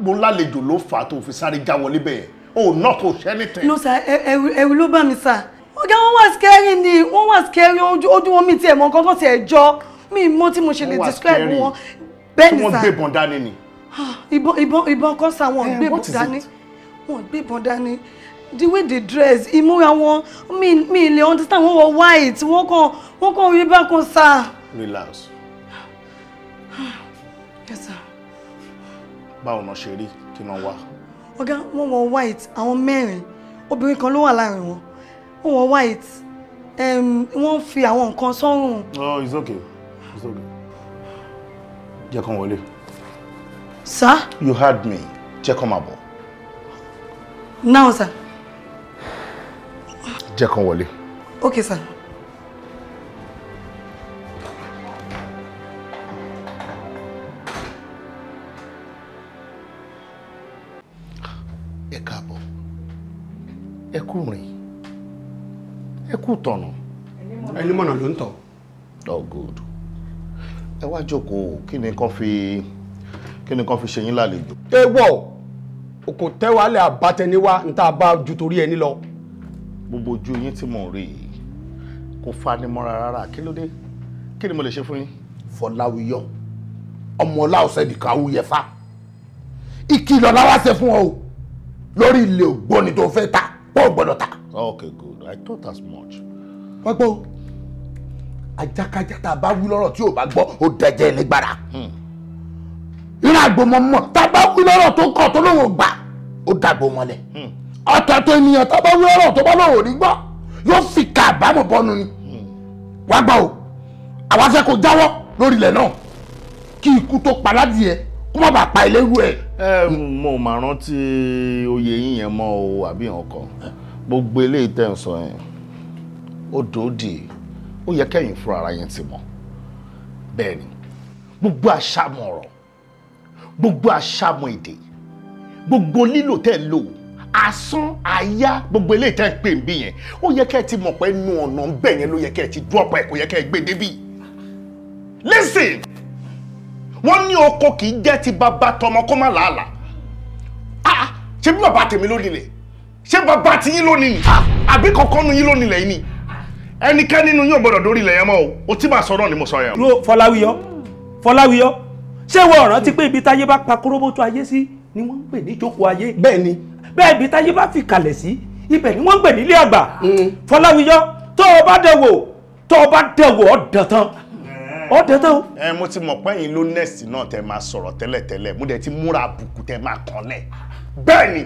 mo lálejò ló fà á tó fi sáré já wọlé bẹ́ẹ̀ o ò knock o ṣe anything. sir ẹ̀rù ẹ̀rù ló bá mi sà ọ̀gá wọn wà scary ni wọ́n wà scary ojú wọn mi tiẹ̀ mọ nǹkan tó tiẹ̀ jọ mi mọ tí mo ṣe lè describe wọn bẹ́ẹ̀ ni sà. tí wọ́n gbébọn dání ni. ìbọn ìbọn ìbọn kan sà wọn eh, gbébọn dání wọn gbébọn dání the way they dress ìmúra wọn mi mi lè understand wọn wọ white wọn kàn wọn kàn rí bákan sà. relax. yes sir báwo náà ṣe rí kí náà wá. ọ̀gá wọ́n wọ white àwọn mẹ́rin obìnrin kan ló wà láàrin wọn wọ́n wọ white wọ́n fi àwọn nǹkan sọ́rùn. oh it's okay it's okay jẹ́ kán wọlé. sir. you heard me jẹ́ kán máa bọ̀. now sir. jẹ́ kán wọlé. okay sir. ẹ kú rìn ẹ kú tọ̀nà. ẹni mọ̀nà ló ń tọ̀. oh good ẹ wá jókòó kí ni kan fi kí ni kan fi ṣe yín lálejò. ewọ kò tẹ́wàálẹ̀ àbátẹniwá ní tá a bá ju torí ẹni lọ. gbogbo ojú yín tí mò ń rí yìí kò fanimọ́ra rárá kí ló dé kí ni mo lè ṣe fún yín. fọláwíyọ ọmọ ọláọsẹ nìkan awúyẹfà ìkìlọ̀ làwọn ṣe fún ọ o lórí ilé ògbóni tó fẹ́ ta ò gbọ́dọ̀ ta. okay good i thought as much. wọ́n gbọ́ ajákajá tá a bá wí lọ́rọ̀ tí ò bá gbọ́ ó dẹjẹ́ nígbàrà. Hmm. ìrìn àgbò mọ̀ mọ̀ tá a bá wí lọ́rọ̀ tó kọ̀ tó lóun gbà ó dàgbò mọ́lẹ̀. ọ̀tọ̀ọ̀tọ̀ hmm. ènìyàn tá a bá wí lọ́rọ̀ tó bá lóun ò ní gbọ́ yóò fi ka àbámọ̀ bọ́nu ni. Hmm. wá gbọ́ o àwa fẹ́ kó jáwọ́ lórí ilẹ̀ náà kí ikú tó paradìẹ kó má bàa pa eléwu ẹ. ẹ mo mà rántí oyè yín yẹn mọ́ o àbí ọkọ gbogbo eléyìí tẹ̀ ń sọ yẹn ó dòódì ó yẹ kẹ́yìn fúnra ara yẹn ti mọ̀ bẹ́ẹ̀ ni gbogbo àṣàmọ̀ ọ̀rọ̀ gbogbo àṣàmọ̀ èdè gbogbo lílò tẹ̀ ń lò asán àyá gbogbo eléyìí tẹ̀ ń pè ń bí yẹn ó yẹ kẹ́ ti mọ̀ pé nu ọ̀nà ń yẹn ló yẹ kẹ́ ti dúró pa ẹ̀ kó yẹ kẹ́ ẹ gbé débí listen wọ́n ní oko kì í jẹ́ ti bàbá tọmọ kó má làálà ah ṣé bí bàbá tèmi ló nílẹ̀ ṣé bàbá ti yín ló nílẹ̀ ah, àbí kankan nu yín ló nílẹ̀ yín ni ẹnikẹ́ni nínú yóò gbọ́dọ̀ dórí ilẹ̀ yẹn mọ́ o o ti máa sọ̀rọ̀ ni mo sọ yẹn. dúró fọláwíyọ fọláwíyọ ṣé ìwọ ọ̀ràn ti pé ibi táyé bá pa kóróbótó ayé sí ni wọ́n ń pè ní ìjókòó ayé. bẹ́ẹ̀ ni. bẹ́ẹ̀ ibi táyé bá fi kalẹ̀ sí ibẹ̀ ni wọ́n ń pè nílé àgbà. Mm. fọláwíyọ tó o bá dẹ̀wò tó o bá dẹ̀wò ọ̀ tán ọ tẹ́tẹ́ o. ẹ mo ti mọ̀ pé ẹ̀yin ló nẹ́ẹ̀sì náà tẹ máa sọ̀rọ̀ tẹ́lẹ̀tẹ́lẹ̀ mo dẹ̀ ti múra àbùkù tẹ máa kànlẹ̀ bẹ́ẹ̀ ni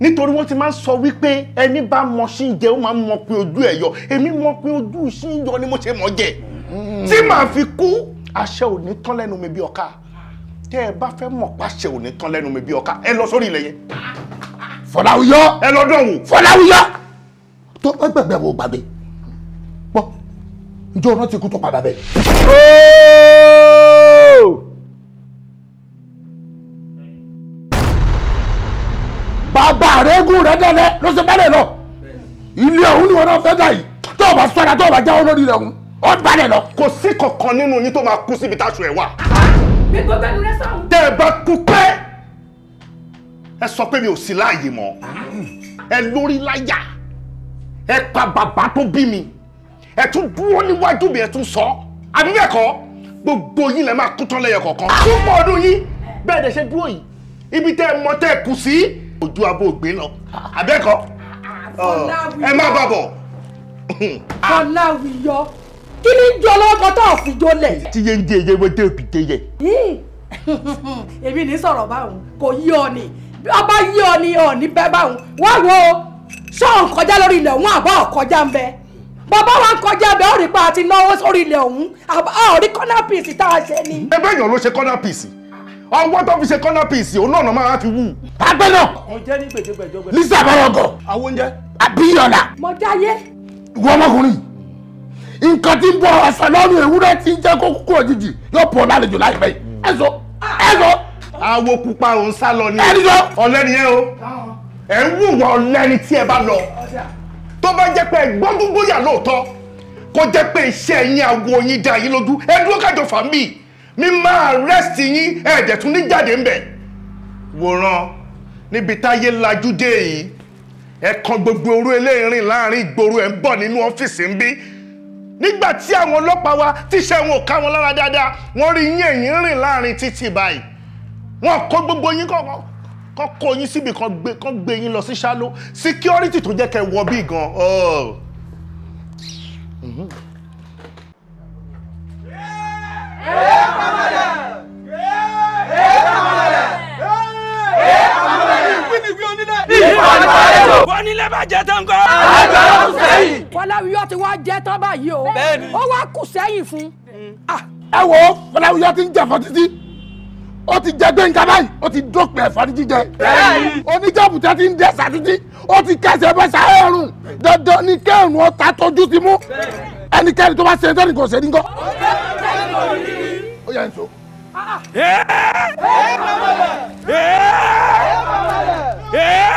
nítorí wọ́n ti máa ń sọ wípé ẹni bá mọ sí jẹ ó máa ń mọ pé ojú ẹ̀ yọ èmi mọ pé ojú sí yọ ni mo ṣe mọ jẹ mm-hmm. tí màá fi kú àṣẹ ò ní tán lẹ́nu mi bí ọ̀ka tẹ́ ẹ bá fẹ́ mọ̀ pàṣẹ ò ní tán lẹ́nu mi bí ọ̀ka ẹ lọ sórí ilẹ̀ yẹn. Fọláwíyọ ẹ lọ dọ̀hùn. Fọláwíyọ tó gbàgbẹ́ wo gbàgbé ǹjẹ́ ọ̀nà ti kú tó padà bẹ̀. bàbá rẹ̀ gùn rẹ̀ dẹ́lẹ̀ ló ṣe bẹ́lẹ̀ lọ ilé ọ̀hún ni wọn náà fẹ́ dà yìí tó o bá sọ́ra tó o bá jáwọ́ lórí rẹ̀ ọ̀hún ó balẹ̀ lọ. kò sí kankan nínú yín tó máa kú síbi táṣù ẹ̀ wà. tẹ́ ẹ bá kú pẹ́ ẹ sọ pé mi ò sí láàyè mọ́ ẹ lórí láyà ẹ pa bàbá tó bí mi ẹ tún dúró níwájú mi ẹ tún sọ àbí bẹ́ẹ̀ kọ́ gbogbo yín lẹ máa kú tán lẹ́yọ kọ̀ọ̀kan púpọ̀ ọdún yín bẹ́ẹ̀ dẹ̀ ṣe dúró yìí ibi tẹ́ ẹ mọ tẹ́ ẹ kù sí ojú abó ògbé lọ àbẹ́kọ́ ẹ má bà bọ̀. Fọláwíyọ kí ni jọ lọ́kọ tó ò fi jólẹ̀. tí yé ń di èyí wọ́n dé òbí dé yẹ. èmi ní sọ̀rọ̀ báwọn kò yí ọ ni ọba yí ọ ni ọ ní bẹ́ẹ̀ báwọn wá wo ṣọ́ọ̀n kọjá lórí ilẹ̀ wọn àbọ̀ kọjá ń bẹ́ẹ̀ bàbá wa ń kọjá bẹ́ẹ̀ ó rí pa àti náwó sórí ilẹ̀ ọ̀hún a ò rí corner piece tá a ṣe ni. ẹgbẹ́ èèyàn ló ṣe corner piece ọwọ́ tó fi ṣe corner piece òun náà máa fi wù. àgbẹ̀ náà. mo jẹ́ ní gbèdégbèdégbè. lisa abarọgọ. àwọn oúnjẹ. abiyọ̀la. mo jáyé. ìwọ ọmọkùnrin nǹkan tí ń bọ ọ̀sán lọ́rùn ewúrẹ́ tí ń jẹ́ kó kúkú òjijì yóò pọ̀ lálejò láìpẹ́ yìí. ẹ sọ ẹ sọ. awo pupa òun sá lọ ni ọlẹ́ni yẹn o ẹ̀ ń wùwọ̀ ọlẹ́ni tí ẹ bá lọ tó bá jẹ́ pé ẹ̀gbọ́n gbogbo yà lóòótọ́ kó jẹ́ pé iṣẹ́ yín aago yín dá yín lójú ẹ kájọ fàmí mi máa rest yín ẹ̀ẹ́dẹ̀ tún ní jáde ńbẹ̀ wòran níbi táyé lajú dé yìí ẹ kan gbogbo orú eléyìírín láàrin ìgboro ẹ̀ ń bọ̀ nínú ọ́fíìsì ń bí nígbà tí àwọn ọlọ́pàá wa tíṣẹ́ wọn ò ká wọn lára dáadáa wọ́n rí yín ẹ̀yìn rìn láàrin títì báyìí wọ́n kó gbogbo yín kọ̀ọ̀kan kọ́ kó yín síbi kan gbé kan gbé yín lọ sí ṣáló security tó jẹ́ kẹ́ wọ bí gan. Yeah, bá jẹ tán kọ́. àgbà ó sẹ́yìn. fọláwíyọ ti wá jẹ tán báyìí o. bẹ́ẹ̀ni. ó wá kù sẹ́yìn fún. Ah, ẹ wo fọláwíyọ ti ń jẹ fọ títí ó ti jẹ gbẹ̀ǹkà báyìí ó ti dópin ẹ̀fọ́rí jíjẹ. oníjàbùtà ti ń dẹ́sà títí ó ti kẹsẹ̀ bẹ́ sáré ọ̀run dandan ni kẹ́hìn ọ̀tá tójú ti mú ẹnikẹ́ni tó bá ṣe ẹjọ́ nìkan ṣe ní kọ́. ó yẹ n so. ee ee ee ee.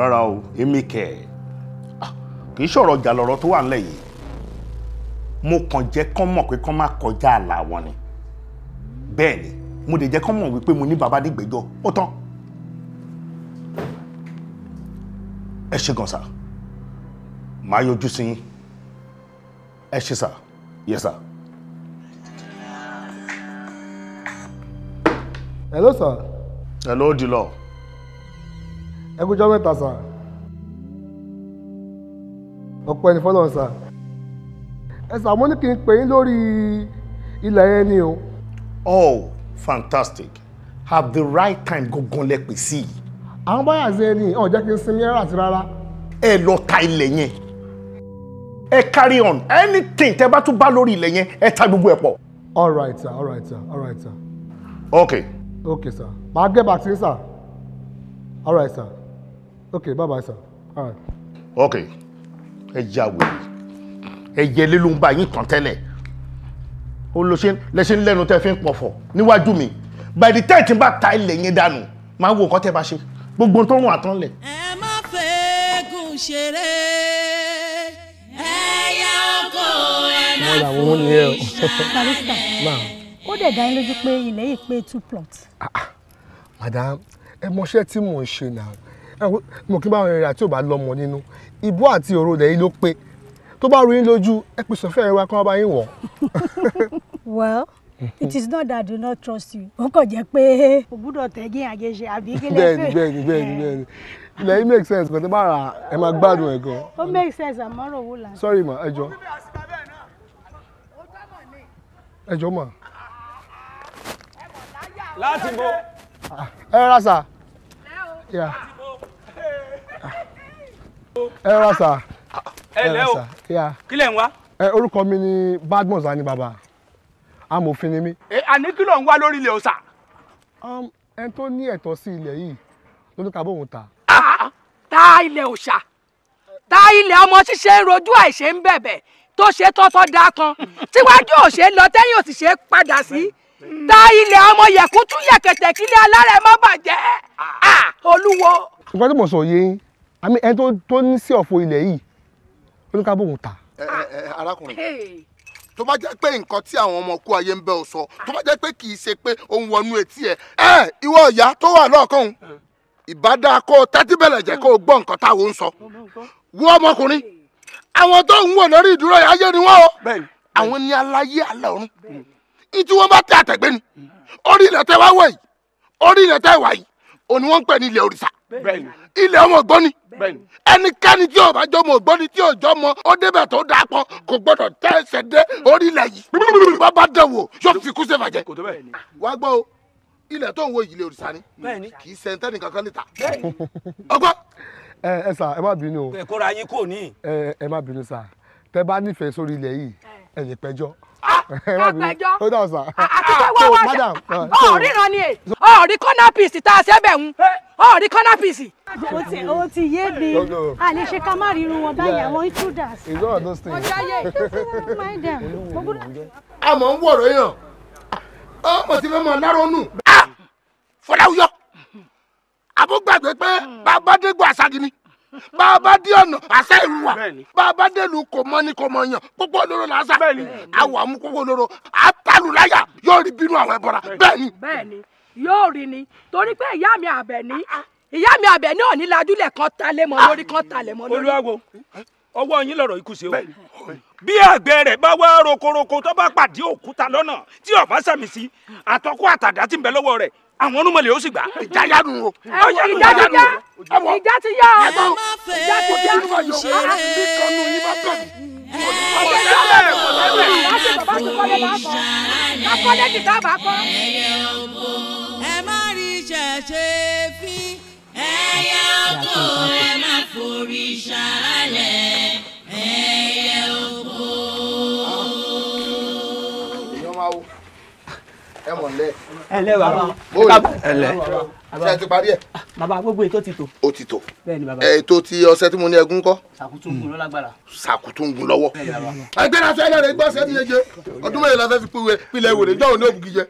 rárá o èmi kẹ̀ kì í ṣọ̀rọ̀ ọjà lọ̀rọ̀ tó wà ńlẹ̀ yìí mo kàn jẹ́ kán mọ̀ pé kán má kọjá àlà wọn ni bẹ́ẹ̀ ni mo dẹ̀ jẹ́ kán mọ̀ wípé mo ní bàbá dìgbẹ́jọ́ ó tán ẹ ṣe gan sir màá yọjú sí yín ẹ ṣe sir yes sir. hello sir. hello Dilaw ẹkújọ́ mẹ́ta sà ọ̀pọ̀ ẹni fọ́lọ́ sà ẹ mo ní kí n pè yín lórí ilẹ̀ yẹn ni o. oh fantastic have the right time gangan lẹ pè sí i. àwọn báyà ṣe ni ọ̀ jẹ́ kí n sinmi ẹ̀rọ àti rárá. ẹ lọ ta ilẹ̀ yẹn ẹ carry on anything tẹ bá tún bá lórí ilẹ̀ yẹn ẹ ta gbogbo ẹ pọ̀. all right sir all right sir all right sir. okay. okay sir màá gé bàtí sir all right sir okay bye bye sir all right. okay ẹ ya wèrè ẹyẹ lé ló ń bá yín tán tẹ́lẹ̀ ó lọ ṣe lẹ́ṣẹ̀ ń lẹ́nu tẹ́ fi ń pọ̀fọ̀ níwájú mi by the time tí n bá ta ilẹ̀ yẹn dànù máa wo nǹkan tẹ́ bá ṣe gbogbo tó rùn àtàn lẹ̀. ẹ má fẹ́ gùn ṣeré ẹ̀yà ọkọ ẹ̀ náà fún ìṣàlẹ̀. ó dẹ̀ dá yín lójú pé ilẹ̀ yìí pé two plots. Ah, ah. madam ẹ mọṣẹ́ tí mò ń ṣe náà mo kí báwọn ìrìn àti ò lọmọ nínú ìbú àti òru rẹ̀ ló pé tó bá rí lójú ẹ pèsè ọ̀fẹ́ rẹ wá kí wọ́n bá yín wọ̀. well it is not that i do not trust you ó kàn jẹ́ pé. o gbúdọ̀ tẹ́gí àjẹsẹ àbí kí lè fẹ́. bẹ́ẹ̀ni bẹ́ẹ̀ni bẹ́ẹ̀ni bẹ́ẹ̀ni ilẹ̀ yìí make sense but tẹ́ bá ra ẹ máa gbádùn ẹ̀ gan. ó make sense àmọ́ rò wó la. sorry ma ẹ jọ. ẹ jọ ma. láti bọ. ẹ rà sà ẹ rà sà ẹ lẹ́ o kí lẹ̀ ń wá. orúkọ mi ni Badmus ani baba amòfin ni mí. àní kí ló ń wá lórí ilẹ̀ ọ̀sà. Um, ẹni tó ní ẹ̀tọ́ sí ilẹ̀ yìí ló ní ká bóun ta. Ah, ah, ah, ta ilẹ̀ ọ̀sà ta ilẹ̀ ọmọ ṣíṣe ń rojú àìṣe ń bẹ̀bẹ̀ tó ṣe tọ́tọ́ da kan tíwájú ò ṣe lọ tẹ́yìn ò sì ṣe padà sí ta ilẹ̀ ọmọ yẹ̀kú tún yẹ̀kẹ̀tẹ̀ kílẹ̀ alárẹ̀ má bàjẹ́ olúwo. ìgbà tí mo sọ yé yín àmì ẹni tó tó ní sí ọ̀fọ̀ ilẹ̀ yìí ó ní ká bóun tà. ẹ ẹ arákùnrin tó bá jẹ́ pé nǹkan tí àwọn ọmọ kú ayé ń bẹ́ ọ sọ tó bá jẹ́ pé kì í ṣe pé òun wọnú etí ẹ ẹ ìwọ ìyá tó wà lọ́ọ̀kan ìbádá kó tẹ́tí bẹ̀rẹ̀ jẹ́ kó gbọ́ nǹkan táwọn ń sọ wo ọmọkùnrin àwọn tó ń wò lórí ìdúró ayé ni wọ́n o àwọn ní aláyé alẹ́ ọ̀run ìtí wọ́n bá tẹ àtẹ̀gbẹ́ orí ilẹ̀ tẹ́ wá wọ̀ yìí orí ilẹ̀ tẹ́ wà yìí òní wọ́n ń pè ní ilẹ̀ òrìṣà ilẹ̀ ọmọ ògbóni ẹnikẹ́ni tí yóò bá jọ ọmọ ògbóni tí yóò jọ ọmọ ó débẹ̀ tó dáa pọ̀ kò gbọ́dọ̀ tẹ́ ẹsẹ̀ dé orí ilẹ̀ yìí bàbá dẹ̀ wò yóò fi kú sèfàjẹ́ ah, wá gbọ́ o ilẹ̀ tó ń wo ìyílẹ̀ òrìṣà ni kì í ṣe ntẹ́ni kankan níta ọgbọ́n. ẹ ẹ sà ẹ má bínú o. kóra yín kò ní. ẹ ẹ má bínú sà tẹ bá nífẹ̀ẹ́ sórí ilẹ̀ yìí ẹ lè pẹjọ́. Ah, kápẹjọ́ ó dà sá. Ah, àtúntò ah, wá wá dà ọ̀ríran ni è ọ̀rí corner piece tá a ṣẹ́bẹ̀ ń ọ̀rí corner piece. o ti yé mi a lè ṣe ká má rí irun wọn báyìí àwọn intruders. it's all those things. ọjà yẹ mind them. a mọ̀ ń wọ̀rọ̀ yàn ọmọ tí fẹ́ mọ̀ lárọ́ nù. Fọláwíyọ́ àbúgbàgbé pé bàbá dégbò àṣàgì ni bàbá dé ọ̀nà àṣà ìlú wa bàbá dèlù kò mọ ní kò mọ yàn pópó olóró la sá àwọ̀ àmú pópó olóró àtàlù yóò rí bínú àwọn ẹbọra bẹ́ẹ̀ ni. bẹ́ẹ̀ ni yóò rí ni torí pé ìyá mi àbẹ̀ní ìyá mi àbẹ̀ní òní lajúlẹ̀ kan talẹ̀ mọ́ lórí kan talẹ̀ mọ́ lórí. olúwawo ọwọ́ yín lọ̀rọ̀ ikú sí o bí àgbẹ̀ rẹ̀ bá wá rokoroko tó bá pàdé òkúta lọ́nà tí ó sí àtọkù àtàdá tí ń bẹ lọ́wọ́ rẹ̀ àwọn onúmọ̀lẹ̀ ó sì gbà. ìjà yá nu o. ìjà ti yá ìjà ti yá ọ̀tọ̀ ìjà ti yá ìṣeré. ẹ má rí ìṣẹ̀ṣẹ̀ fi ẹ̀yà ọkọ̀ ẹ má forí ṣáálẹ̀. ẹ mọ̀ nílẹ̀. ẹ lẹ bàbá ẹ lẹ. ṣé ẹ ti parí ẹ. bàbá gbogbo ètò ti tò. ó ti tò. bẹ́ẹ̀ni bàbá. ètò ti ọ̀sẹ̀ tí mo ní ẹgún kọ. sàkútùngún ló lágbára. sàkútùngún hmm. lọ́wọ́. ẹgbẹ́ náà sọ ẹ lẹ́rìí gbọ́ sẹ́ni yẹn jẹ ọdún mẹ́rin la fẹ́ fi pínlẹ̀ wèrè jọ́ọ̀ ní òbí gíjẹ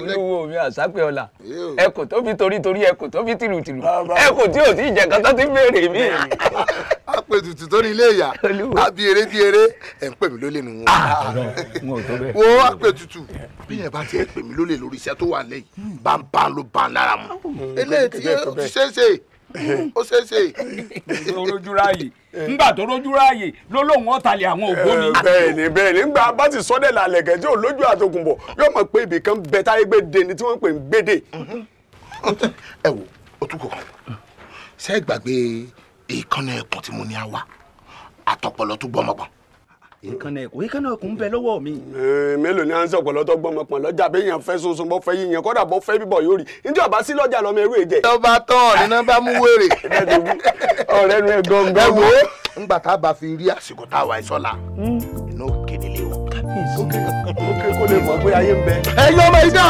olówó mi àsápẹ́ ọ̀la tó fi torí torí ẹkùn tó fi tìrùtìrù ẹkùn tí ò sí ìjẹ̀kan tó ti béèrè mí. a pè tutù tó ní ilé ìyá a bí eré bí eré ẹ̀ ń pè mí lólè nù wọn. Ah, wo a pè tutù bí yẹn bá ti ẹ̀ pè mí lólè lórí iṣẹ́ tó wà lẹ́yìn bá ń bá ló bá ń lára mu eléyìí tí ó ṣeéṣe ó ṣeéṣe. rojú ráàyè ńgbà tó rojú ráàyè lólóhùn ọ̀tàlẹ̀ àwọn ògbóni. Eh, bẹ́ẹ̀ni bẹ́ẹ̀ni ńgbà bá ti sọdẹ lálẹ́ gẹjẹ ò lójú àtòkùnbọ̀ yóò mọ̀ pé ibì kan bẹ táyé gbèdé ni tí wọ́n pè ń gbèdé. ẹ wo otukọ ṣe é gbàgbé ìkànnì ẹkùn tí mo ní a wá àtọpọlọ tó gbọmọgbọn èékánná ẹkùn èékánná ẹkùn ń bẹ lọ́wọ́ mi. Eh, mélòó ni à ń sọ pọ̀lọ́tọ́ gbọ́mọ pọ̀ lọ́jà bẹ́ẹ̀ yẹn fẹ́ sunsun bọ́ fẹ́ yíyan kọ́dà bọ́ fẹ́ bíbọ̀ yóò rí njẹ́ ọba sí lọ́jà lọ́mọ ẹrú èjẹ. ọba tán ọ̀nìyàn bá mú wèrè. ọ̀rẹ́ nu ẹ gangan. ẹ wo ngbà tá a bá fi rí àsìkò tá a wà ìsọ́la hmm. inú kéde lé wọn. ókè kó lè mọ̀ pé ayé ń bẹ. ẹ yọ ọmọ ìdá.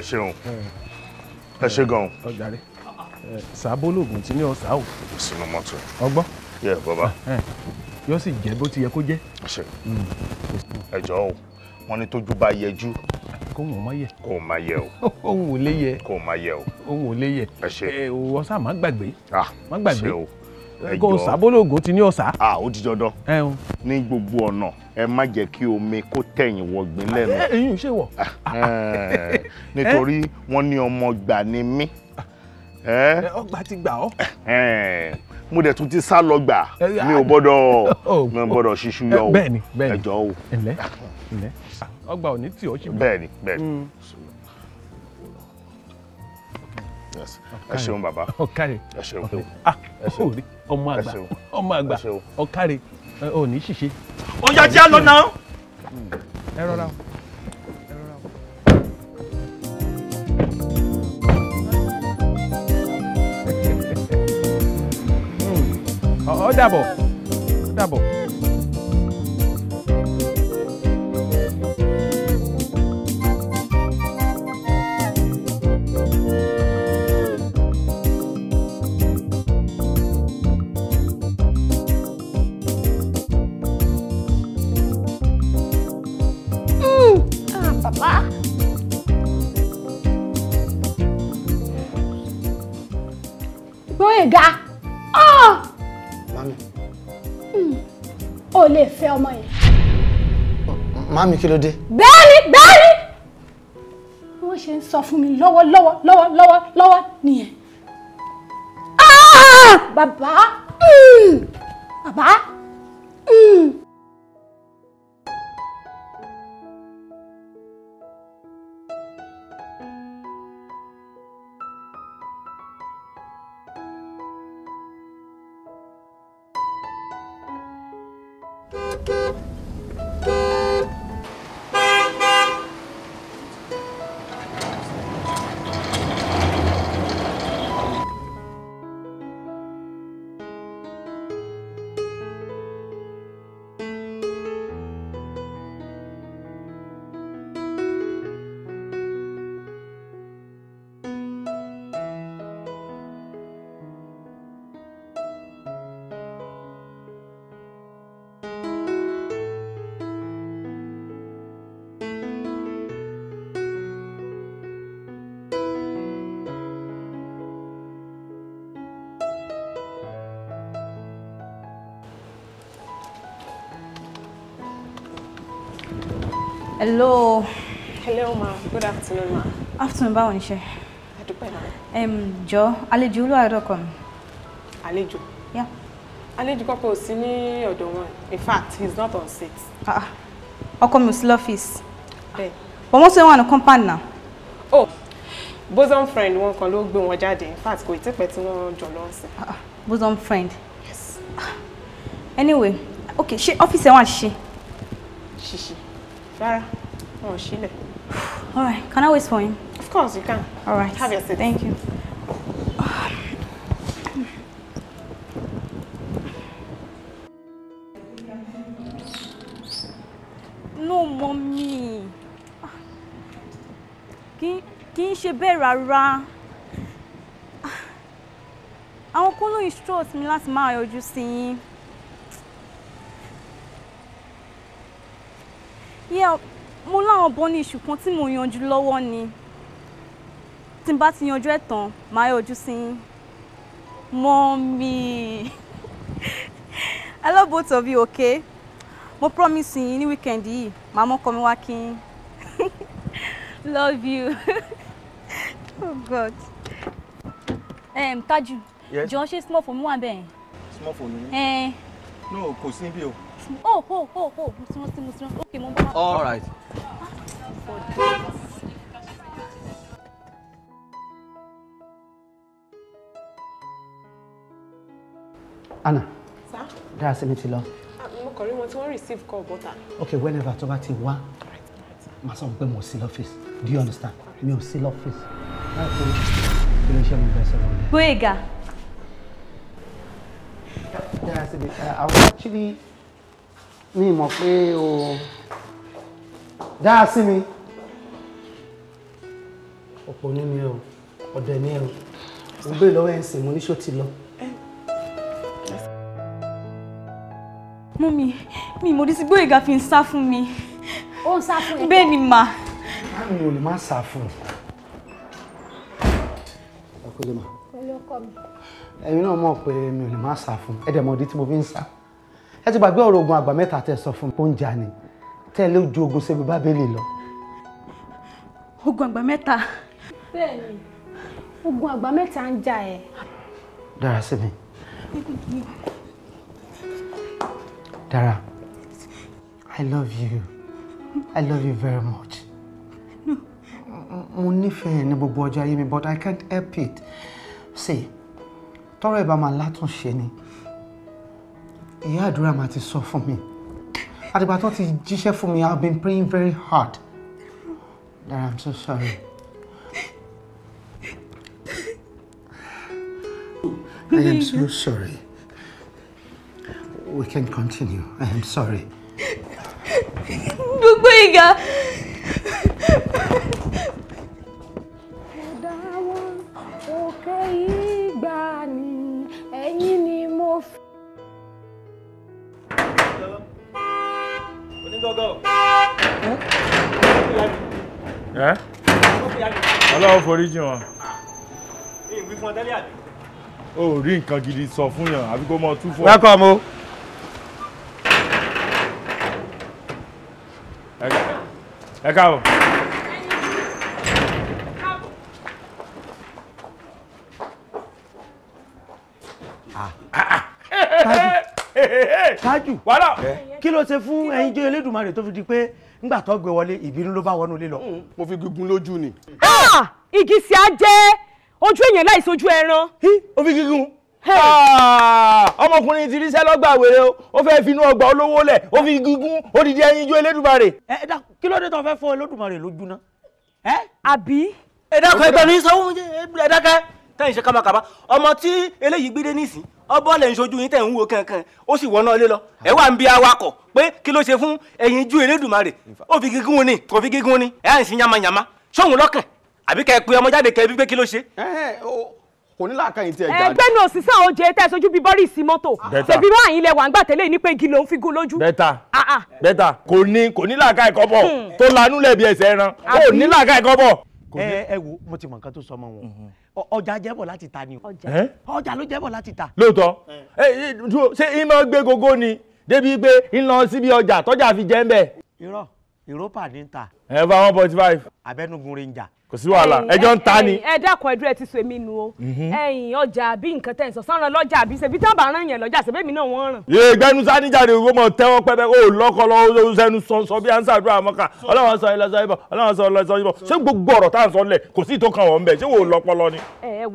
ẹ ṣeun ẹ ṣe gan sábólógùn tí ní ọ̀sà ò. sínú mọ́tò. ọgbọ́n. yẹ bàbá. yóò sì jẹ́ bó ti yẹ kó jẹ́. ṣe hmm. ẹ jọ̀ọ́ o wọ́n ní tójú bá yẹjú. kóhùn ó má yẹ. kóhùn má yẹ o. ohun ò lè yẹ. kóhùn má yẹ o. ohun ò lè yẹ. ẹ ṣe. ẹ o ọ̀sà má gbàgbé. ah má gbàgbé. ṣe o kò sábólògó ti ní ọ̀sá. a ah, ó di dandan ní gbogbo ọ̀nà ẹ má jẹ́ kí omi kó tẹ̀yìn wọ̀gbìn lẹ́nu. ẹyin ò ṣe wọ̀. Ah, eh, nítorí wọ́n ní ọmọ gbà ni mí ọgbà ti gbà ọ́. mo dẹ̀ tún ti sá lọ gbà mi ò gbọ́dọ̀ oh. mi ò gbọ́dọ̀ ṣíṣú yọ o bẹ́ẹ̀ni bẹ́ẹ̀ni ẹjọ́ o ẹ̀lẹ́ ẹ̀lẹ́ ọgbà ò ní tì ọ́ ṣùgbọ́n. bẹ́ẹ̀ni bẹ́ẹ̀ni mm. ẹ ṣeun bàbá ẹ ṣeun ah ọmọ àgbà ọmọ àgbà ọkàrẹ ò ní ṣìṣe. ọ̀yà jẹ́ àlọ́ náà. Mm. ẹ rọra o. ó dàbọ̀ ó dàbọ̀. lè fẹ́ ọmọ yẹn. Màámi kí ló dé? Bẹ́ẹ̀ni bẹ́ẹ̀ni. Bí wọ́n ṣe ń sọ fún mi lọ́wọ́ lọ́wọ́ lọ́wọ́ lọ́wọ́ lọ́wọ́ nìyẹn. Ah! Bàbá Hello. Hello, ma. Good afternoon, ma. Afternoon, báwo ni ṣe? Ẹ dúpẹ́ náà. Jọ, àlejò olúwa ẹ̀rọ kan. Àlejò? Yeah. Àlejò kọ́kọ́ ò sí ní ọ̀dọ̀ wọn. In fact, he's not on set. Ah, ah. Ọkọ mi ò sí lọ́fíìsì. Bẹ́ẹ̀. But wọ́n sọ wọn ní compound náà. Oh, bosom friend wọn kan ló gbé wọn jáde. In fact, kò ì tí pẹ́ tí wọ́n jọ lọ sí. Ah, bosom friend? Yes. Anyway, okay, ṣé ọ́fíìsì ẹ̀ wà ṣe? Rárá, wọn ò sílẹ̀. All right, can I wait for him? Of course you can. All right. Have your seat. Thank you. No, mommy. Kì í ṣe rara. rárá. Àwọn to ló instruct mi láti máa yọjú sí mo láwọn bọ́ ní iṣu kan tí mo yanjú lọ́wọ́ ni tí n bá ti yanjú ẹ̀ tán màá yọjú sí yín mọ́mí I love both of you okay mo promise yín ní weekend yìí màá mọ́kọ mi wá kí yín love you oh God um, Tájù yes? jọ ṣe small phone mú wà bẹ́ẹ̀. small phone ni. Eh. no kò sí bí o oh oh oh oh mo sún sí mo sún ok mo ń bá. all right. Anna. Sir? Dára sí mi ti lọ. Mo kàn rí wọn tí wọ́n receive call bọ́tà. Okay, whenever tó bá ti wá, màá sọ pé mo sí lọ́fíìsì. Do you understand? Mi ò sí lọ́fíìsì. Láìpẹ́ kí ló ṣe mo bẹ́ẹ̀ sọ̀rọ̀ rẹ̀. Gbóyèga. Dára sí mi, I was actually mi mọ̀ pé o dá sí mi ọ̀pọ̀ ní mi o ọ̀dẹ̀ ní o mo béèrè lọ́wọ́ ẹ̀ ń sìn mo ní ṣó ti lọ. mummy mi mo ní sí gbóyèga fi sá fún mi. ó ń sá fún mi. bẹ́ẹ̀ ni mà. báwo ni o lè má sá fún un. ẹ kó lè mọ. pẹ̀lú ọkọ mi. ẹ̀yin náà mọ̀ pé mi ò lè má sá fún un ẹ̀dẹ̀ mọ̀ ìdí tí mo fi ń sá ẹ ti gbàgbé ọ̀rọ̀ ogun àgbà mẹ́ta tẹ sọ fún oúnjẹ ni tẹ́lẹ̀ ojú ogun ṣebí bábélì lọ. ogun àgbà mẹ́ta. bẹ́ẹ̀ni ogun àgbà mẹ́ta ń jà ẹ. dára sí mi. dára i love you i love you very much. mo nífẹ̀ẹ́ ní gbogbo ọjọ́ ayé mi but i can't help it. see tọ́rọ̀ ẹ̀ bá máa látúnṣe ni ìyá àdúrà máa ti sọ fún mi àtìgbà tó ti jíṣẹ́ fún mi i have been praying very hard dara i'm so sorry. I am so sorry. We can continue. I am sorry. Gbogbo ìgbà ẹ ọlọ́run forí jì wọn. Ah. o ò rí nǹkan gidi sọ fún yàn àbí kó mọ tú fún ọ. welcome o. ẹ káàbọ̀. ṣáájú wàhálà kí ló ṣe fún ẹ̀yin jẹ́ Elédùmarè tó fi di pé ńgbà tó gbé wọlé ìbínú ló bá wọnú ilé lọ. Mm. mo fi gígùn lójú ni. igi sì á jẹ́ ojú èèyàn láìsí ojú ẹran. ó fi gígùn. ọmọkùnrin ti ríṣẹ́ lọ́gbà wèrè o ó fẹ́ finú ọgbà olówó lẹ̀ ó fi gígùn odidi ẹ̀yin jẹ́ Elédùmarè. ẹ dá kí ló dé tó fẹ́ fọ Elédùmarè lójú ná. àbí. ẹ dákẹ́ ìtọ́ni sanwó ẹ dákẹ́ tẹ́yìn ṣe kámakàmá ọmọ tí eléyìí gbé dé nísìn ọbọ̀lẹ̀ ń ṣojú yín tẹ̀ ń wo kankan ó sì wọná ilé lọ ẹ wà ń bi awakọ̀ pé kí ló ṣe fún ẹ̀yin ju Elédùmarè ó fi gígùn ni kò fi gígùn ni ẹ̀ à ń sin yamayama ṣóhun lọ́kàn àbí kẹ́ ẹ pe ọmọ jáde kẹ́ ẹ bí pé kí ló ṣe. kò ní láàka yìí tí ẹ jáde. ẹgbẹ́ náà sísá oúnjẹ tẹ́ ẹ sojú bíi bọ́rì sí mọ́tò ṣèbí bá àyín lẹ wà ń gbà tẹ́lẹ̀ ní pé igi ló ń fi gún lójú. bẹ́tà ah, ah. bẹ́tà kò ní kò ní láàka ẹ̀kọ́ bọ̀ hmm. tó lanú lẹ̀ bí ẹsẹ̀ ẹran kò ní láàka ẹ̀kọ́ bọ̀. ẹ ẹ wo mo ti mọ nǹkan tó sọ ọmọ wọn mhm ọjà jẹ́bọ̀ láti ta ni o ọjà ló jẹ́bọ̀ láti ta. lóòótọ́ ṣé ìmọ̀ gbé gógó ni débi pé ń lọ síbi ọjà tọ́jà fi jẹ́ ń bẹ̀. irọ́ ìrópà ní ta. ẹ bá one point five. abẹnugun ranger kò sí wàhálà ẹjọ́ ń ta ni. ẹ dákun ẹdúró ẹ ti so èmi nu o mhm. ẹ̀yin ọjà bí nǹkan tẹ̀ ń sọ sanra lọ́jà àbí ṣebí tí wọ́n bá rán yẹn lọ́jà ṣebí èmi náà wọ́n ràn. yé gbẹnu sani jáde owó mọ tẹwọn pẹpẹ o lọkọ lọ sẹnu sọ bí ansa àdúrà mọka Ọlọ́run sọ ilẹ sọ ibọ Ọlọ́run sọ ilẹ sọ ibọ ṣé gbogbo ọ̀rọ̀ tá à ń sọ lẹ kò sí ìtòkàn wọn bẹ ṣé wò lọpọlọ ni. ẹ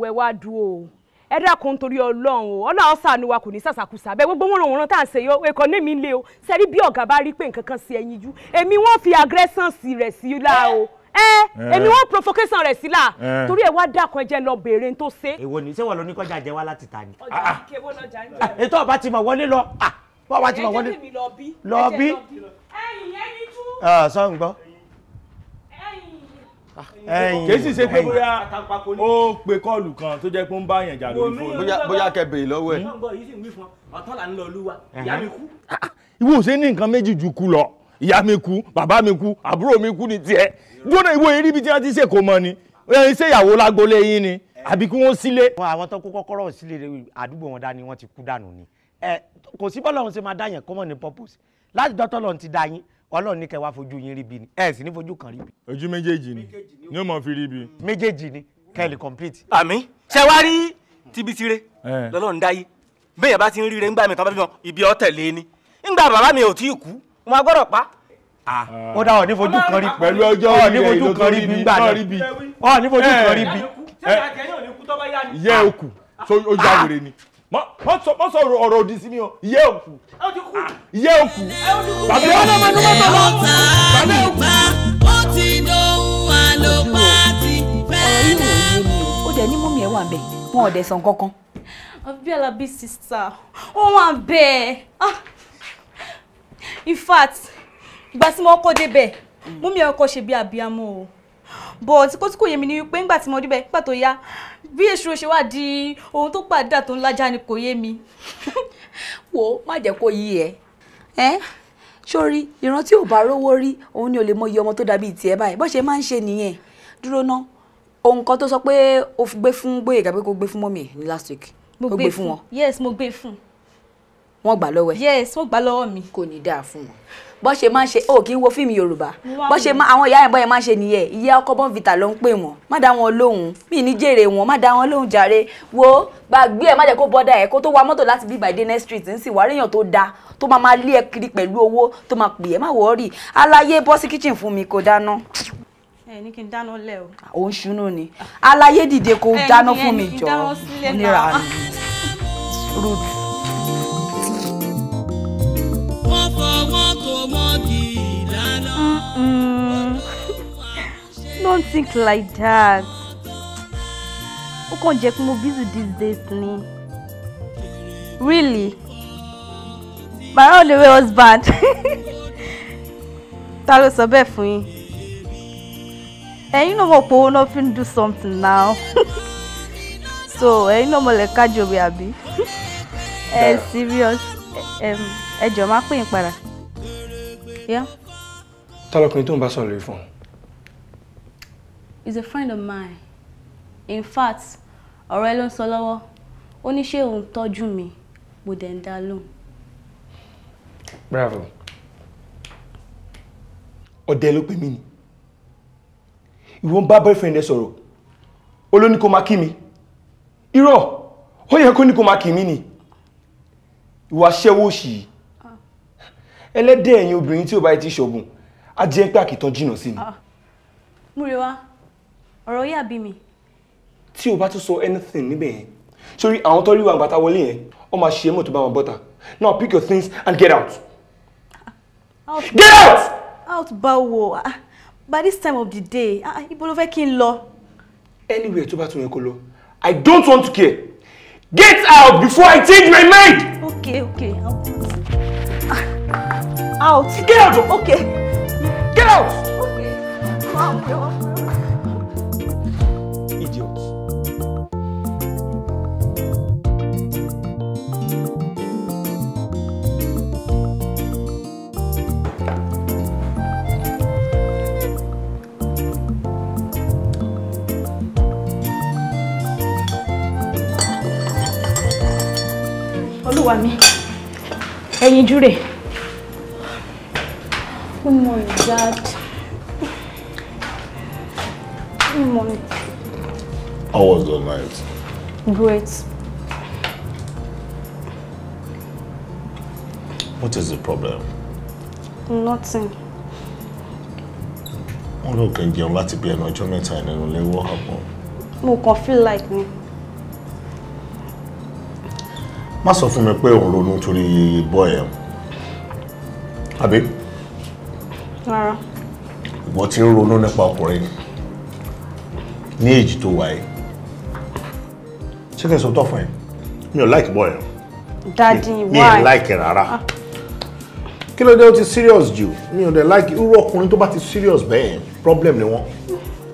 ẹ dákun nítorí Ọlọ́run o Ọlọ́run ṣàánú wa kò ní sàṣàkùsà bẹ́ẹ̀ gbogbo wọn lòun tá à ń ṣe yọ ẹkọ ní mi lé o ṣe rí bí ọ̀gá bá rí pé nǹkan kan ṣe ẹyinjú èmi wọ́n fi agressance sí rẹ̀ sí i láà o ẹ eh, eh. èmi wọn provocation rẹ sí la eh. torí ẹ wá dákun ẹjẹ lọ béèrè tó ṣe. èwo ni ṣé wọn lọ ní kọjá jẹ wá láti ta ni. ọjà ah, ah. kéwọ́ lọ́jà ń jẹ. Ah, ètò ọba ti mọ̀ wọlé lọ bọ́ ọba ti mọ̀ wọlé lọ bí. ẹyìn ẹni tú. sọ ń gbọ́. ẹyìn kèsì ṣe pé bóyá ó pe kọ́ọ̀lù kan tó jẹ́ pé ó ń bá yẹn jà lórí fóònù. bóyá kẹ bèrè lọ́wọ́ ẹ̀. ọ̀tọ̀ là ń lọ olúwa ìyá mi kú. ìwọ ò ṣe ní nǹkan méjì ju kú lọ ìyá mi kú bàbá mi kú àbúrò mi kú ní tiẹ̀ gbọ́dọ̀ ìwé yìí níbi tí wọ́n ti ṣe kò mọ ni ṣé ìyàwó lágbolé yín ni àbí kí wọ́n sílé. àwọn tó kó kọ́kọ́rọ́ sílé àdúgbò wọn dání wọ́n ti kú dànù ni kò sí bọ́lá òun ṣe máa dá yẹn kọ́mọ̀ ní purpose láti dọ́tọ́ lọ́n ti dá yín ọlọ́run ní kẹwàá fojú yín ríbi ni ẹ sì ní fojú kan ríbi. ojú méjèèjì ni ni ó mọ̀ fi ríbi. méjèèjì ni kẹ́lì complete. àmì ṣe wá rí tibitire lọ́lọ́run dá yìí bẹ́ẹ̀ bá ti ń ríire ńgbà mi kan bá bí wọn ibi ọ̀tẹ̀ lé ni ńgbà bàbá mi ò tí ì kú wọn gbọ́dọ̀ pa Ah. ó dá ọ ní fojú kan rí pẹ̀lú ọjọ́ orí rẹ̀ ìlú bi. rí bí náà rí bí ọ ní fojú eh. kan rí bí. yẹ òkú ó já wèrè ni mọ sọ ọ̀rọ̀ òdì sí mi o yẹ òkú yẹ òkú bàbá yẹn ọlọmọ ní wọn bọ bàbá òkú. ó ti dohun àlòpàtì fẹ́ẹ́ náà mú. ó jẹ́ ní mọ́mí ẹ̀ wà bẹ́ẹ̀ wọn ò dẹ̀ sàn kankan. Abiola bíi sista ó wà bẹ́ẹ̀ ah. in fact ìgbà tí mo kọ́ débẹ̀ mú mi ọkọ ṣe bí abiyamọ o bọ̀ tí kò tí kò yé mi ni wípé ńgbà tí mo débẹ̀ nígbà tó yá bí èṣù ṣe wà di ohun tó pàdé tó ń lájà ni kò yé mi. wo má jẹ́ kó yí ẹ ẹ sórí ìran tí ò bá rówó rí òun ni ò lè mọ iye ọmọ tó dàbí tiẹ̀ báyìí bó ṣe máa ń ṣe nìyẹn dúró ná ohun kan tó sọ pé o gbé fún gbóyè tàbí kò gbé fún mọ́mì ní last week mo gbé fún wọn yes mo gbé fún. wọ́n gbà lọ́wọ́ ẹ yes wọ́n gbà lọ́wọ́ mi. kò ní dáa fún wọn bọ́ ṣe máa ń ṣe ó kì í wo fíìmù yorùbá bọ́ ṣe àwọn ìyá ẹ̀bọ́ yẹn máa ń ṣe nìyẹn ìyá ọkọ bọ́ǹvìtà ló ń pè wọ́n má dá wọn lóhùn mí ní jèrè wọn má dá wọn lóhùn jàre wo gbàgbé ẹ̀ má jẹ́ kó bọ́dà ẹ̀ kó tó wa mọ́tò láti bí ìbàdí next street ń sì wá ríyàn tó da tó máa máa lé ẹ kiri pẹ̀lú owó tó máa pè ẹ́ má wọ́ọ̀rì aláyé bọ́ sí kitchen fún mi kó dáná ẹ ní kí n dáná lẹ o. òun ṣunú ni aláyé dìde kó dáná fún mi jọ onírà rúdù. wọ́n fọwọ́ Mm, don't think like that. Ó can check my mo busy these days ni. Really? My only way was bad. That was a bad yín? Ẹ̀yin náà mọ̀ pé owó náà fi ń do something now. so ẹ̀yin náà mọ̀ lẹ̀ kájọ bí àbí? Ẹ serious? Ẹ jọ̀ọ́ má to é padà. Yeah ta lọkùnrin tó ń bá sọ̀rọ̀ lórí fún. he's a friend of mine in fact ọ̀rọ̀ ẹ ló ń sọ lọ́wọ́ ó ní ṣé òun tọ́jú mi mo dẹ̀ ń dá lóhùn. bravo ọ̀dẹ̀ ló pè mí ni ìwọ ń bá boyfriend ẹ sọ̀rọ̀ ó ló ní kó máa kí mi irọ́ ó yẹ kó ní kó máa kí mi ni ìwà ṣẹ́wó òṣì yìí ah. ẹlẹ́dẹ̀ ẹ̀yin obìnrin tí ó bá ti ṣọ̀gùn á jẹ́ pé àkìtàn jìnnà sí mi. Ah, Múrewá ọ̀rọ̀ yà bí mi. tí o bá tún sọ anything níbẹ̀ yẹn sórí àwọn tó rí wa àgbàtà wọlé yẹn wọ́n máa ṣe é mọ̀ tó bá wọn bọ́ta now pick your things and get out. Ah, get out. out báwo ah, by this time of the day ibo ló fẹ́ kí n lọ. anywhere tó bá tún yẹn kó lọ I don't want to care get out before I change my mind. okay okay out. out. get out. okay. Get out! Okay. Wow. Idiot. Olúwa mi, ẹ̀yin júre. That. Good morning. How was the night? Great. What is the problem? Nothing. Wọ́n ló kàn jẹun láti bí ẹnu ọjọ́ mẹ́ta ìnirun lé wọ́ àpọ̀. Mo kàn feel like me. Má sọ fún mi pé òun ronú torí bọ́ rárá. ìwọ ti ń ronú nípa ọkùnrin ní èjì tó wáyé ṣé kí n tọ́ fún ẹ mi ò like boy dadi why mi ò like rárá ah. kí ló dé ó ti serious jù mi ò dé like irú ọkùnrin tó bá ti serious bẹ́ẹ̀ problem ni wọ́n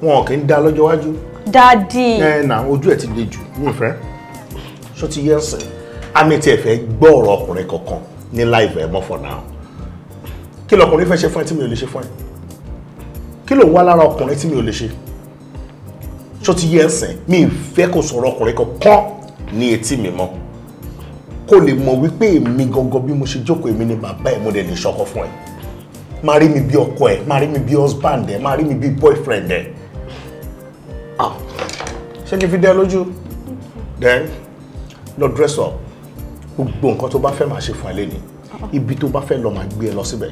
wọn kì í da lọ́jọ́ iwájú. dadi ẹ ojú ẹ ti le jù mi ò fẹ́ ṣó ti yẹ ń sìn àmì tí gbọ́ ọ̀rọ̀ ọkùnrin kankan ní life mọ́ for now kí lọkùnrin fẹ́ ṣe fún ẹ tí mi ò lè ṣe fún ẹ kí ló wá lára ọkùnrin tí mi ò lè ṣe ṣó ti yẹ ẹsẹ̀ mi ì fẹ́ kó sọ̀rọ̀ ọkùnrin kankan ní etí mi mọ́ kó lè mọ̀ wípé èmi gangan bí mo ṣe jókòó èmi ni bàbá ẹ̀ mo dẹ̀ lè ṣọkọ fún ẹ máa rí mi bí ọkọ ẹ máa rí mi bí husband ẹ máa rí mi bí boyfriend ẹ ah. ṣé kí n fi dẹ lójú then lọ dress up gbogbo nǹkan tó bá fẹ́ máa ṣe fún ẹ lẹ́ni ibi tó bá fẹ́ lọ máa gbé ẹ lọ síbẹ̀.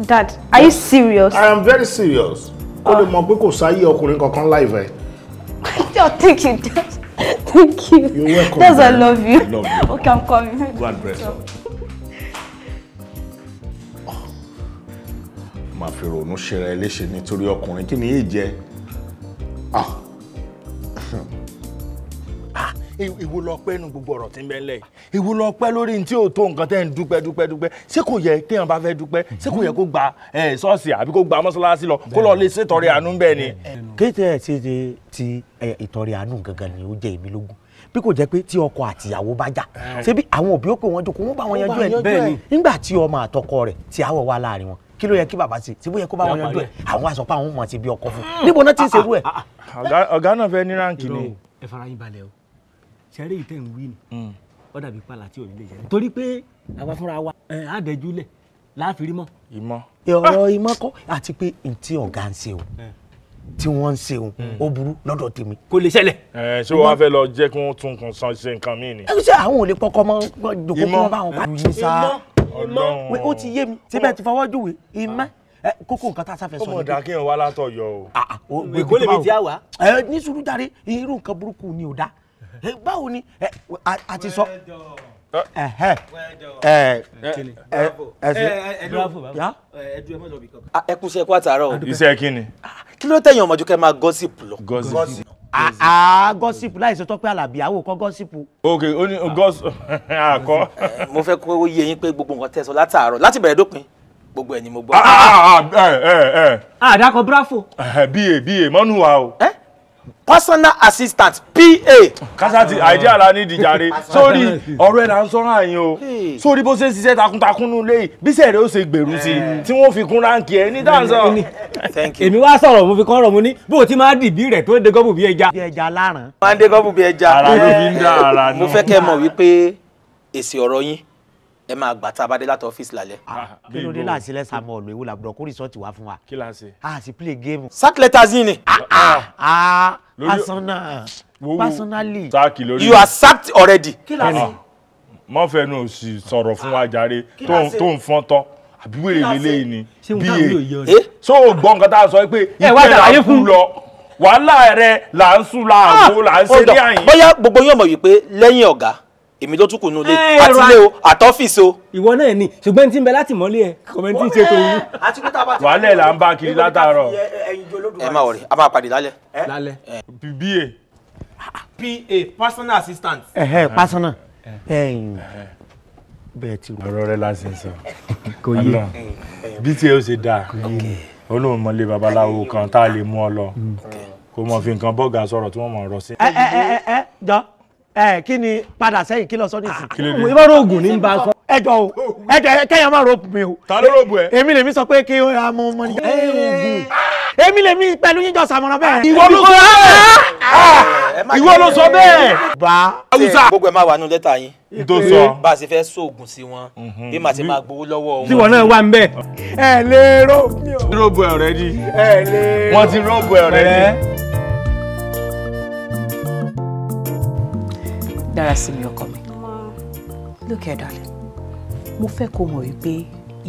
Dad, are you serious? I am very serious. Ó lè ah. mọ̀ pé kò sáyé ọkùnrin kankan láìfẹ́. Oh, thank you, Thank you. You're welcome. That's I love you. I love you. Okay, I'm coming. God bless you. Máa fi ronú ṣe ra ẹ léṣe nítorí ọkùnrin kí ni yìí Ah èwo lọ pẹ́ nu gbogbo ọ̀rọ̀ tí ń bẹ lẹ̀ èwo lọ pẹ́ lórí tí ò tó nǹkan tẹ́ ń dúpẹ́ dúpẹ́ dúpẹ́ ṣé kò yẹ téèyàn bá fẹ́ dúpẹ́ ṣé kò yẹ kó gba ṣọ́ọ̀ṣì àbí kó gba mọ́ṣáláṣí lọ kó lọ lè ṣètọrẹ àánú bẹ́ẹ̀ ni. kéde ẹ̀ ṣe ti ìtọrẹ àánú gangan ni ó jẹ́ èmi lógún bí kò jẹ́ pé tí ọkọ àtìyàwó bá jà ṣebí àwọn òbí ó pè wọ́n jókòó wọ́n bá wọn yanjú ẹ̀ bẹ́ẹ̀ ni nígbà tí ọmọ àtọkọ rẹ̀ tí àwọ̀ wà láàrin wọn kí ló yẹ kí bàbá ṣe tí bó yẹ kó bá wọn yanjú ẹ àwọn aṣọ pa àwọn mọ̀ sí bí ọkọ fún níbo náà ti ń ṣerú ẹ. ọ̀gá náà fẹ́ ní ráǹkì ni. ẹ fara yín balẹ̀ o ṣẹ́rí ìtẹ̀ ń wí ni hmm. ó dàbí pàlà tí òní lè ṣẹlẹ̀ torí pé àwa fúnra wa àdẹ́júlẹ̀ láàfin rímọ́. ìmọ̀. ọ̀rọ̀ ìmọ̀ kọ́ àti pé ntí ọ̀gá ń ṣe o tí wọ́n ń ṣe o hmm. ó burú lọ́dọ̀ tèmi. kò lè ṣẹlẹ̀. ẹ ṣé wàá fẹ́ lọ jẹ́ kí wọ́n tún nǹkan san ṣe nǹkan míì ni. ẹ ṣe àwọn ò lè kọ́kọ́ mọ jòkó kí wọ́n bá wọn bá yín sá. ìmọ̀ ó ti yé mi síbẹ̀ ti fọwọ́ júwe ah. ìmọ̀ kókó nǹkan tá a sáfẹ́ sọ ni. ó mọ̀ dá kí n wá látọ̀ yọ o. Ah, ah, ìkólè ti á wá. ní sùúrù jàre irú nǹkan burúkú ni ò dáa báwo ni a ti sọ. ẹ kú iṣẹ́ kú àtàárọ̀. iṣẹ́ kí ni. Ah, kí ló tẹ̀yìn ọmọdé kẹ́ máa gossip lọ. gossip àá gọ́sìpù láìsọ tọ́pẹ́ àlàbí àwọn òkọ́ gọ́sìpù. ok ó ní gọ́sìpù àkọ́. mo fẹ́ kó yé yín pé gbogbo nǹkan tẹ̀sán látàárọ̀ láti bẹ̀rẹ̀ dópin gbogbo ẹ̀ ni mo gbọ́. àdàkọ ah, ah, eh, eh. bravo. bíye eh, bíye mọ́nú wa o. ẹ́ personal assistant pa. kásátì àìdí àlá ní ìdíjàre sórí ọ̀rọ̀ ẹ̀ là ń sọ́ra yín o sórí bó ṣe ń ṣiṣẹ́ takuntakun nù léyìí bíṣẹ̀ rẹ̀ ó ṣe gbèrú sí i tí wọ́n fi kún ráǹkì ẹ̀ ní dáńsọ̀. èmi wá sọ̀rọ̀ mo fi kán rọ̀ mo ní bó o ti máa dìbí rẹ̀ tó dé gọ́bù bí ẹja. bí ẹja láràn. máa ń dé gọ́bù bí ẹja. ara ló fi ń dá ara náà. mo fẹ́ kẹ́ mọ̀ wípé èsì ọ̀rọ̀ yín ẹ máa gbà tá a bá dé láti ọ́fíìsì lálẹ́. Ah, ah, kí ló dé láti sílẹ̀ sàmú ọ̀lọ́ ewu làbúrò kó rìsọ́ọ̀tì wá fún wa. kí la ṣe. a ah, sì play game. sack letters yìí ni. personal personally you are sacked already. kí la ṣe. mọ fẹnu òsì sọ̀rọ̀ fún wa jàre tó ń fọn tọ àbí wèrè lélẹyìn ni bíi so eh? gbọ́ nǹkan tá a sọ pé eh, ìpínlẹ̀ àkú lọ wàhálà rẹ là ń sùn là ń kó là ń ṣe ní àyín. bóyá gbogbo yóò mọ̀ wípé lẹ́yìn ọ̀gá èmi ló tún kùnú lé o àtọ́fíìsì o. ìwọ náà ni ṣùgbọ́n tí ń bẹ láti mọ́lé ẹ kọ́mẹ́ntì ṣe tó wú. wàhálẹ̀ là ń bá kiri látàárọ̀. ẹ má wọrí a máa pàdé lálẹ́. lálẹ́. pa pa personal assistant. ẹhẹ personal ẹyìn ti rò. ọ̀rọ̀ rẹ láti sọ kò yé bí tí ṣe dáa olóhùn mọ́lé babaláwo kan tá a lè mú ọ lọ mm. kó mọ̀ fi nǹkan bọ́ọ̀gà sọ̀rọ̀ tí wọ́n mọ̀ ọ̀rọ̀ sí. ẹ ẹ ẹ ẹ jọ ẹ kí ni padà sẹ́yìn kí lọ sọ nísìnyí ah, ìwọ rògùn ní bá sọ ẹjọ o ẹjọ kẹyàn má ròbù mi o ta ló ròbù ẹ èmi lèmi sọ pé kí ọ̀rọ̀ amú ọmọ níjà ẹ rògùn eh, èmi lèmi pẹ̀lú yíjọ sàmọ̀ràn bẹ́ẹ̀. Ah, ìwọ ló sọ bẹ́ẹ̀ ah, ìwọ ló sọ bẹ́ẹ̀. bá awusa. gbogbo ẹ máa wà nínú lẹ́tà yín. tó sọ. Eh, bá a ṣe fẹ́ sóògùn sí wọn mhm. bí màá ti máa gbowó lọ́wọ́ wọn. tiwọn dára sí mi ọkọ mi look here darling mo fẹ́ kó mọ̀ wípé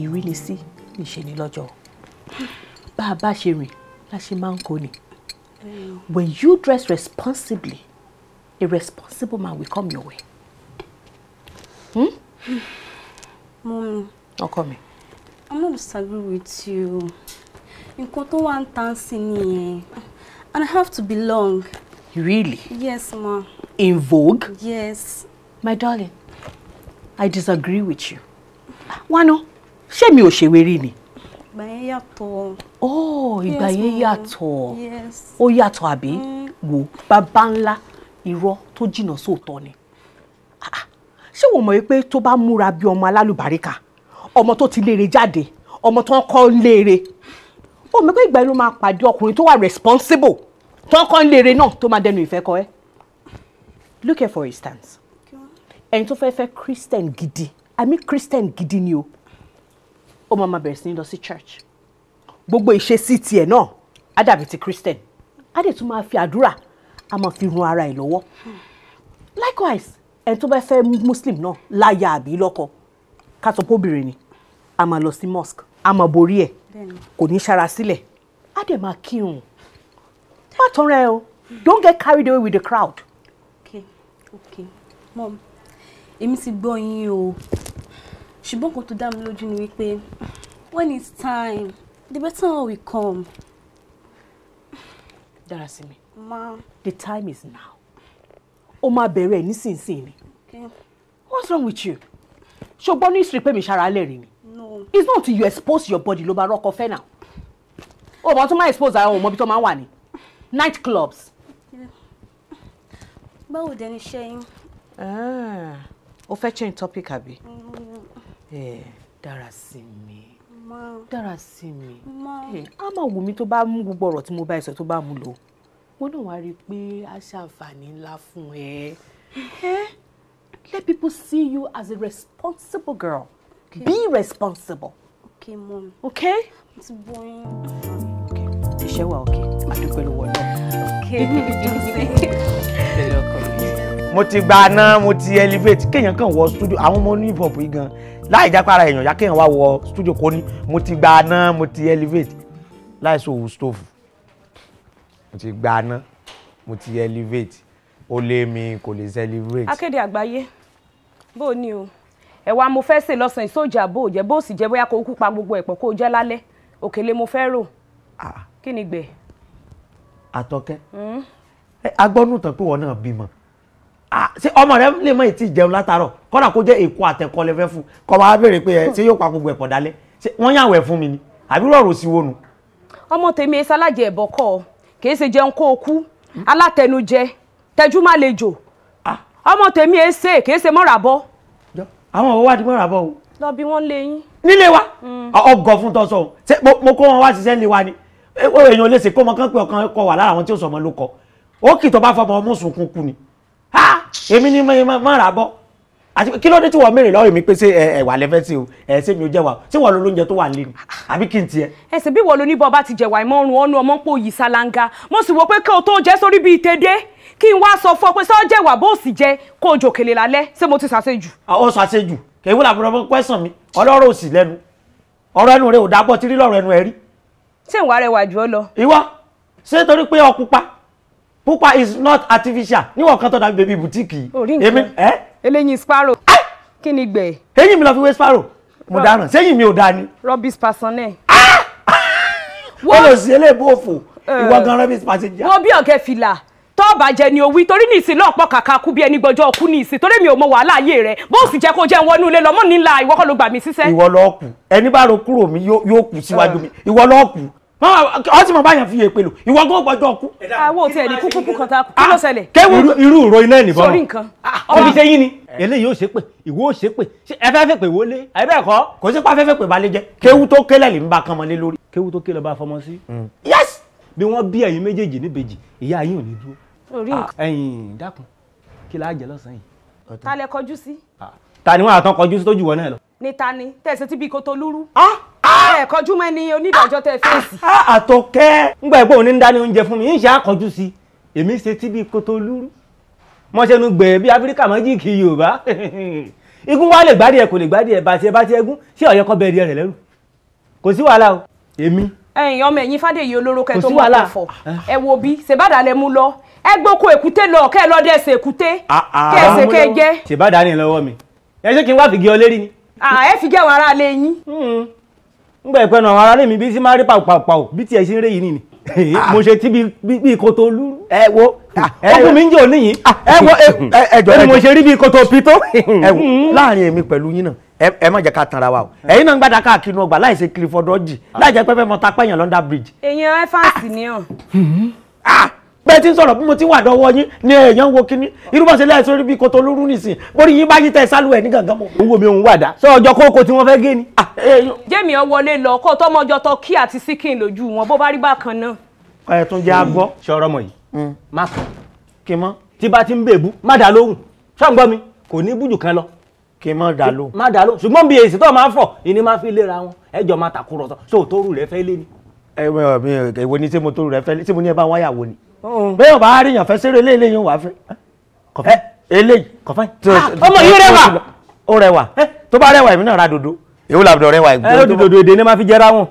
ìrínisí níṣe ni lọ́jọ́ bá a bá ṣe rìn la ṣe máa ń kó ni when you dress responsibly a responsible man will come your way. Hmm? Mummy. ọkọ mi. I'm not disagree with you nǹkan tó wà ń tàn sí nìyẹn and I have to belong. Really? Yes ma in vogue? Yes. My darling, I disagree with you. Wano, ṣé mi ò ṣèwérí ni? Oh, ìgbà yẹn yàtọ̀. Yes. Ó yàtọ̀ àbí? Mm. Wò bàbá iro irọ́ tó jìnnà sóòótọ́ ni. Ah, ṣé wò mọ̀ pé tó bá múra bí ọmọ alálùbáríkà, ọmọ tó ti lere. jáde, ọmọ tó ń kọ́ léèrè. Ó mọ̀ pé ìgbà yẹn ló máa pàdé ọkùnrin responsible tó ń kọ́ léèrè náà tó máa dẹnu ìfẹ́ kọ look here for instance ẹni tó fẹ́ fẹ́ christian gidi i mean christian gidi ni o ó máa ma bẹ̀rẹ̀ sí ní lọ sí church gbogbo ìṣesí tiẹ̀ náà á dàbí ti christian á dẹ̀ tún máa fi àdúrà á máa fi run ara ẹ̀ lọ́wọ́ likewise ẹni tó bá fẹ́ muslim náà láya àbí lọ́kọ ká sọ pé obìnrin ni a máa lọ sí mosque a máa borí ẹ̀ kò ní ṣara sílẹ̀ á dẹ̀ máa kírun má tọrọ ẹ o don't get carried away with the crowd okay mom Emi ti gbọ́ yín o ṣùgbọ́n nǹkan tó dá mi lójú ni wípé when it's time the better one will come. Darasimi ma the time is now o máa bẹ̀rẹ̀ nísinsìnyí Okay. what's wrong with you ṣùgbọ́n ní ìsìrí pé mi ṣara lẹ́rìí ni it's not till you expose your body ló bá rọ́kọ fẹ́ náà o mọ̀ tó máa expose àwọn ọmọ bí tó máa wà ní night clubs báwo dẹ ni iṣẹ́ yín. Ah, o fẹ́ change topic àbí. Mm. dára sí mi dára sí mi á máa wù mí tó bá mú gbogbo ọ̀rọ̀ tí mo bá ẹ sọ tó bá mú lò mo náà wá rí i pé a ṣàǹfààní ńlá fún ẹ. Let people see you as a responsible girl. Okay. Be responsible. Okay, mom. Okay? It's boring. Okay. Iṣẹ́ wa okay. Adúpẹ́ lọ́wọ́ náà. Okay tẹ̀lé ọkọ mo ti gba ná mo ti elevate kéèyàn kàn wọ studio àwọn ọmọ oní hip-hop yìí gan láì jápára èèyàn yá kéèyàn wá wọ studio kò ní mo ti gba ná mo ti elevate láì sòwò stove mo ti gba ná mo ti elevate ó lé mi kò lè celebrate. akéde àgbáyé bó o ní o ẹ̀wà mo fẹ́ sè lọ́sàn-án ìsọjà bó o jẹ́ bó o sì jẹ́ bóyá kó kú pa gbogbo ẹ̀pọ̀ kó o jẹ́ lálẹ́ òkèlè mo fẹ́ rò ah. kí ni gbẹ̀. àtọkẹ́ hmm agbọ́nù tán pé wọn náà bímọ ṣé ọmọ rẹ lè mọ ètí ìjẹun látàárọ̀ kọ́dà kó jẹ́ èkó àtẹ̀kọ́ lè fẹ́ fún kọ́ máa béèrè pé ṣé yóò pa gbogbo ẹ̀pọ̀ dálẹ́ ṣé wọ́n yàn wẹ̀ fún mi ni àbí rọ̀rọ̀ sí wo nu. ọmọ tèmi ṣalájẹ ẹbọ kọ kì í ṣe jẹun kó o kú alátẹnujẹ tẹjú má le jò ọmọ tèmi ẹ ṣe kì í ṣe mọ́ra bọ́. àwọn ọ̀wọ́ wa ti mọ́ra bọ́ o. lọ bí wọ́n lé yín. nílé wa mm. ọgọ fún tọ́sọ̀ mo kó wọn wá ṣiṣẹ́ nílé wa ni èèyàn lè ṣe kó ọmọ kan pé ọkàn kọ wà lára àwọn tí ó sọ ọmọ ló kọ ó kì tó bá fọmọ ọmú sunkún kú ni ha èmi ni má ra bọ́ àti kí ló dé tí wọ́n mèrè lọ́wọ́ mi pé ṣé ẹ̀wà lẹ́fẹ́ sí o ẹ̀ ṣé mi ò jẹ̀wà ṣé wọ́n lo lóúnjẹ tó wà lẹ́nu àbí kí n tiẹ̀. ẹsẹ̀ bí wọ́n lo ní bọ́ba ti jẹ̀wà ìmọ̀rùn ọ̀nù ọmọ pò yìí ṣáláńgá mo sì wò pé kí o tó jẹ́ sórí bíi tẹ́dẹ́ kí n wá sọ fún ọ pé sọ jẹ̀wà bó sì jẹ kó o jòkèlè lálẹ́ ṣé mo ti ṣàṣejù. ó ṣàṣejù kèwú làbúrò ọmọ pẹ́sàn mi ọlọ́rọ̀ pupa is not artificial níwọ̀n kan to dàbí bèbí bùtíìkì. orí nǹkan eléyìí sparrow. kí ni gbẹ̀. eyín mi lọ fi wé sparrow mo dáràn sẹ́yìn mi ò dá ni. rubbish personnel. wọ́n lọ sí eléèbó òfò eh. ìwọ gan rubbish passenger. wọ́n bí ọ̀kẹ́ fìlà tó bá jẹ ni òwí torí ní ìsìn lọ́pọ̀ kàkà kú bí ẹni gbọ́jọ́ kú ní ìsìn torí mi ò mọ wàhálà ayé rẹ bó sì jẹ́ kó jẹ́ wọnú ilé lọ́mọ́ nílà ìwọ kọ́ ló gbà mí síṣẹ́. ìwọ ló kù ẹni bá ro kúrò mi yóò kù síwájú mi eh. ìwọ ló kù ọ ti mọ báyàn fi èpè lò ìwọ gbọ́ gbọ́dọ̀ kú. àwọn òtí ẹni kúkú kú kan ta kú kí ló ah, ṣẹlẹ̀. kéwù irú ìró iná ẹ̀ nìbọn. sórí nǹkan. ọbí ṣe yín ni. eléyìí ò ṣe pé ìwọ ò ṣe pé ẹ fẹ́ fẹ́ pé wọ́n lé. àyè bẹ́ẹ̀ kọ́ kò sí pa fẹ́ fẹ́ pé balẹ̀ jẹ́ kéwù tó kélẹ̀ lè ń ba kan mọ́lé lórí. kéwù tó kélẹ̀ bá fọmọ sí. Mm. yes. bí wọ́n bí ẹ̀yin méjèèjì níbejì ìyá yín ò ní dúró. Ah, ẹ̀yin dákun kí la jẹ lọ́sàn-án yìí. ta lẹ kọjú sí. Ah, ta ni wọn àtàn kọjú sí tó jù wọn náà lọ níta ni tẹ̀sí bi koto lúrú. Ah, ah. ẹ kọjú mẹ́ni onídàájọ́ tẹ fèsì. Ah, àtọkẹ́ ngbà ẹ̀gbọ́n òní ń dání oúnjẹ fún mi ń ṣe àkọjú sí èmi ṣe bi koto lúrú mọ́ṣẹ́nu gbẹ̀ bí áfíríkà májíìkì yorùbá igun wa lè gbádìí ẹ kò lè gbádìí ẹ bá ti ẹ bá ti ẹgún ṣé ọ̀yẹ́ kọ́ bẹ̀rẹ̀ rẹ̀ lẹ́rù kò sí wàhálà o èmi. ẹ̀yin ọmọ ẹ̀yin fàdèyí olóró kẹ tó mọ kò fọ ẹ wo bí ṣèbádà lẹ mú lọ ẹ gbóko èkúté lọ kẹ lọ dẹ ṣe kẹ ẹ jẹ. ṣèbádà ni lọ́wọ́ mi ẹ ṣé kí n wá fìgì ọ lérí ni Ah, ẹ fi jẹ́ àwọn aráalé yín. ń hmm. gbà ìpẹ́nu àwọn aráalé mi bí sí máa rí pàpàpàò bí tiẹ̀ sí ń rí yìí nìyí ah. mo ṣe ti bí koto lu. ẹ wo ọkùnrin hmm. mi ń jẹ òní yìí. Ah, ẹ wo ẹjọ ẹjọ mo ṣe rí bí koto pito. ẹ wo láàrin èmi pẹ̀lú yín náà ẹ má jẹ́ ká tanra wa o hmm. ẹ̀yin náà ń gbàdá káàkiri ọgbà láì kiri fọdọ́jì láì jẹ́ pẹ́pẹ́ mọ́ta pẹ́yàn London Bridge. èèyàn ẹ fáàsì ni Ah tẹ́ ti ń sọ̀rọ̀ bí mo ti wà dọ́wọ́ yín ni èèyàn wo kíní irú bọ́sẹ̀ láì sórí bíi kòtò olórú nìsín bórí yín bá yín tẹ́ sálù ẹ̀ ní gàngán mọ́. n wo mi òun wàdà sọ ọjọ́ kókó tí wọ́n fẹ́ gé ni. jẹ́mi ọ wọlé lọ kó tọmọjọ tọ kí àti síkìn lójú wọn bó bá rí bákan náà. ẹ tún jẹ agbọ. Mm. sọ̀rọ̀ mọ yìí mm. má sọ kí mọ. tí bá ti ń bèbú má dá lóhùn ṣọ́ǹgbọ́ mi kò ní bújù kan lọ kí n má dà ló. má dà ló ṣùgbọ́n bí èsì tó máa ń fọ̀ ìní máa fi léra wọn ẹjọ́ máa tàkúrọ̀sọ ṣé òtórù rẹ fẹ́ lé ni. ẹwọ mi ẹwọ ni ṣé mo tórù rẹ fẹ́ lé ṣé mo ní ẹ bá wáyà wo ni. Oh. bẹ́ẹ̀ bá rí yàn fẹ́ sẹ́rẹ̀ eléyìí yóò wá fẹ́ kọfẹ́ eh, eléyìí kọfẹ́. Ah, ọmọ yìí rẹwà. ó rẹwà eh, tó bá rẹwà èmi náà ra dodo. èwo la dodo rẹwà. ẹ eh, dodo èdè ni ma fi jẹra wọn.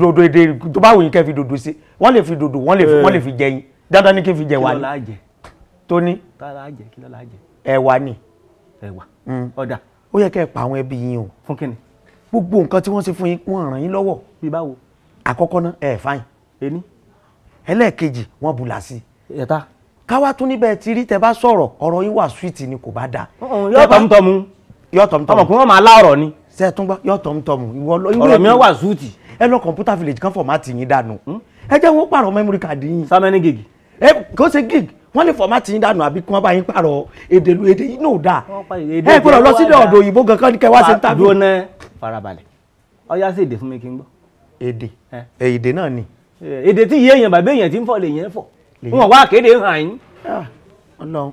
dodo èdè tó bá wòye kẹ́ fi dodo sí wọ́n lè fi dodo wọ́n lè fi jẹ yín dandan ni kí n fi jẹ wà ní. tóní. ẹ̀wà ni. ẹ̀wà hmm. ọ̀dà. ó yẹ kẹ́ ẹ pa àwọn ẹbí yín o. fún kíni. gbogbo nǹkan tí wọ́n ṣe fún yín wọ́n ràn yín lọ́wọ́. bí báwo. àkọ́kọ́ náà ẹ̀ fáyìn. ení ẹlẹ́ẹ̀kejì wọ́n bùlà sí i. ẹ̀ta. káwá tún níbẹ̀ ti rí tẹ bá sọ̀rọ̀ ọ̀rọ̀ yín wà sweet ni kò bá dáa. yóò tọ́ mu tọ́ mu yóò tọ́ mu tọ́ mu ọmọkùnrin wọn máa lá ọ̀rọ̀ ni. ṣe tún gbọ́ yóò tọ́ mu tọ́ mu mi wà sweet. ẹ lọ computer village kan fọ̀mátì yín dànù hmm? ẹ jẹ́ wọ́n pààrọ̀ memory card yín. samẹ́ni gig. ẹ kò ṣe gig wọ́n lè fọ̀mátì yín dànù àbí kí wọ́n bá yín pààrọ̀ èdè lu èdè yín náà dáa. ẹ gbọ́dọ̀ lọ sílẹ̀ ọ̀dọ̀ òyìnbó gankan kẹ́ wá ṣe ń tàbí. dúró náà farabalẹ̀ ọ̀yá sí èdè fún mi kí n gbọ́. èdè èdè náà ni Eh, èdè tí yé èèyàn bàbá èèyàn ti ń fọ lè yẹn fọ wọn wá kéde hàn yín. Ah, Ọlọ́run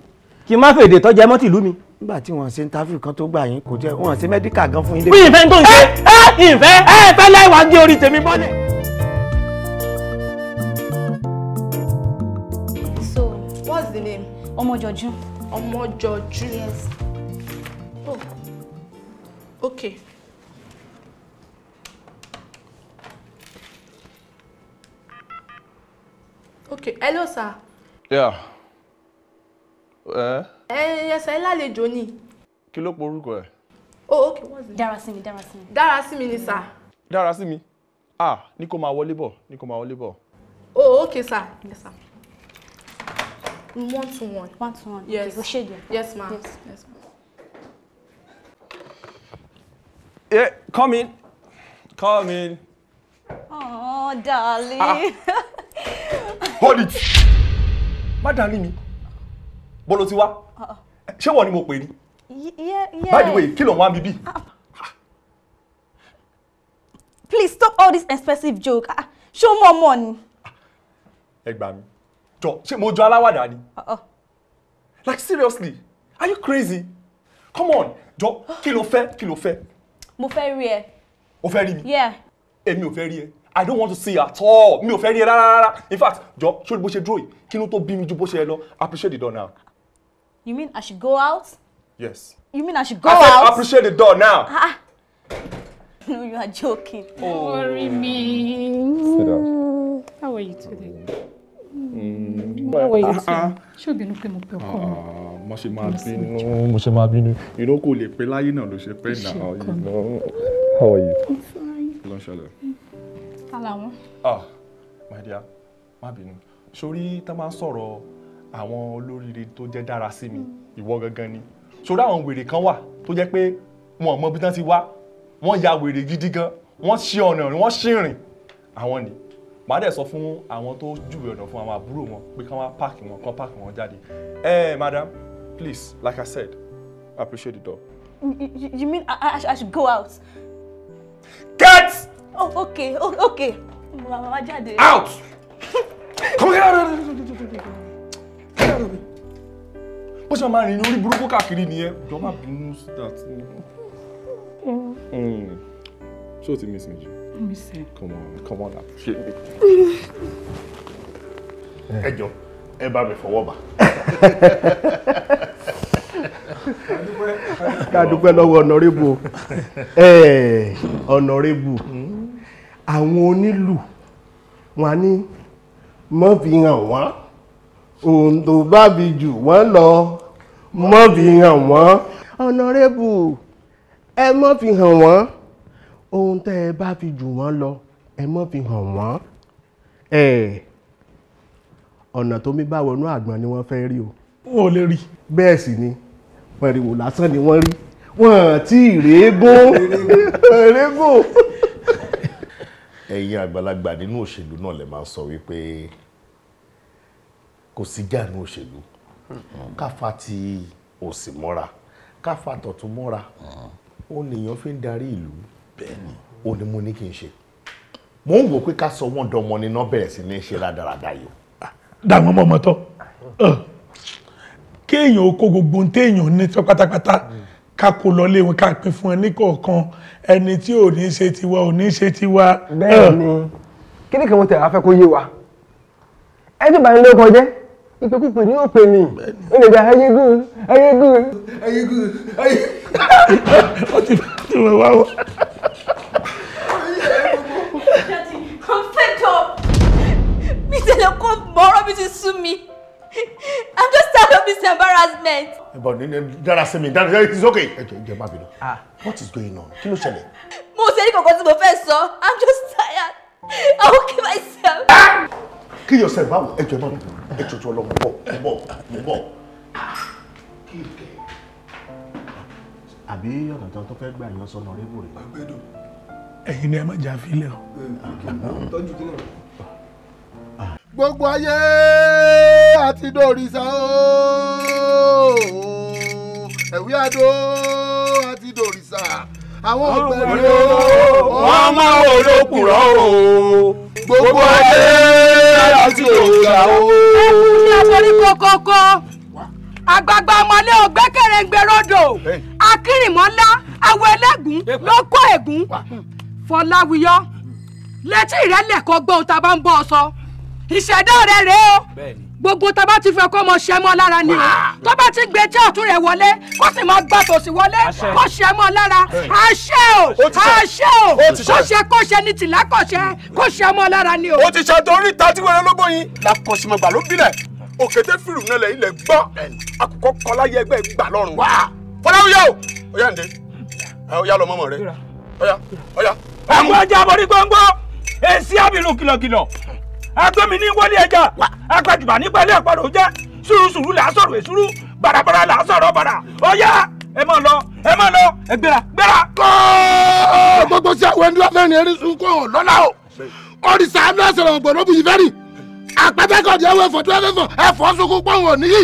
kí n má fèdè tọjá mọ́ tìlú mi. nígbà tí wọ́n ṣe interview kan tó gbà yín kò jẹ́ wọ́n ṣe medical gan fún yín. ìfẹ́ tó ń ṣe ẹ ah! ah, ìfẹ́ ẹ eh, fẹ́ láìwá gé orí tèmi bọ́lẹ̀. so what's the name. Ọmọjọjú. Ọmọjọjú. yes. oh okay. Okay, hello sir. yeah. Eh? ẹ. ẹ ẹsẹ̀ lálejò Johnny. kí ló porúkọ ẹ. oh okay. what's it. Dárasími Dárasími. Dárasími ni sir. Dárasími ah ní kó máa wọlé bọ̀ ní kó máa wọlé bọ̀. oh okay, sir yes sir. one to one. one to one yes. okay go shade your. yes ma'am yes, yes ma'am. Yeah, come in. Come in. Oh, darling. Ah. hold it má dání mi bolo ti wá ṣé wọ ni mo pè ní. by the way kí ló ń wá mi bí. Ah, ah. please stop all this expensive joke ah, ṣé o mọ̀ ọmọ ni. ẹ gbà mí jọ ṣé mo jọ aláwàdà ni. like seriously are you crazy come on jọ kí ló fẹ́ kí ló fẹ́. mo fẹ́ rí ẹ. o fẹ́ rí mi. èmi ò fẹ́ rí ẹ. I don't want to see at all. Mi ò fẹ́ rí ẹ rárá In fact, jọ ṣó bó ṣe dúró yìí, kí ló to bí mi ju bó ṣe lọ? Appreciate the door now. You mean I should go out? Yes. You mean I should go I said, out? Appreciate the door now. Ah. ah. No, you are joking. Oh. Worry me. How are you today? Mm. How are you ah, today? Ah. Ṣé obìnrin pé mo pe ọkọ mi? Mo ṣe máa bínú, mo ṣe máa bínú. Ìrókò lè pé láyé náà ló ṣe pé náà. How are you? I'm fine. Lọ́ṣọ̀lẹ̀ ta làwọn. ah my dear má bínú sórí tá máa ń sọ̀rọ̀ àwọn olóríire tó jẹ́ dára sí mi hmm. ìwọ gangan ni sórí àwọn wèrè kan wà tó jẹ́ pé wọn ò mọ bí wọ́n ti wá wọ́n ya wèrè gidi gan wọ́n ṣe ọ̀nà rìn wọ́n ṣì rìn àwọn ni màá dẹ̀ sọ fún àwọn tó júwe ọ̀nà fún àwọn àbúrò wọn pé kí wọ́n páàkì wọn kán páàkì wọn jáde ẹ eh, madam please like i said appreciate the door. you, you mean I, I, I should go out. get. Oh, okay, oh, okay. Mama jáde. Out! Come out of here! Get out of here! Bó ṣe máa rìn ní orí burúkú káàkiri nìyẹn, jọ má bínú sí that. Mm. Ṣé o ti miss me jù? Miss ẹ. Come on, come on, appreciate me. Ẹ jọ, ẹ bá mi fọwọ́ bà ká dúpẹ́ lọ́wọ́ ọ̀nàrẹ́bù ọ̀nàrẹ́bù mm àwọn onílù wọn ní mọ́ fi hàn wọ́n ohun tó bá bi jù wọ́n lọ mọ́ fi hàn wọ́n. ọ̀nàrẹ́bù ẹ mọ́ fi hàn wọ́n ohun tẹ́ ẹ bá fi jù wọ́n lọ ẹ mọ́ fi hàn wọ́n. ọ̀nà tó mi bá wọnú àgbọn ni wọ́n fẹ́ rí o. wọn ò lè rí. bẹ́ẹ̀ sì ni pẹ̀rìwò lásán ni wọ́n rí wọ́n ti rèégún rèégún. ẹ̀yin àgbàlagbà nínú òṣèlú náà lè máa sọ wípé kò sí gíànú òṣèlú mm-hmm. káfa ti òsì mọ́ra káfa tọ̀tún mọ́ra mm-hmm. ó nìyàn fi ń darí ìlú bẹ́ẹ̀ni ó ní mo ní kí n ṣe mò ń wò pé ká sọ wọ́n dọmọ ni náà bẹ̀rẹ̀ sí ní ṣe rádaràda yìí. dàgbọ́n mọ́ mọ́tọ́ kéèyàn ó kó gbogbo ohun téèyàn ní sọ pátápátá mm. ká kó lọ lé wọn ká pín fún ẹ ní kọ̀ọ̀kan ẹni tí ò ní ṣe tiwa ò ní ṣe tiwa. bẹ́ẹ̀ ni kí ni kàwọn tẹ̀ wá fẹ́ kó yé wa ẹni bá ń lé kọjá ìpèkúpè ní òpè ni ó lè gba ayégún ayégún ayégún ayégún. ó ti fi wọ́n wá wá. I'm fed up. Mi tẹ̀lé kó mọ́rọ́ mi ti sú mi. I'm just tired of this embarrassment. But dára sí mi, dára it's okay. Ẹ jẹ́ ìjẹ́ má ah. What is going on? Kí ló ṣẹlẹ̀? Mo ṣe ní kankan tí mo fẹ́ sọ. I'm just tired. I will kill myself. Kill yourself báwo? Ẹ jẹ́ má bínú. Ẹ jọjọ lọ, mo bọ̀, mo bọ̀, mo bọ̀. Kí ìkẹ́ àbí ọ̀nà tó tó fẹ́ gbà yọ sọ́nà rébùrè. ẹ̀yin ni ẹ má jà fílẹ̀ o. tọ́jú kí gbogbo ayé àti dòrìṣà ooo ẹ̀wí àdó àti dòrìṣà àwọn ọ̀gbẹ́ni ooo máa gbogbo ayé àti dòrìṣà ooo. ẹ fún mi àforí àgbààgbà ọmọlé ògbẹ́kẹ̀rẹ̀ǹgbẹ̀rọ̀dọ̀ eleegun awọ ẹlẹ́gùn ló kọ́ létí ìrẹ́lẹ̀ ìṣẹ̀dá ọ̀rẹ́ rẹ o gbogbo tá a bá ti fẹ́ kó mọ ṣẹ́ mọ́ lára ni o tó bá ti gbé jẹ́ ọ̀tún rẹ̀ wọlé kó sì máa gbà tòsí wọlé kó ṣẹ́ mọ́ lára àṣẹ o àṣẹ o kó ṣe kó ṣe ní tìlá kó ṣe kó ṣẹ́ mọ́ lára ni o. o ti ṣe torí tàtí wẹrẹ ló bóyin làkọsìmọ̀gbà ló bílẹ̀ òkété fìrù nílẹ̀ ilẹ̀ gbọ́ àkùkọ kọlá yẹ ẹgbẹ́ gbà lọ́rùn wá fọláwíyá o ó yá ǹdẹ ó yá lọ mọ́mọ́ agbomi ní wọlé ẹja agbájúbà nípẹ́lẹ́ ọ̀pọ̀lọ́ jẹ́ sùúrùsùúrù là á sọ̀rọ̀ èsúrú bàràbàrà là á sọ̀rọ̀ bàrà ọ̀yá ẹ máa lọ ẹ máa lọ ẹ gbéra gbéra. kọ́ọ́ gbogbo sí àwọn ẹni lọ́fẹ̀rin erin sunkún ọ̀ lọ́la o òrìṣà àmì àṣẹrẹ ọ̀gbọ̀n ló bu yìí ẹwọ ẹfọ tí wọn fẹ́ fọ ẹfọ sunkún pọ̀ wọn nìyí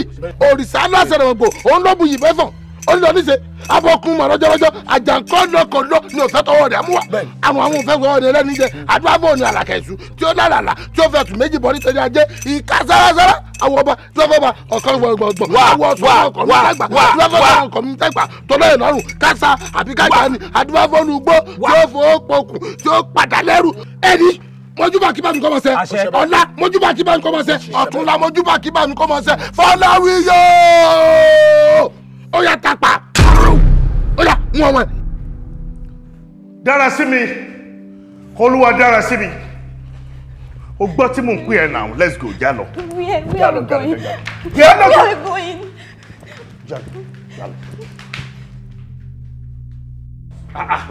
òrìṣà àmì àṣẹrẹ ọ̀gbọ̀n òun ló bu yìí ó lọ níṣe abọkun mọ lọjọlọjọ àjànkọ lọkọlọ ni òfẹ tọwọ rẹ mú wa àwọn àwọn òfẹ tọwọ rẹ lẹni jẹ àdúrà bò ní àlàkẹsù tí ó lálàlà tí ó fẹ tù méjì bọ nítorí ajé ìka sárasára àwọn ọba tí wọn fẹ ba ọkàn gbọgbọgbọ àwọn ọsùn ọkọ mi tẹgbà tí wọn fẹ ba ọkọ mi tẹgbà tọlọ ìlọrùn kásá àbí kájà ni àdúrà fọnù gbó tí ó fọ pokùn tí ó padà lẹrù ẹni mojúbà kí bá mi kọ́ mọ́ sẹ́ ọ̀la mojúbà kí bá mi kọ́ mọ́ sẹ́ ọ̀túnla mojúbà kí ó yà tàpá ó yà mú ọmọ ẹ. dára sí mi olúwa dára sí mi o gbọ́ tí mò ń pè ẹ́ now let's go jálọ. where where are we going where are we going. jálọ jálọ. Ah, ah.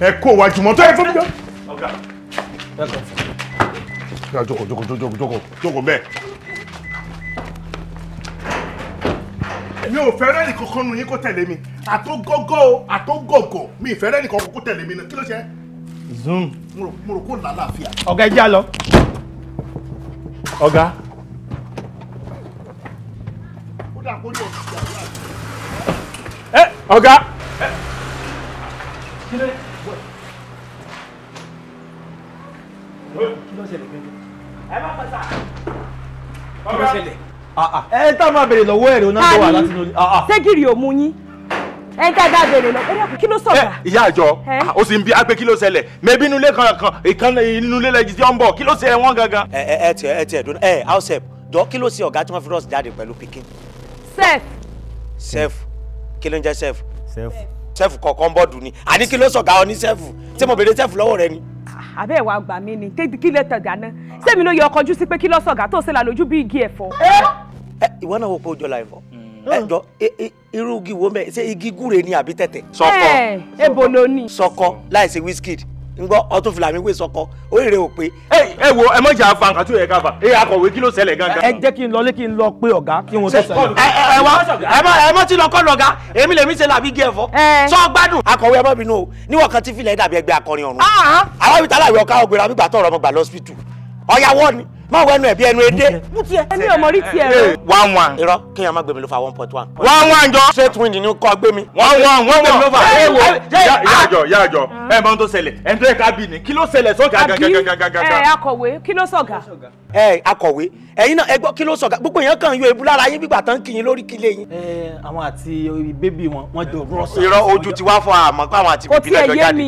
ẹ kó wa jùmọ̀ tó yẹ fún mi. jókòó jókòó jókòó jókòó jókòó bẹ́ẹ̀. mi ò fẹ́rẹ́ nìkan kan nu yín kó tẹ̀lé mi àtógógó o àtógògò mi ì fẹ́rẹ́ nìkan kó tẹ̀lé mi náà kí ló ṣe. zoom. mo rò kó làlàáfíà. ọ̀gá ẹ já lọ. ọ̀gá. ó dà kó ní ọ̀sùn ìyàwó àti. ẹ ọ̀gá. ẹ má pàṣẹ. kí Ah, ah. ẹ tá a máa béèrè lọ́wọ́ ẹ̀rọ náà wà láti inú ilé. Ah, ṣégiri ò mú yín ẹ tá a bá béèrè lọ ẹ̀rọ kí ló sọ̀rọ̀. Eh, ìyá àjọ ó sì ń bi agbe kí ló ṣẹlẹ̀ mẹ́bí inú ilé kankan ìkan inú ilé lẹ́jì tí ó ń bọ̀ kí ló ṣe wọ́n gangan. ẹ ẹ ẹ tiẹ̀ ẹ eh, tiẹ̀ dún ẹ house help kí ló ṣe ọ̀gá tí wọ́n fi rọ́ọ̀sì jáde pẹ̀lú pikin. sef. sef kí ló ń jẹ́ sef. sef kọ̀ọ̀kan bọ́ọ̀dù ni àní kí ló sọ̀gá ọ ní sef tí mo béèrè sef lọ́wọ́ rẹ ni àbẹ́ ẹ̀ wá gbà mí ni kí lè tàn dáná sẹ́mi ló yẹ ọkọjú sí pé kí lọ́sọ̀gà tó ṣe là lójú bí igi ẹ̀fọ́. ẹ ìwọ náà wò pé ojú ọ̀la ẹ̀fọ́ mm. ẹ jọ irú igi wo mẹ ṣé igi gúre ni àbí tẹ̀tẹ̀. sọkọ ẹ ebo ló sọkọ láìsí wizkid ngbọ́ ọtún fìlà mi wé sọkọ oríire ò pé. ẹ ẹ wo ẹ mọ̀ jà fa nǹkan tó yẹ ká fa ẹ akọ̀wé kí ló ṣẹlẹ̀ gangan. ẹ jẹ́ kí n lọ lé kí n lọ pé ọ̀gá kí wọ́n tó ṣẹlẹ̀. ẹ ẹ wá ẹ mọ ẹ mọ ti lọ kọ́ lọ́gá èmi lèmi ṣe làbí gé ẹ̀fọ́. sọ gbádùn akọ̀wé ẹ mọ̀ bínú o níwọ̀n kan ti filẹ̀ dàbí ẹgbẹ́ akọrin ọ̀run. àwọn ibi tá má wẹ́nu ẹ̀bí ẹnu èdè. ẹni ọmọ rí tiẹ̀ rẹ. one one. irọ́ kéèyàn má gbé mi ló fa one point one. one one jọ. straight wind ni kò gbé mi. one one wọ́n gbé mi ló fa. yáàjọ ah. yáàjọ ah. ẹ mọ ohun tó ṣẹlẹ̀ ẹ ń tẹ́ ká bí ni kí ló ṣẹlẹ̀ sọ́gà gàgàgàgàgà. ẹ eh, akọ̀wé kí ló sọ̀gà. ẹ akọ̀wé ẹ̀yin náà ẹ gbọ́ kí ló sọ̀gà gbogbo èèyàn kàn yọ ebu lára yín gbígbà tán kì í lórí kí lè yín. ẹ eh, àwọn àti bébì wọn wọn jọ rọ sọ. irọ́ ojú ti wá fọ àmọ́ pé àwọn àti bíbí lẹ́jọ́ jáde.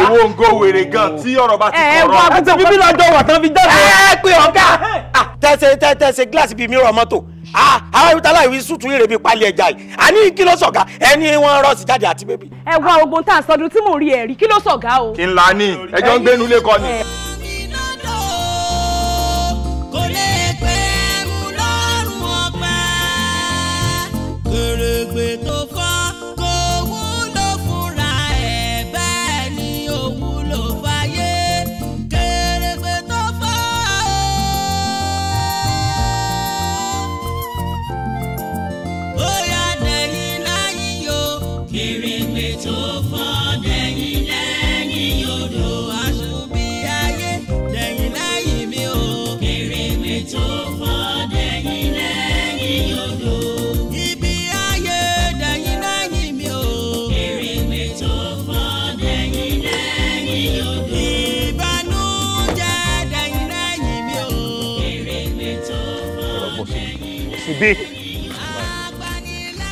èwo ń go wèrè gan tí ọ̀rọ̀ bá ti kọ̀ eh, ọ̀rọ̀. ẹ ẹ bọ́ àgùntàn bíbí lọ́jọ́ wà tán fi jáde ẹ pé ọ̀gá tẹ̀sẹ̀ tẹ̀sẹ̀ gíláàsì bíi mìíràn mọ́tò àwọn ìwúta láìwí sùtù yìí rèébi palẹ̀ ẹja yìí àní kí ló sọ̀gá ẹni wọn rọ́ọ̀sì jáde àti bébì. ẹ wá ogun tá a sọdún tí mò ń rí ẹ rí kí ló sọ̀gá o. kí n la ní ẹjọ́ ń gbénu lé kọ ni. kèrègbè tó. dé.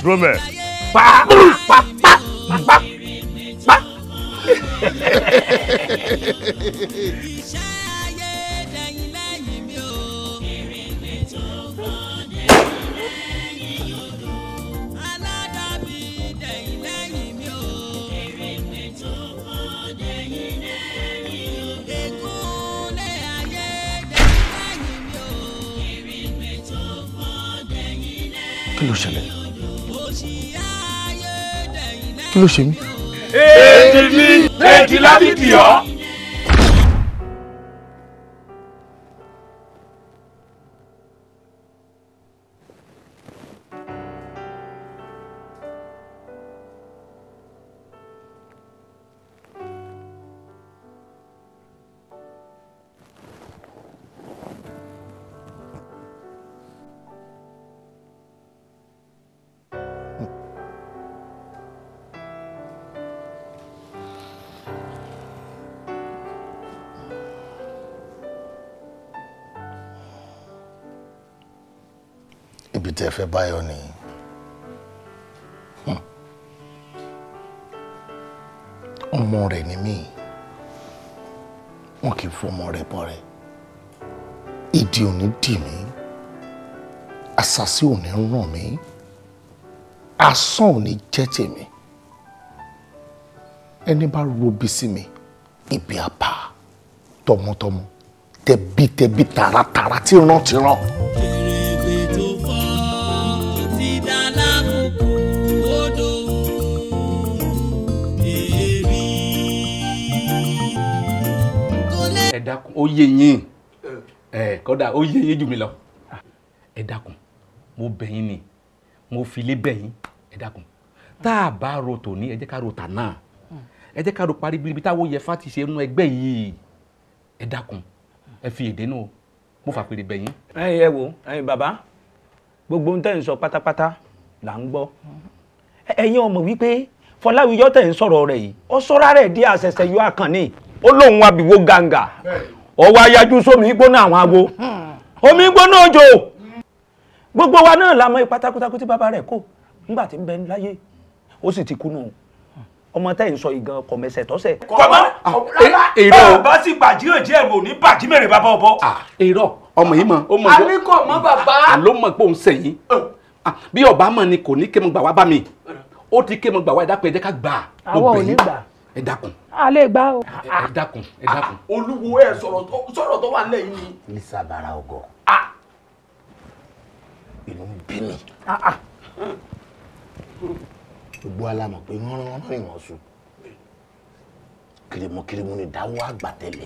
dúró pa pa pa pa pa. ló ṣẹlẹ̀ kí ló ṣe mí. èdè mi èdè lábìkì ọ́. fẹ́ báyọ̀ nìyí. Hmm. ọmọ rẹ̀ ni mí wọn kì í fọmọ rẹ̀ bọ́ rẹ̀ ìdí òní dì mí àṣàṣì òní ràn mí asán òní jẹ́ tèmi ẹni bá robi sí mi ibi àbá tọmọtọmọ tẹbítẹbí tààràtààrà tíran tíran. dákun ó yé yín ẹ kódà ó yé yín jù mí lọ ẹ mo bẹ̀ ni mo fi lé bẹ̀ yín ẹ dákun tá a bá ro tòní ẹ jẹ́ ká ro tàná ẹ jẹ́ ká ro parí bíi ibi táwọn yẹfa ti ṣe nú ẹgbẹ́ yìí ẹ dákun ẹ fi èdè nù mo fà pèrè bẹ̀ yín. ẹ̀yin ẹ wo ẹ̀yin bàbá gbogbo ohun tẹ́ ń sọ pátápátá là ń gbọ́ ẹ̀yin ọmọ wípé Fọláwíyọ tẹ́ ń sọ̀rọ̀ rẹ̀ yìí ó sọ́ra rẹ̀ di àṣẹ̀ṣẹ̀ yọ àkànní ó lóun abìwó gàǹgà ọwọ́ ayájú sómi gbóná àwọn ago omi gbóná òjò gbogbo wa náà la mọ ipa takuntakun tí bàbá rẹ̀ kó nígbà tí ń bẹ láyé ó sì ti kú nù ọmọ tẹ́ ń sọ ìgan kọ̀mẹsẹ̀ tọ́sẹ̀. kọ́mọ́ ah, eh, èrò bàbá sì bàjí òjì ẹ̀rù òní bàjí mèrè bàbá ọ̀bọ. Ah, èrò ọmọ yìí mọ ó mọ bàbá àló mọ pé òun sẹyìn ah, bí ọba mọ ni kò ní kémọ gbà wá bá mi ó ti kémọ gbà wá ìdápẹ́ ẹ̀jẹ̀ ká gbà. àwọn ò ní gbà ẹ dákun. a lè gbá o. ẹ dákun ẹ dákun. Ah, olúwo ẹ sọ̀rọ̀ tó sọ̀rọ̀ tó wà nílẹ̀ yìí ni. lisa bara ọgọ. Ah. inú ń bí mi. Ah, gbogbo alamọ pé rán rán ìwọ̀n sùn kìrìmùkìrìmù ni dáwọ́ àgbà tẹ̀lé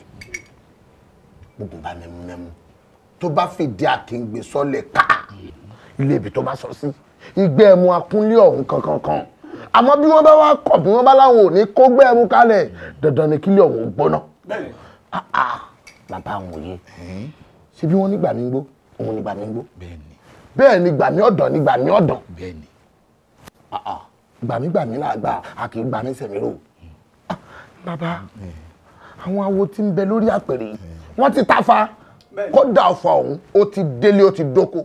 gbogbo bá mẹ́mú mẹ́mú tó bá fìdí àkíngbé sọ́lẹ̀ ká ilé ibi tó bá sọ sí ìgbẹ́ ẹ̀mú akúnlé ọ̀hún kankan kan. kan, kan àmọ́ bí wọ́n bá wá kọ̀ bí wọ́n bá láwọn ò ní kó gbé ẹrú kalẹ̀ dandan ni kílẹ̀ ọ̀hún gbóná. Ah, ah, bàbá àwọn òye ṣé bí wọ́n nígbà mi gbó òun nígbà mi gbó bẹ́ẹ̀ ni gbàmí ọ̀dàn ni gbàmí ọ̀dàn ah, gbàmí gbàmí làgbà àkì gbàmí sẹ̀mírò bàbá àwọn awo tí ń bẹ lórí àpèrè wọ́n ti tafa kódà ọ̀fà ọ̀hún ó ti délé ó ti dóko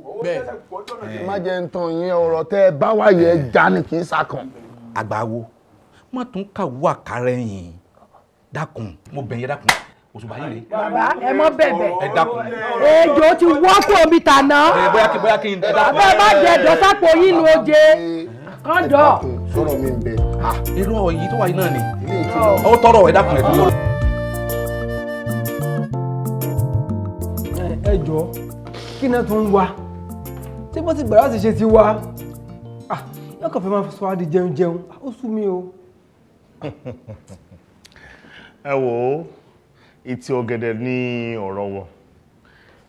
má jẹ́ ọ̀rọ̀ tẹ́ ẹ bá já ni kì í sá kan àgbáwo má tún kàwú àkàrẹ yìí dákun mo bẹ̀ yẹn dákun òṣùpá yìí rèé. bàbá ẹ mọ bẹ̀bẹ̀ ẹ dákun. ejò ti wọ́pọ̀ omi tàná. ẹ bóyá kí bóyá kí n dákun. àbẹ́ má jẹ dọ́sápò yín nu oje kán dọ̀. sọ̀rọ̀ mi ń bẹ. irú ọ̀yìn tó wà yìí náà ni ó tọrọ ẹ dákun ẹ dúró. ẹ jọ kí náà tún wá tí bó ti gbàrà ti ṣe ti wá yóò kàn fẹ́ máa sọ adi jẹun jẹun ó sú mi o. ẹ wò ó ìtì ọ̀gẹ̀dẹ̀ ní ọ̀rọ̀ wọn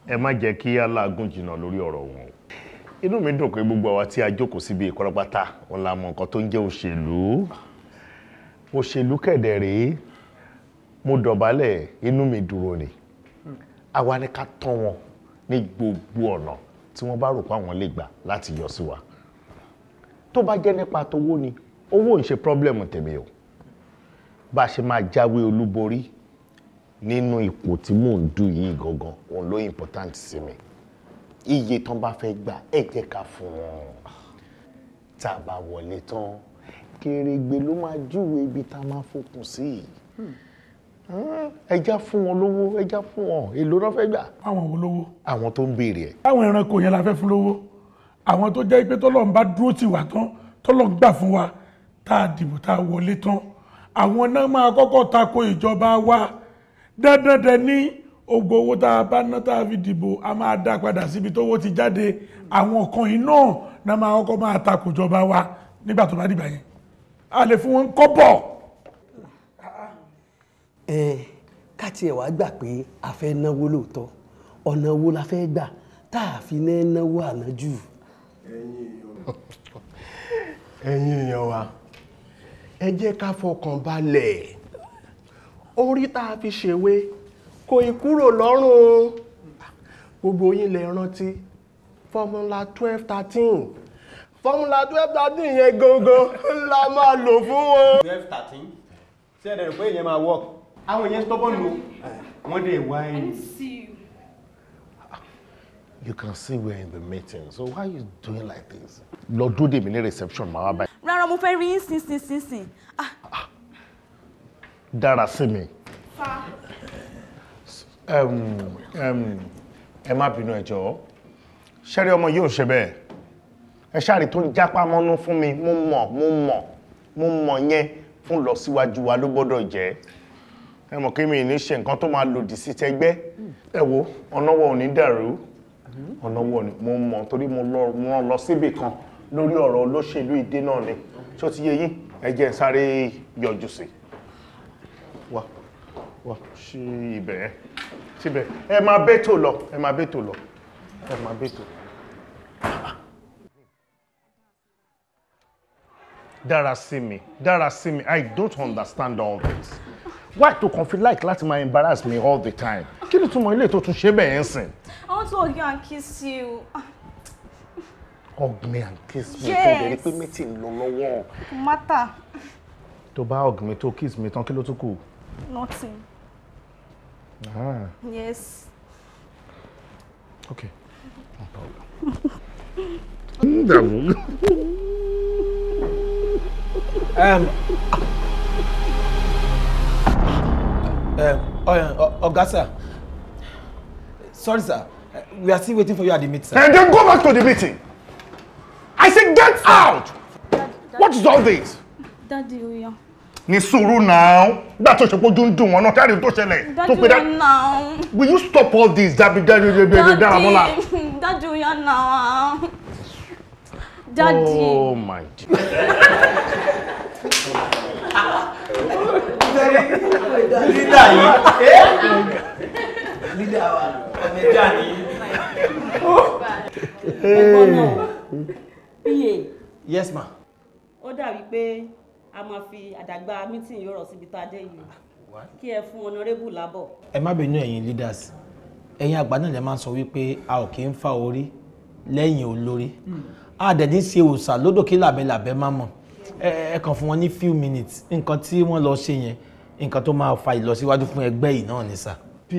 ẹ má jẹ́ kí aláàgùn jìnnà lórí ọ̀rọ̀ wọn o inú mi dùn pé gbogbo àwa tí a jókòó síbi ìkọ́lọ́pátá wọn la mọ nǹkan tó ń jẹ́ òṣèlú òṣèlú kẹ̀dẹ̀ rèé mo dọ̀bálẹ̀ inú mi dúró ni àwa ni ká tọ́ wọn ní gbogbo ọ̀nà tí wọ́n bá rò pé àwọn lè gbà láti yọ sí wa tó bá jẹ́ nípa tówó ni owó ń ṣe pọ́blẹ́mù tèmi o bá a ṣe máa jáwé olúborí nínú ipò tí mò ń dù yìí gangan òun ló important sí mi iye tán bá fẹ́ gbà ẹ jẹ́ ká fún wọn tá a bá wọlé tán kèrègbè ló máa júwe ibi tá a máa fokùn sí i ẹja fún wọn lówó ẹja fún wọn èlò náà fẹ́ gbà. àwọn wo lówó. àwọn tó ń béèrè ẹ. àwọn ẹranko yẹn la fẹ́ fún lówó àwọn tó jẹ́ pé tọ́lọ́run bá dúró tì wá tán tọ́lọ́run gbà fún wa tá a dìbò tá a wọlé tán àwọn náà máa kọ́kọ́ tako ìjọba wa dandan dẹ ní ogbó owó tá a bá ná tá a fi dìbò a máa dá padà síbi tówó ti jáde àwọn kan yìí náà náà máa kọ́kọ́ máa tako ìjọba wa nígbà tó bá dìbà yẹn a lè fún wọn kọ́ bọ̀. ẹ ká tiẹ̀ wá gbà pé a fẹ́ náwó lóòótọ́ ọ̀nà wo la fẹ́ gbà tá a fi náà náwó ànájù ẹ̀yin èèyàn wa ẹ jẹ́ ká fọkàn balẹ̀ orí tá a fi ṣèwé kò ì kúrò lọ́rùn gbogbo yín lè rántí fọ́múlà twelve thirteen fọ́múlà twelve thirteen yẹn gangan la máa lò fún wọn. twelve thirteen ṣé ẹ̀rẹ̀ rẹ̀ pé ìyẹn máa work àwọn ìyẹn stubborn lò wọ́n dẹ̀ wá ẹ̀yìn. You can see we're in the meeting. So why are you doing like this? Lord, do dè mí ní reception my wife. báyìí. Rárá mo fẹ́ rí yín sin sin sin sin. Ah. Dára sí mi. um. Ẹ má bínú ẹ Joe. Ṣẹ́rí ọmọ yóò ṣe bẹ́ẹ̀. Ẹ ṣáàrí tó ń jápá mọ́nú fún mi. Mo mọ̀ mo mọ̀ mo mọ̀ yẹn fún lọ síwájú wa ló gbọ́dọ̀ jẹ́. Ẹ mọ̀ kí mi ní ṣe nǹkan tó máa lòdì sí tẹgbẹ́. Ẹ wo ọ̀nà wa ò ní dàrú ọ̀nà wo ni mo mọ̀ torí mo rán lọ síbì kan lórí ọ̀rọ̀ olóṣèlú ìdè náà ni tó ti yé yín ẹ sáré yọjú sí wa wa ṣí ibẹ̀ ẹ síbẹ̀ ẹ máa bẹ́tò lọ ẹ máa bẹ́tò lọ ẹ máa bẹ́tò Darasimi Darasimi I don't understand all this why to kàn like láti máa embarrass me all the time kí ni túmọ̀ ilé tó tún ṣe bẹ́ẹ̀ ń sìn. I want to hug you and kiss you. hug me and kiss me tó bẹ̀rẹ̀ pé mẹ́tì ń lọ lọ́wọ́. mata. tó bá hug me tó kiss me tán kí ló tún kù. nothing. Ah. yes. okay no problem. ń um, ọ̀gá eh, oh, oh, oh, sir sorry sir eh, we are still waiting for you at the meeting. and eh, then go back to the meeting i said, get ah! out what is all this. dadi oya. now. That's what gbà tó ṣe pójú ń dùn wọn náà káàdì tó ṣẹlẹ̀ tó pe dájú now. will you stop all this Daddy, Daddy, Daddy, Daddy, dabi Daddy, Daddy oya náà Daddy. oh my dear. lídà yìí eh? lídà wa ọ̀nẹ́jà ni. ẹ̀gbọ́n yes ma. ó dàbí pé a máa fi àdàgbà mítìn yóò rọ̀ síbi tá a dé yìí kí ẹ fún honorable lábọ̀. ẹ má bínú ẹ̀yin leaders ẹ̀yin àgbà náà lè máa sọ wípé a ò kí ń fa orí lẹ́yìn olórí àdẹ̀dí ṣe òòsà lódò kí làbẹ́làbẹ́ má mọ̀ ẹ kàn fún wọn ní few minutes nǹkan tí wọ́n lọ ṣe yẹn nǹkan tó máa fa ìlọsíwájú fún ẹgbẹ́ yìí náà ni sà. P.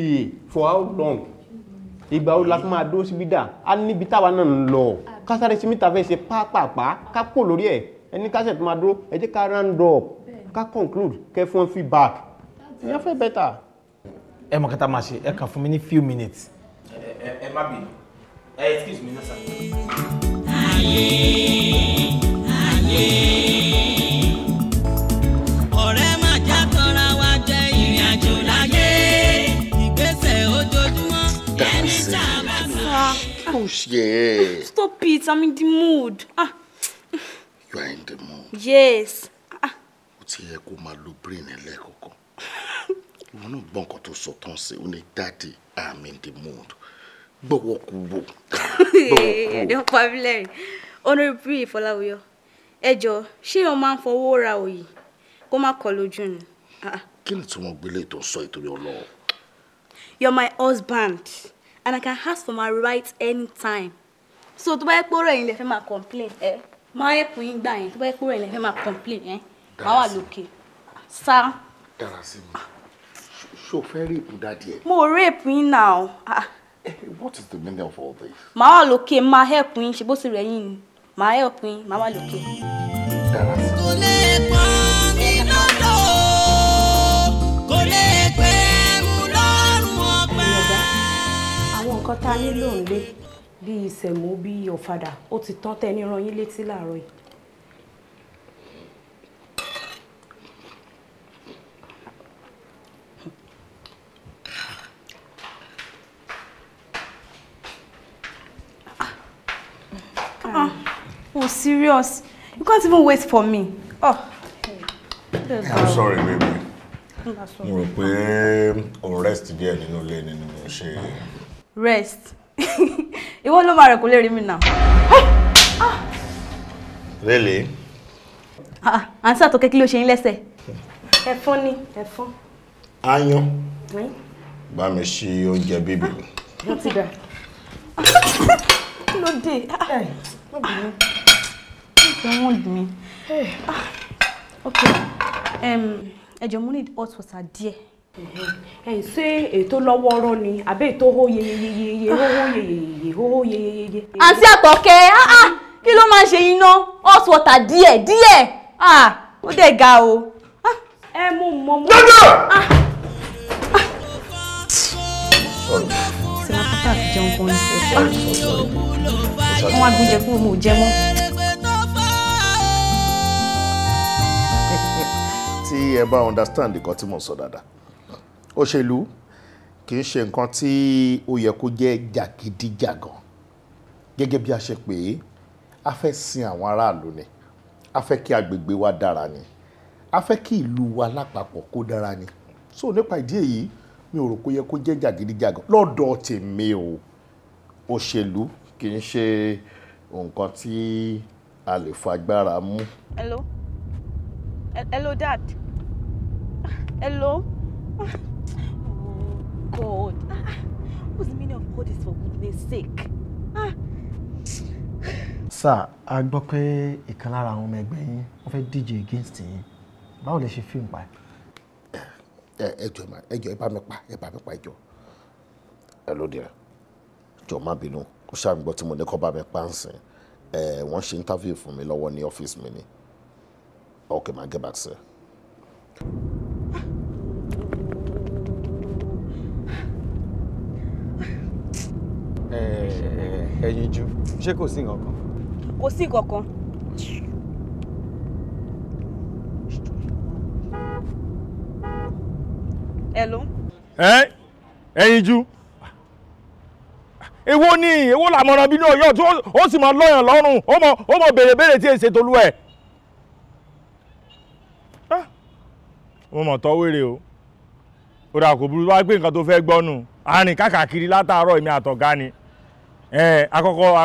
for how long ìgbà wo la fún máa dúró síbí dà á níbi táwa náà ń lọ kásáré sí mítà fẹ́ ṣe pápápá ká kó lórí ẹ̀ ẹni kásẹ̀ tó máa dúró ẹ jẹ́ ká round up ká conclude kẹ́ fún feedback ìyẹn fẹ́ better. ẹ mọ̀ kátà máa ṣe ẹ kàn fún mi ní few minutes. ẹ ẹ má bì ẹ excuse me náà sà. ayé ayé. lójoojúmọ́ ẹni oh yeah. stop it i'm in the mood. Ah. you are in the mood. yes. Ah. ó ti yẹ kó máa lo brain ẹ lẹ́ẹ̀kọ̀ọ̀kan ìwọ náà gbọ́ nǹkan tó sọ tán sí ó ní dáàdì i'm in the mood gbọ́wọ́ kú wò. no problem honorable ìfọláwíyọ ẹ jọ ṣé o máa ń fọwọ́ ra òyì kó má kọ lójú ni. Ah. kí ni tí wọ́n gbélé tó ń sọ ìtorí ọlọ́wọ́ you're my husband and I can ask for my rights anytime. So tó bá yẹ pé ọ̀rọ̀ yìí lè fẹ́ máa complain ẹ eh? máa help yín gbà yẹn tó bá yẹ pé ọ̀rọ̀ yìí lè fẹ́ máa complain ẹ eh? máa wà lókè sá. dára sí mi ṣó fẹ́ rèébù dáadé ẹ. mo rèébù yín náà. Ah, ah. eh, what is the meaning of all this. máa wà lókè máa help yín ṣe bó ti rẹ̀ yín ni máa help yín máa wà lókè. dára sí mi. nǹkan tá a nílò nílé bíi ìsẹ̀mú bíi ọ̀fadà ó ti tán tẹ́ ní rán yín létí láàárọ̀ yìí. Ah, ah, oh, serious. You can't even wait for me. Oh. I'm sorry, baby. Mo rò pé o um, rest díẹ̀ nínú ilé nínú ṣe rest ìwọ ló máa rẹ̀ kó lè rí mi nà. Ah! really. àǹtí ah, àtọkẹ́ kí ló ṣe yín lẹ́sẹ̀. ẹ̀fọn ni ẹ̀fọn. aáyán bá mi ṣí oúnjẹ bíbí. wọ́n ti dà. lóde ah! wọ́n dùn mí. ok ẹjọ́ mo need hot water díẹ̀ ẹ ṣe ètò lọ́wọ́rọ́ ni àbẹ́ ètò hó yeyeyeye hó yeyeyeye hó yeyeyeye. àǹtí àtọ̀kẹ́ ah, ah, kí ló máa ń ṣe iná hot water díẹ̀ díẹ̀ ah, ó dẹ̀ ga o. ẹ mú mọ mọ. gbọ́dọ̀. ṣé wọ́n fẹ́ àti jẹun kan ní ẹ̀fọ́ wọ́n wá gbóúnjẹ fún mi ò jẹ mọ́. tí ẹ bá understand nǹkan tí mo sọ dáadáa òṣèlú kì í ṣe nǹkan tí ó yẹ kó jẹ́ jàgídíjàgàn gẹ́gẹ́ bí a ṣe pè é a fẹ́ sin àwọn aráàlú ni a fẹ́ kí agbègbè wa dára ni a fẹ́ kí ìlú wa lápapọ̀ kó dára ni so nípa ìdí èyí mi ò rò kó yẹ kó jẹ́ jàgídíjàgàn lọ́dọ̀ tèmi o òṣèlú kì í ṣe nǹkan tí a lè fagbára mú. hello hello dad hello. God. Ah, what's the meaning of all this for goodness sake? Ah. Sir, a gbọ́ pé ìkan lára àwọn ọmọ ẹgbẹ́ yín wọ́n DJ against yín. Báwo lẹ ṣe fíìmù pa? Ẹjọ́ ẹjọ́ ẹ bá mi pa ẹ bá mi pa ẹjọ́. Hello there. dìrẹ̀. Jọ má bínú. Ó ṣáà ń gbọ́ tí mo ní kọ́ bá mi pa ń sìn. Wọ́n ṣe interview fún mi lọ́wọ́ ní ọ́fíìsì mi ni. Okay, ma get back sir. Eh, ẹyinjú ṣé kò sí nǹkan kan. kò sí nǹkan kan. hello. ẹ ẹyinjú èwo ni èwo làmọ̀ràn bínú ọ̀yọ́ tí ó sì máa lọ́yàn lọ́rùn ó mọ ó mọ béèrè béèrè tí èsè tolú ẹ̀. mo mọ̀ tọ́ wèrè o ó dà kò burú wá pé nǹkan tó fẹ́ gbọ́ nù àárín káàkiri látàárọ̀ èmi àtọ̀gá ni. ẹ akọkọ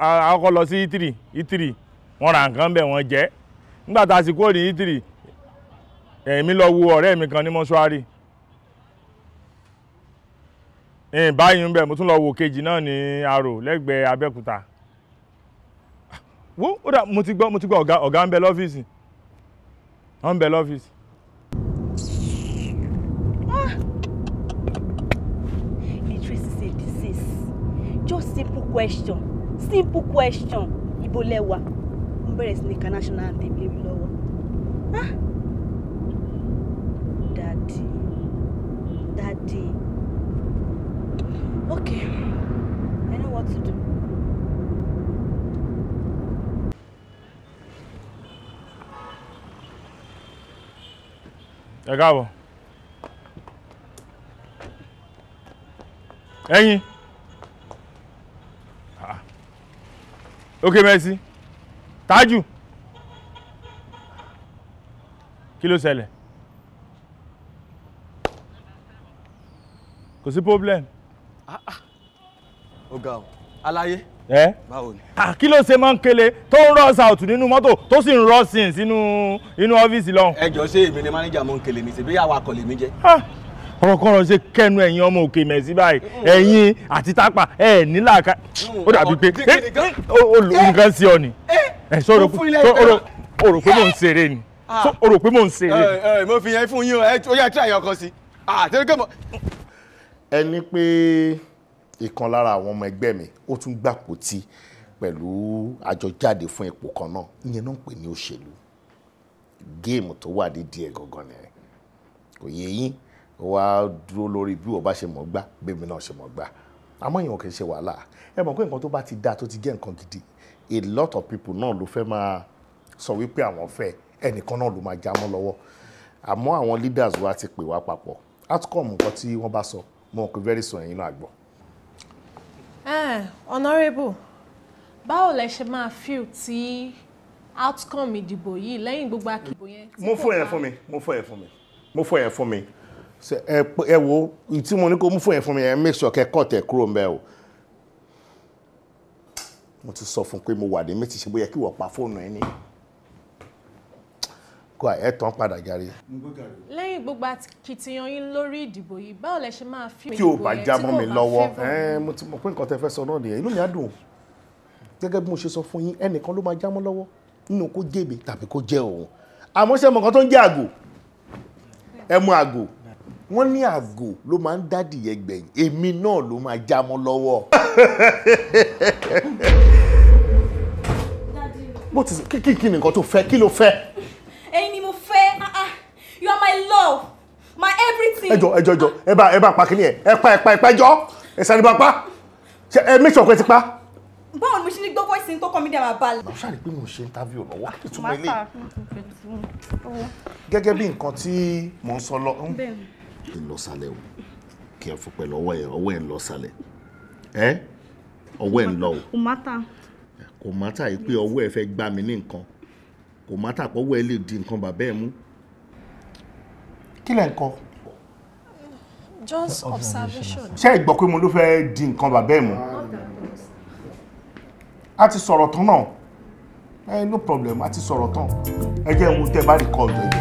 akọkọ lọ sí itiri e itiri e wọn ra nǹkan bẹ̀ wọn jẹ nígbà tá a sì kúrò ní itiri e èmi lọ wu ọrẹ mi kan ní mọ́ṣúárì báyìí ń bẹ̀ mo tún lọ wo kejì náà ní wo ó dà question simple question ibo lẹ́wà ń bẹ̀rẹ̀ sí ní ka national anthem lé mi lọ́wọ́ dadi ah! dadi okay I know what to do. ẹ káàbọ̀ ẹ̀yin. ok merci tájù kí ló ṣẹlẹ̀ kò sí problem. Ah, ah. ọ̀gá o aláyé. ẹ báwo ni. Ah, kí ló ṣe máa ń kele tó ń rush out nínú mọ́tò tó sì ń rush in sínú inú ọ́fíìsì lọ́hùn. ẹ jọ ṣé ni máníjà mo ń kele ní ṣèbí àwa kọ̀ lèmi jẹ ọ̀rọ̀kọ̀rọ̀ ṣe kẹnu ẹ̀yin ọmọ òkè mẹ̀sí báyìí ẹ̀yin àti tápà ẹ̀ nílà ká ó dàbí pé nǹkan sí ọ ni ẹ̀ sọ̀rọ̀ pé mò ń ṣeré ni ah. sọ̀rọ̀ pé mò ń ṣeré. ẹ ẹ mo fi yẹn fún yín o ẹ ó yà tí àyàn kan sí àtẹnukẹ ah, mọ. ẹ ní pé ìkan lára àwọn ọmọ ẹgbẹ́ mi ó tún gbàpò tí pẹ̀lú àjọjáde fún ipò kan náà ìyẹn náà ń pè ní òṣèlú géèmù tó wà nídìí ẹ̀ gangan nìyẹn kò yẹ yín wá dúró lórí bí o bá ṣe mọ̀ gbá bẹ́ẹ̀ náà ṣe mọ̀ gbá àmọ́ ìyẹn kì í ṣe wàhálà ẹ mọ̀ pé nǹkan tó bá ti dáa tó ti jẹ́ nǹkan gidi a lot of people náà ló fẹ́ máa sọ wípé àwọn fẹ́ ẹnìkan náà ló máa já mọ́ lọ́wọ́ àmọ́ àwọn leaders wa ti pè wá papọ̀ outcome nǹkan tí wọ́n bá sọ mo pé very soon ẹ̀yin náà gbọ́. Eh, honourable báwo lẹ ṣe máa feel tí outcome ìdìbò yìí lẹ́yìn gbogbo akìbò yẹn. mo fọ ẹ̀ fún mi mo fọ ẹ̀ fún mi mo fọ ẹ̀ fún mi ẹ wo tí mo ní kó mú fún yẹn fún mi yẹn make sure kẹ́ kọ́ tẹ̀ kúrò mbẹ́ o mo ti sọ fún pé mo wà ní méjì ṣe bóyá kí wọ́n pa fóònù ẹ ní kó ẹ tán padà járe. lẹ́yìn gbogbo akitiyan yín lórí ìdìbò yìí báwo lẹ ṣe máa fi ìdìbò kí o bá já mọ́ mi lọ́wọ́ ẹ mo ti mọ̀ pé nǹkan tẹ fẹ́ sọ náà nìyẹn inú mi á dùn gẹ́gẹ́ bí mo ṣe sọ fún yín ẹnìkan ló máa já mọ́ lọ́wọ́ nínú kó jèbè tàbí kó jẹ́ òun àmọ́ ṣe mọ̀ nǹkan tó ń jẹ́ àgò ẹ mú àgò wọ́n ní àgò ló máa ń dádìyẹ gbẹ̀yìn èmi náà ló máa já mọ́ lọ́wọ́. bó ti kí kí nìkan tó fẹ́ kí ló fẹ́. ẹyin ni mo fẹ́ ah, ah. you are my love my everything. ẹjọ ẹjọ ẹjọ ẹ bá ẹ bá pa kínní ẹ ẹ pa ẹ pa ẹ pa ẹjọ ẹ sáré bá pa ẹ make sure pé ti pa. báwo ni mo ṣe ní gbọ́ voice tó kọ́ mi dẹ̀ máa balẹ̀. màá ṣàlè pé mo ṣe interview lọ́wọ́ kí tún mọ ilé. gẹ́gẹ́ bí nǹkan tí mò ń sọ lọ. bẹ́ẹ̀ ni kí o kí n fọpẹ́ lọ́wọ́ ẹ̀ ọwọ́ ẹ̀ ń lọ sálẹ̀ ẹ́ ọwọ́ ń lọ o. kò má ta. kò má ta yìí pé ọwọ́ ẹ̀ fẹ́ gbá mi ní nǹkan kò má ta pé ọwọ́ ẹ̀ lè di nǹkan bàbá ẹ̀ mú. kí lẹ̀ ń kọ. just observation. ṣé ìgbọ́ pé mo ló fẹ́ di nǹkan bàbá ẹ̀ mú. a ti sọ̀rọ̀ tán náà no problem a ti sọ̀rọ̀ tán ẹ jẹ́ ń wo tẹ́ bá rí kọ́ọ̀dù ẹ̀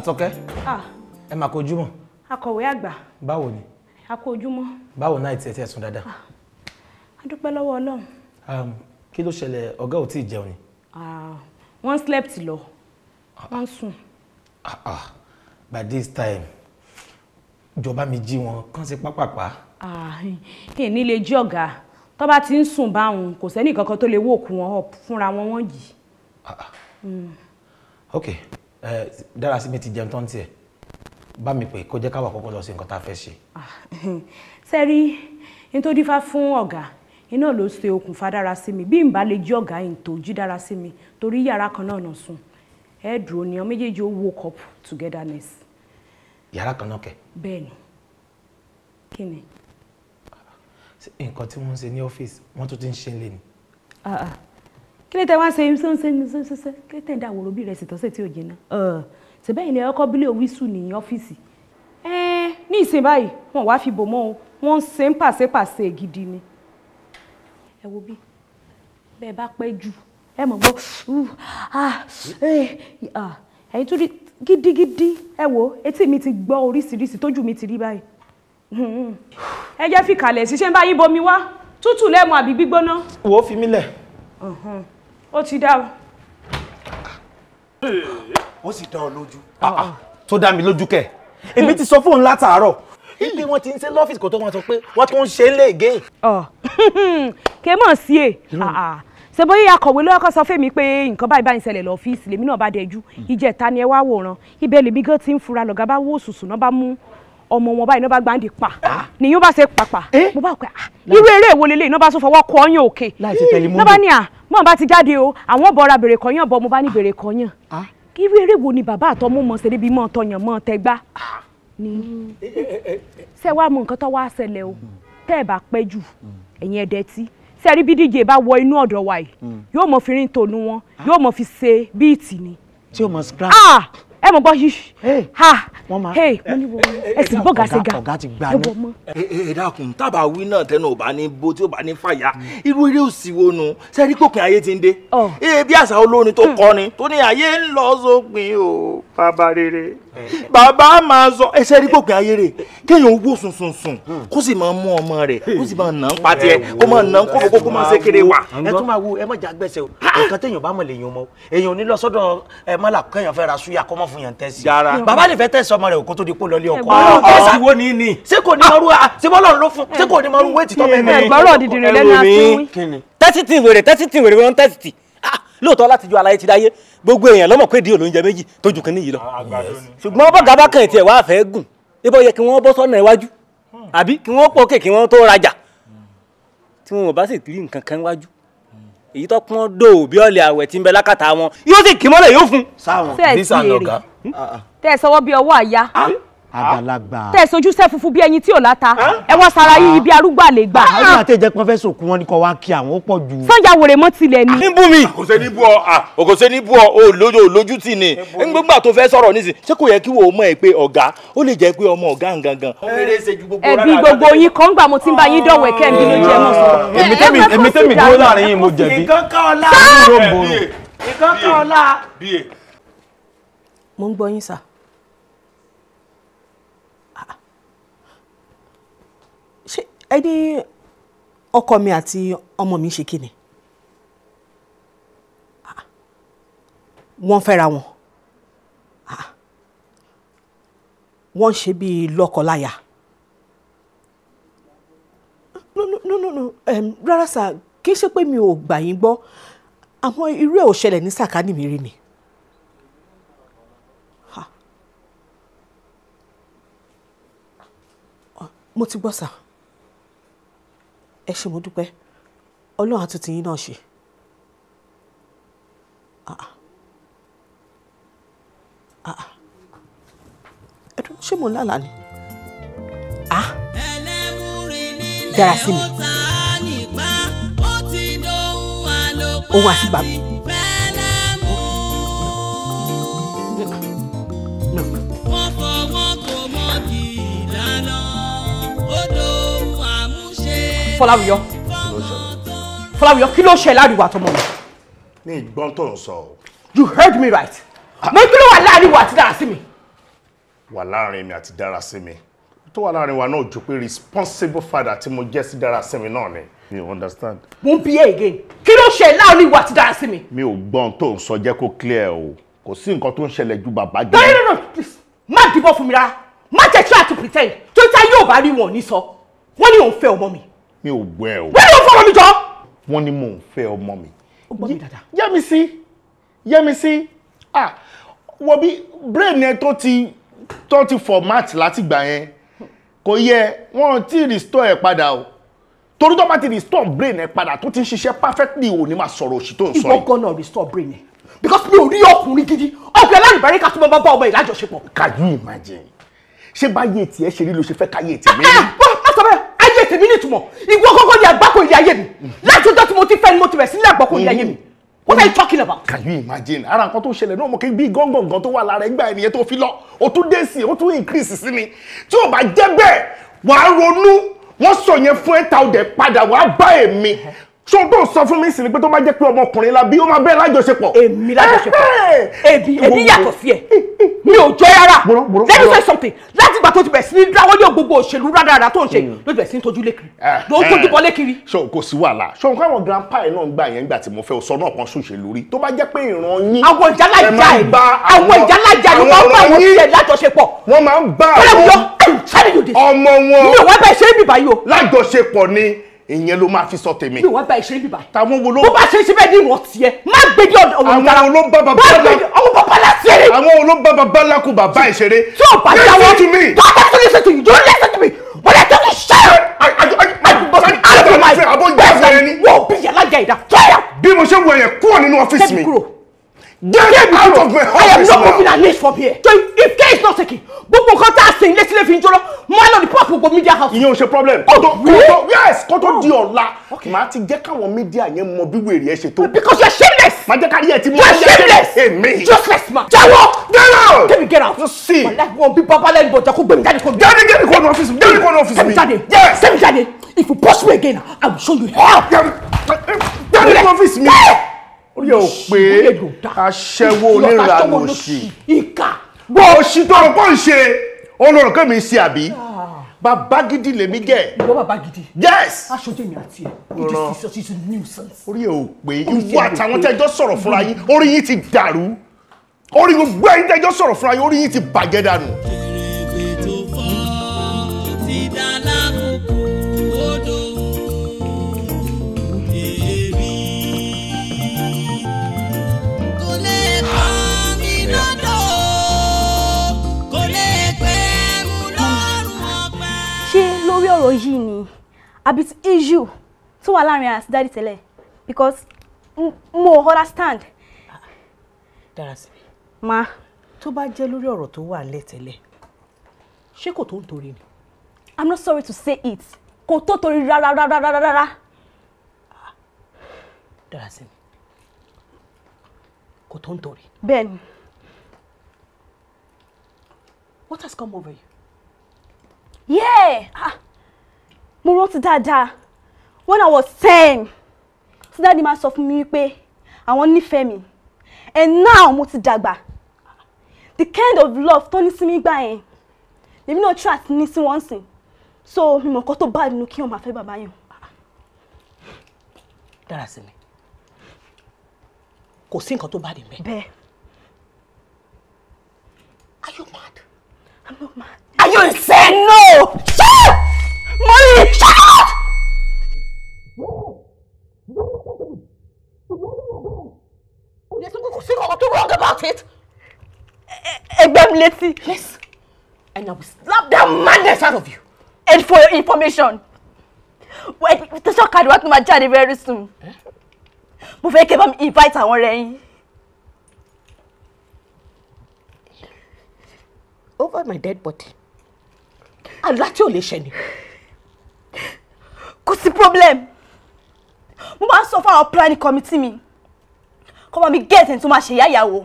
àtọ́kẹ́ ẹ máa kojú mọ́. akọ̀wé àgbà. báwo ni. a kó ojúmọ́. báwo náà ti ẹtí ẹ̀sùn dáadáa. a dúpẹ́ lọ́wọ́ ọlọ́run. kí ló ṣẹlẹ̀ ọ̀gá ò tí ì jẹun ni. wọ́n slept lọ wọ́n sùn. by this time ìjọba mi jí wọn kàn sí pápápá. èmi lè jí ọ̀gá tó bá ti ń sùn báwọn kò sẹ́nì kankan tó lè wò kú wọn fúnra wọn yìí. Hmm. ok ẹ Dárasími ti jẹun tán tiẹ̀ bá mi pè kó jẹ́ káwà kọ́kọ́ lọ sí nǹkan tá a fẹ́ ṣe. Ah, sẹ́rí nítorí fá fún ọ̀gá iná ló ṣe okùnfà Dárasími bí n bá lè jí ọ̀gá yìí tó jí Dárasími torí yàrá kan náà nà sùn ẹ dúró ni ọ méjèèjì ó woke up togetherness. yàrá kan náà kẹ. bẹ́ẹ̀ni kí ni. nǹkan tí wọ́n ń ṣe ní ọ́fíìsì wọ́n tún ti ń ṣe lé ni. Ah, ah kí ló tẹ wá ṣe ṣe ṣe ṣe ṣe kí ló tẹ ń da àwòrán bí ìrẹsì tọ́sẹ̀ tí ò jẹ́ náà ṣèbẹ́ yìí ni ọkọ bílẹ̀ wíṣù ní ọ́fíìsì ní ìsìn báyìí wọn wá fi bò mọ́ o wọ́n ń ṣe ń pàṣẹpàṣẹ gidi ni. ẹ wo bí bẹ́ẹ̀ bá pẹ́ jù ẹ mọ̀ gbọ́ ẹ̀yin tó rí gidigidi ẹ wo etí mi ti gbọ́ oríṣiríṣi tójú mi ti rí báyìí hmm. ẹ jẹ́ fi kalẹ̀ ṣiṣẹ́ ń bá yín bomi wá tútù lẹ́mu àbí gbígbóná. wo fi mí lẹ̀ ó ti dá o. ó sì dá ọ lójú. Ah, ah, tó dá mi lójú kẹ èmi ti sọ fóun látàárọ̀ ilé wọn ti ń ṣe lọ́fíìsì kó tó wọn sọ pé wọ́n tún ń ṣe é léègé. kè mọ̀ sí è e. ah, ṣe bóyá akọ̀wé ló kọ́ sọ fún mi pé nǹkan báyìí báyìí ṣẹlẹ̀ lọ́fíìsì lèmi náà bá dẹjú hmm. ìjẹta ni ẹ wá wòran ibẹ̀ lèmi gan ti ń fura lọ̀gá bá náà bá mú ọmọ wọn báyìí ní wọn bá gbàǹdì pa ah. ni yóò bá ṣe pàpà eh? mo bá pẹ ah, irú eré èwo lélẹ ní wọn bá tún fọwọ́ kọ ọyàn òkè hmm. ní wọn bá ní à ah, mọ̀ bá ti jáde o àwọn bọ̀ra bèrè kọyàn bọ̀ mo bá ní bèrè kọyàn irú eré wo ni bàbá àtọmọ mọ̀ ṣe débi mọ̀ tọyàn mọ̀ tẹgbá ni ṣé wàá mọ nǹkan tó wàá ṣẹlẹ̀ o hmm. tẹ́ ẹ bá pẹ́ jù hmm. ẹ̀yin ẹ̀dẹ̀ tí ṣé rí bí díje bá wọ inú ọ̀dọ̀ wa yìí yóò mọ fi rin tònú wọn yóò mọ fi ṣe bíìtì ni. tí o mọ scratch ẹ mọ̀ gbọ́ yìí ha ẹ sì bọ́gà sí ga ọ̀gá ti gbà ní. ẹ dákun tábà wí náà tẹnu ò bá ní bo tí ò bá ní fàyà irú eré òsì wo nu sẹ́rí pòkìn ayé ti ń dé ee bí àṣà olórin tó hmm. kọrin tó ní ayé ń lọ sópin o bàbá rere bàbá máa sọ ẹ sẹ́rí pòkìn ayé rè kéèyàn owó sùn sùn hmm. kó sì máa mú ọmọ rẹ̀ kó sì máa nà ń pa tiẹ̀ kó máa nà ń kó kó kó máa ṣe kéré wà. ẹ tún máa wo ẹ má jà gbèsè o nǹkan téèyàn bá mọ̀ lèèyàn mọ́ èèyàn ò ní lọ sọ́dọ̀ ẹ má là kéèyàn fẹ́ ra súyà kọ́mọ́ fún yàn tẹ́sí. yàrá bàbá lè fẹ́ tẹ́sí ọmọ rẹ̀ kó tó di pò lọ́lé ọkọ. tẹ́sí ah, wo ni ni. ṣé kò ní ah, mọ̀rú ṣé bọ́lọ̀ ló fún ṣé kò ní mọ̀rú wéètì tọ́ bẹ́ẹ̀ mẹ́rin. ẹgbọ́rọ̀ dìdìrì lẹ́nu àfihàn. tẹ́sí ti wèrè tẹ́sí ti wèrè wọn tẹ́sí ti ah, lóòótọ́ láti ju aláyé ti dáyé gbogbo èèyàn lọ́mọ̀ pé di olóúnjẹ méjì tó ju kínní yìí lọ. ṣùgbọ́n bọ́gà bá kàn tiẹ̀ wá fẹ́ gùn ibò yẹ kí wọ́n bọ́ sọ́nà iwájú àbí kí wọ́n pọ̀ kéèké wọ́n tó rajà tí wọn ò bá sì rí nǹkan kan iwájú èyí tó pọ́n dò bí ọ̀lẹ̀ àwẹ̀ tí ń bẹ lákàtà wọn yóò sì kí mọ́lẹ̀ yóò fún. sáwọn dísà lọ̀gá. tẹ́ ah, ah. ẹ sọwọ́ bí ọwọ́ àyà. Ah àgbàlagbà. tẹ sojú sẹ funfun bí ẹyin tí ò láta ẹ wá sara yìí bí arúgbà lè gbà. àwọn àti ìjẹ pọn fẹ́ sòkun wọn ni kò wá kí àwọn ó pọ̀ jù. sanja wèrè mọ tilẹ̀ ni. níbù mi kò ṣe níbù ọ kò ṣe níbù ọ o lójú lójú tì ní nígbà tó fẹ́ sọ̀rọ̀ nísìn ṣé kò yẹ kí wo mọ̀ ẹ pé ọ̀gá ó lè jẹ́ pé ọmọ ọ̀gá gangan. ẹbí gbogbo yín kan gbà mo ti ń bá yín dọ̀wẹ́ kẹ́ mo ń gbọ́ yín sà. ẹ ní ọkọ mi àti ọmọ mi ṣe kíni ah, wọ́n fẹ́ra wọn ah, wọ́n ṣe bíi lọ́kọláya no no no um, rárá sà kì í ṣe pé mi ò gbà yín gbọ́ àmọ́ irú ẹ̀ ò ṣẹlẹ̀ ní sàkání mi rí ni. Ah, mo ti gbọ́ sà ẹ ṣé mo dúpẹ́ ọlọ́run àtúntì yín náà ṣe ah, ah. ah, ẹdùn ṣé mo lálàá ni dára sí mi òun àti bàbá. Fọláwíyọ Fọláwíyọ kí ló ṣe láàrin ìwà àtọmọ mi. ní ìgbọ́n tó ń sọ o. you heard me right. mo kí ló wà láàrin ìwà àti dára sí mi. wà láàrin mi àti dára sí mi tó wà láàrin wa náà jù pé responsible father tí mo jẹ́ sí dára sí mi náà ni. mi ò understand. mo ń bí ẹ again kí ló ṣe láàrin ìwà àti dára sí mi. mi ò gbọ́n tó ń sọ jẹ́ kó clear o kò sí nǹkan tó ń ṣẹlẹ̀ ju bàbá jẹ́. no no no please má dìbò fún mi rárá má jẹ́ try to pretend tó ń ta yóò bá rí wọn ní sọ wọ́n ní òun fẹ́ ọmọ mi mi ò gbọ́ ẹ o. wẹ́n ló fọwọ́ mi jọ. wọ́n ní mò ń fẹ́ ọmọ mi. ó gbọ́ mi dáadáa. yẹ́ mi sí yẹ́ mi sí ah wo bí brain yẹn tó ti tó ti format láti gbà yẹn kò yẹ wọ́n ti restore ẹ̀ padà o torí tó bá ti restore brain ẹ̀ padà tó ti ń ṣiṣẹ́ perfectly ò ní máa sọ̀rọ̀ òṣì tó ń sọ yìí. ìwọ gan-an restore brain ẹ̀ because mi ò rí ọkùnrin gidi ọkùnrin alárìbáríkà tó máa bá ọmọ ìlàjọṣepọ̀. can you imagine ṣé báyé tiẹ̀ ṣe rí ló ṣe fẹ́ káyé tiẹ̀ mẹ́rin. ẹ ẹ wọ́n sọ bẹ́ẹ̀ tèmi nítumọ̀ ìwọ kọ́kọ́ ni àgbákò ilé ayé mi mm. láti ọjọ́ tí mo ti fẹ́ ni mo ti rẹ̀ sílẹ̀ àgbákò ilé ayé mi mm. what are you talking about. can you imagine ara nǹkan tó ṣẹlẹ̀ náà mo kí bí gángan tó wà lára ẹgbà ẹnìyẹn tó fi lọ o tún dé sí i o tún increase sí mi tí o bá jẹ́ bẹ́ẹ̀ wàá ronú wọ́n sọ yẹn fún ẹ̀ ta ọ̀dẹ̀ padà wàá bá èmi ṣé o tó sọ fún mi sì ni pé tó bá jẹ́ pé ọmọkùnrin la bí ó máa bẹ́ẹ̀ lájọṣepọ̀. èmi lájọṣepọ̀ èmi èmi yàtọ̀ sí mi ò jọ rárá let me say something láti ìgbà tó ti bẹ̀ sí ní dáwọ́ yóò gbogbo òṣèlú rádaràda tó ń ṣe mm. ló ti bẹ̀ sí ní tójú lékiri ló ń tójú bọ́ lékiri. ṣé kò sí wàhálà ṣé grandpa ẹ̀ náà gbà yẹn gbà tí mo fẹ́ sọ náà kan ṣùṣe lórí tó bá jẹ́ pé ìran yín. àwọn ìjàlájà ẹ àwọn ìjàlájà ni wọ́n bá wọn ṣe lájọṣepọ̀. wọ́n máa ń bá àwọn ọmọ wọn. mi ò wá bẹ́ẹ̀ ṣe é bìbá yìí o. lájọṣepọ̀ ni ìyẹn ló máa fi sọ tèmi. mi wá gba ìṣeré bíbá. táwọn wo ló. bó bá ṣe ṣe bẹ́ẹ̀ ní ìwọ̀n tiẹ̀ má gbèdé ọ̀wọ̀ ìta. àwọn olóńgbà bàbá la ọmọ bàbá la ṣeré. àwọn olóńgbà bàbá la kò bàbá ìṣeré. tí o bá jáwọ́ listen to me. don't have to listen to you don't listen to me. wọ́n lè tẹ́lẹ̀ ṣe àbọ̀ ìgbà fún ẹni. wọ́n bí yàrá jà ìdá. bí mo ṣe wọ Get out of my house! I am not moving an inch from here. So if K is not taking, but nǹkan tá a sìn létí lè fi ń jọlọ, mo á lọ report gbogbo media house. Ìyẹn ò ṣe problem. Oh, kótó kótó yes kótó di oh, Okay. Màá ti jẹ́ káwọn media yẹn mọ bí wèrè ẹ ṣe Because you are shameless. Màá jẹ́ kárí ẹ ti mú ẹ ṣe shameless. Èmi. Useless ma. Get out. Kẹ́mi get out. You see. My life won't be ń bọ̀ jẹ́ kó gbẹ̀mí jáde kó mi. Jáde me. kó ní ọ́fíìsì mi. Jáde kó ní ọ́fíìsì mi. Sẹ́mi Yes. Sẹ́mi jáde. If you push me again, I will show you hell. Jáde kó ní ọ́fíìsì mi ó yẹ ò pé aṣẹ́wó onírànà òṣì ìkà bó o ṣì tó ọ̀pọ̀ ń ṣe olórùn kẹ́mi ṣe àbí ah. bàbá gidi lèmi gẹ̀. ìwọ bàbá gidi. yes. aṣojú èmi àti ẹ it is it is a nuisance. orí ẹ ò pé ìwọ àtàwọn tẹjọ sọ̀rọ̀ fúnra yín orí yín ti dàrú orí gbogbo ẹ̀yin tẹjọ sọ̀rọ̀ fúnra yín orí yín ti bàjẹ́ dànù. yìí ni àbí issue tó wà láàrin àti dáàdì tẹ́lẹ̀ because mo understand. Darasimi. ma. tó bá jẹ́ lórí ọ̀rọ̀ tó wà lẹ́tẹ̀lẹ̀ ṣé kò tó ń torí ni. I'm not sorry to say it kò tó torí rárá rárá rárá rárá. Darasimi kò tó ń torí. bẹ́ẹ̀ni. What has come over you? Yeah! Ah mo rántí dáadáa when i was ten tí dáàdi máa sọ fún mi wípé àwọn nífẹ̀ẹ́ mi and now mo ti dàgbà the kind of love tó ní sí mi gbà yẹn èmi náà try àti ní sí wọn sìn so mi mọ̀ nǹkan tó bá nínú kí wọn máa fẹ́ bàbá yẹn. dára sí mi kò sí nǹkan tó bá dé bẹ́ẹ̀. bẹ́ẹ̀. are you mad. i'm not mad. are you insane? no. Yeah! Molly, shut up! There's nothing to wrong about it. Ẹgbẹ́ mi létí. Yes. And I will slap that madness out of you. And for your information, tẹ̀sán kàdúrà tó máa jáde very soon. Mo fẹ́ kí ẹ bá mi invite àwọn ọ̀rẹ́ yín. Over my dead body. Àlá tí ò lè ṣẹ ni kò the problem mo máa ń sọ fún àwọn planning committee mi kọ́ bá mi get ẹni tó máa ṣe yáyàwó.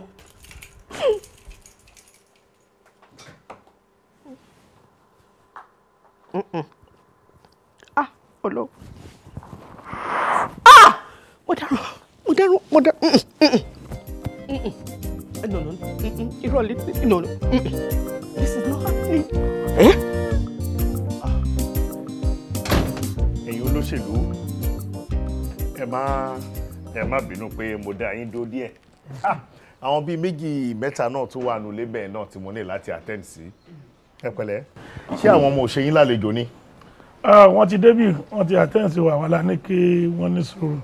ah olówó ah mo dárò mo dárò mo dárò eh, no no irọ́ létí no no this is not happening. Eh? ẹ̀yin olóṣèlú ẹ má ẹ má bínú pé mo dá yín dó díẹ̀ ah, àwọn bíi méjì mẹ́ta náà tó wà nù lébẹ̀ náà tí mo ní láti attend sí ẹ pẹ̀lẹ́ ṣé àwọn ọmọ òṣèyìn lálejò ni. Ah, wọ́n ti débì wọ́n ti attend sí wa wà lá ní kí wọ́n ní sùúrù.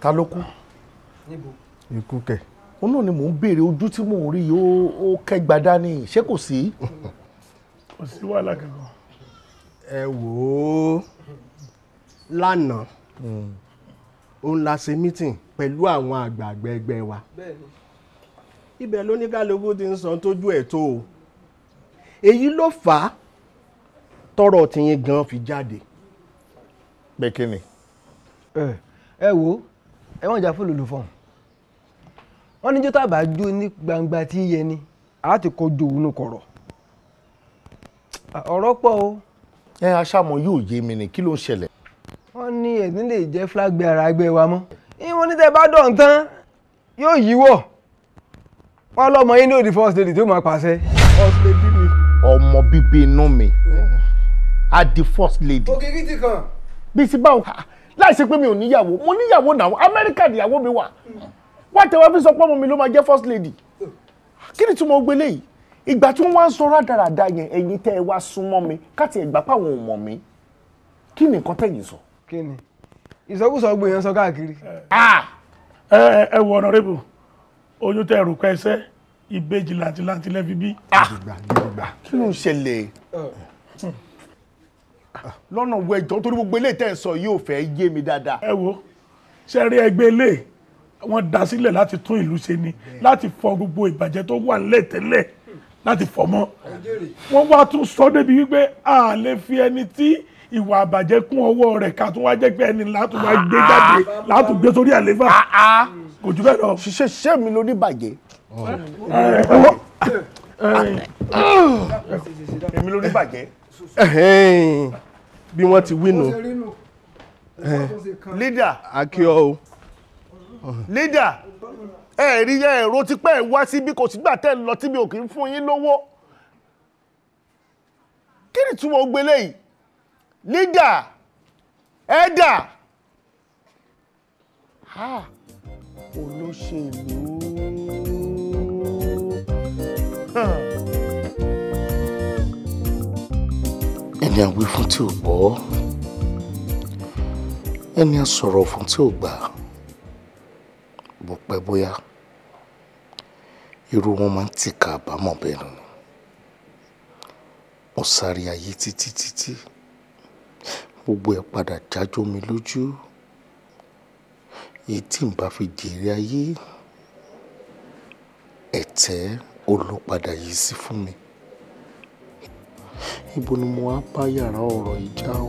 ta ló kú ikú kẹ òun náà ni mò ń béèrè ojú tí mò ń rí yìí ó kẹgbàdá ni ṣé kò sí. kò sí wàhálà kankan ẹ wò ó lánàá hmm. òun la ṣe meeting pẹ̀lú àwọn àgbààgbà ẹgbẹ́ wa ibẹ̀ lóníkàlùkù ti ń san tójú ẹ̀ tó o èyí ló fà á tọrọ tìyín gan fi jáde. pé kí ni. ẹ wo ẹ wọ́n jà fún olùfọ̀n wọ́n ní jọ́tà bá jó ní gbangba tí yẹ ni a ti kọjú òun kọ̀rọ̀ ọ̀rọ̀ pọ̀ o ẹ aṣáàmọ yóò yé mi ni kí ló ń ṣẹlẹ̀. wọ́n ní ẹ̀sìn lè jẹ́ flagbe bearer ẹgbẹ́ wa mọ́ ìwọ́n ní tẹ́ bá dọ̀n tán yóò yíwọ́ wọ́n lọ́mọ yín ní òdì first lady tó máa pàṣẹ. ọmọ bíbí inú mi a di first lady. òkìkí ti kàn. bí ti báwo láìsí pé mi ò níyàwó mo níyàwó náà amẹ́ríkà níyàwó mi wà wá tẹ̀wá fi sọ pé ọmọ mi ló máa jẹ́ first lady kí ni tí mo gbélé yìí ìgbà tí wọ́n wá ń sọ rádaràda yẹn ẹ̀yin tẹ́ ẹ wá súnmọ́ mi káti ẹ̀gbà páwọn ò mọ̀ mí kí ni nǹkan tẹ̀yìn sọ. kí ni ìsọkúsọ gbé yẹn sọ káàkiri. ẹ ẹ wọ ọ̀nàrẹ́bù oyún tẹ ẹrù pẹ́sẹ́ ìbejì làǹtìlàǹtì lẹ́fi bí. kí ló ń ṣẹlẹ̀ lọ́nà wo ẹ̀jọ́ torí gbogbo eléyìí tẹ̀ sọ yóò fẹ́ yé mi dáadáa. ẹ wo ṣe rí ẹgbẹ́ eléyìí wọ́n dá sílẹ̀ láti tún ìlú ṣe ni láti fọ gbogbo ìbàjẹ́ tó wà nílẹ̀ láti fọ̀ mọ́ wọ́n wá tún sọ débi wípé a lè fi ẹni tí ìwà àbàjẹ́ kún ọwọ́ rẹ̀ ká tún wá jẹ́ pé ẹni látún wá gbé jáde ah, ah, ah, látún gbé sórí àléfà kò jù bẹ́ẹ̀ lọ. ṣiṣẹ́ ṣẹ́ mi ló ní bàjẹ́. èmi ló ní bàjẹ́. bí wọ́n ti wí nù. lídà. akíọ́ o. lídà ẹ rí ẹ èrò tipẹ́ ẹ wá síbi kò sígbà tẹ́ ẹ lọ tíbi òkè ń fún yín lówó kí ni túmọ̀ ó gbélé yìí lídà ẹ̀dà olóṣèlú ẹni àwí fún tí ò gbọ́ ẹni àsọ̀rọ̀ fún tí ò gbà bó pẹ́ bóyá irú wọn máa ń tìka àbámọ̀ bẹ́ẹ̀ ni mo sáré ayé títí títí gbogbo ẹ̀ padà jájọ́ mi lójú èyí tí n bá fi jèrè ayé ẹ̀tẹ́ olópadà yìí sí fún mi ibo ni mo wá bá yàrá ọ̀rọ̀ ìjà o.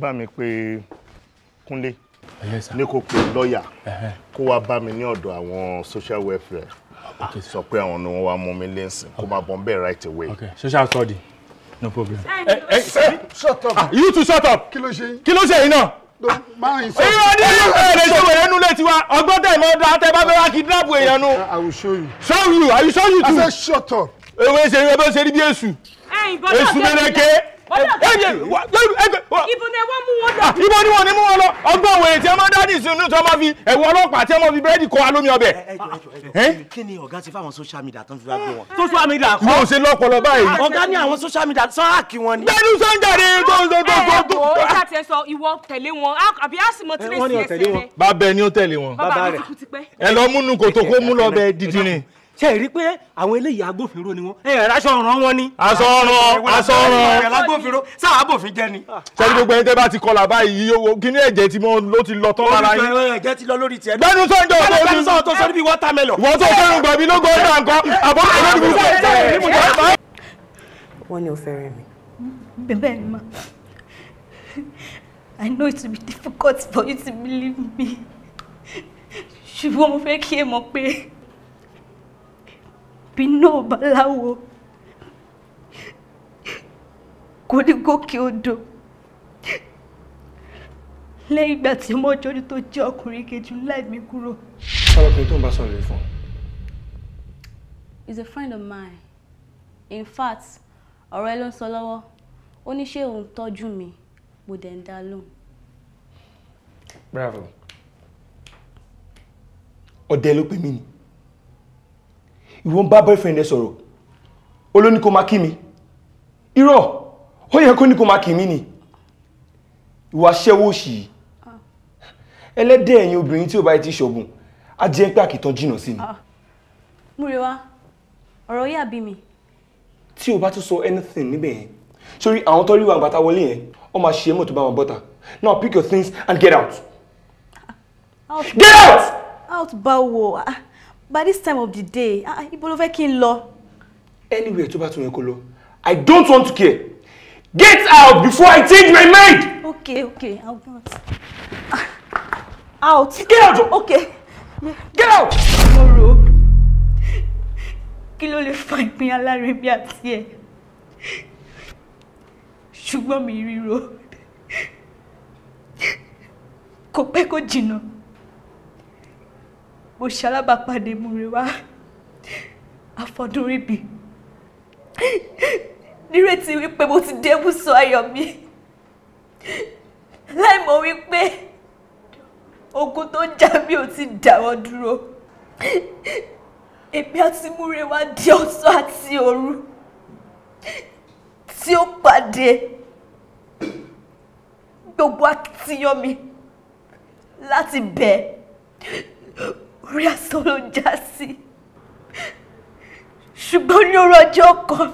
bá mi pé Kúnlé ní kó pe lọ́ọ̀yà kó wá bá mi ní ọ̀dọ̀ àwọn social welfare sọ pé àwọn ni wọ́n wá mú mi lẹ́sìn kó má bọ́n bẹ́ẹ̀ right away. Okay. social study no problem. ẹ ẹ shut up. Ah, you too shut up. kí ló ṣe yín. kí ló ṣe yín náà. Irú ọdún yìí ẹ̀rẹ̀ ṣe wèrè nú létí wa, ọgbọ́n tẹ̀ mọ́ da tẹ bá fẹ́ wá kidnap èèyàn nu. I will show you. Show you, I will show you too. I said shut up. Ewé ṣe ewé ṣe rí bí èṣù. Èṣù mẹ́lẹ́kẹ́ ibo ni wọ́n mú wọn lọ. Ah, ibo ni wọ́n ní mú wọn lọ ọgbọ́n wèrè tí a máa dá nìsín inú tí wọ́n máa fi ẹ̀wọ̀ ọlọ́pàá tí a máa fi búrẹ́dì kọ́ alómi ọbẹ̀. kí ni ọ̀gá ti fáwọn social media tó ń fi wá gbé wọn. social media kọ́. mo ṣe lọ́pọ̀lọ́ báyìí. ọ̀gá ní àwọn social media sán àkì wọn ni. bẹ́ẹ̀ni sọ́njàre tó ń tó tó tó. ó ṣáà tiẹ̀ sọ ìwọ tẹ̀lé wọn àbí àsìmọ́ tí lè ṣe ẹsẹ̀ rẹ. bàbá ẹ ni ó tẹ̀lé wọn. bàbá rẹ̀ ẹ lọ múnú kòtò kó mú lọ bẹ dídín ni ṣe rí pé àwọn eléyìí agbófinró ni wọn ẹ aṣọ ọ̀ràn wọn ni. aṣọ ọ̀ràn aṣọ ọ̀ràn agbófinró sáà abófin jẹ ni. sẹ́ni gbogbo ẹni tẹ́ bá ti kọlà báyìí yóò kí ni ẹ̀jẹ̀ tí mo ló ti lọ tán lára yín. ẹ̀jẹ̀ ti lọ lórí tiẹ̀. gbẹ́nu sọ́njọ́ olórí gbẹ́nu sọ́njọ́ tó sọ́ni bíi wọ́tàmẹ́lọ̀. wọ́n tó fẹ́ràn gbàbí ló gbọ́ ọ̀dà nǹkan àbọ̀ wọ́n mi. bẹ́ẹ̀ I know it will be difficult for you to believe me ṣùgbọ́n mo fẹ́ kí ẹ náà báláwo kò ní gòkè odò lẹ́yìn ìgbà tí mọ́jọ́rí tó jẹ́ ọkùnrin kejì láì mí kúrò. ọlọpàá tó ń bá sọ̀rọ̀ yìí fún. is a friend of mine in fact ọ̀rọ̀ ẹ ló ń sọ lọ́wọ́ ó ní ṣé òun tọ́jú mi mo dẹ̀ ń dá lóhùn. bravo ọdẹ ló pè mí ni ìwọ ń bá boyfriend ẹ sọ̀rọ̀ olóní kò máa kí mi irọ́ ó yẹ kó ní kò máa kí mi ni ìwọ aṣẹ́wó òṣì yìí ẹlẹ́dẹ̀ ẹ̀yin obìnrin tí ó bá ti ṣọ̀gùn á jẹ́ pé àkìtàn jìnnà sí mi. Ah, múrewa ọ̀rọ̀ yà bí mi. tí o bá tún sọ anything níbẹ̀ yẹn sórí àwọn tó rí wa àgbàtà wọlé yẹn wọ́n máa ṣe é mọ̀ tó bá wọn bọ́ta now pick your things and get out. Ah, out get out. out báwo. Ah, by this time of the day ah, ah, ibo ló fẹ́ kí n Anyway, anywhere tó bá tún i don't want to care get out before i change my mind. okay okay i go out. Ah, out. get out. okay. Yeah. get out. Tomorrow, kilo le kí ló lè fa ìpín alárinbí àti ẹ ṣùgbọ́n mi ríro mo ṣe alábàápàdé Múrewá Àfọ̀dúnríbì nírètí wípé mo ti dé bùsọ ayọ̀ mi láìmọ̀ wípé ogun tó jà mí ò ti dáwọ́ dúró èmi àti Múrewá di ọ̀sán àti òru tí ó pàdé gbogbo akitiyan mi láti bẹ̀ ẹ́ orí asán ló já sí ṣùgbọ́n ní òru ọjọ́ kan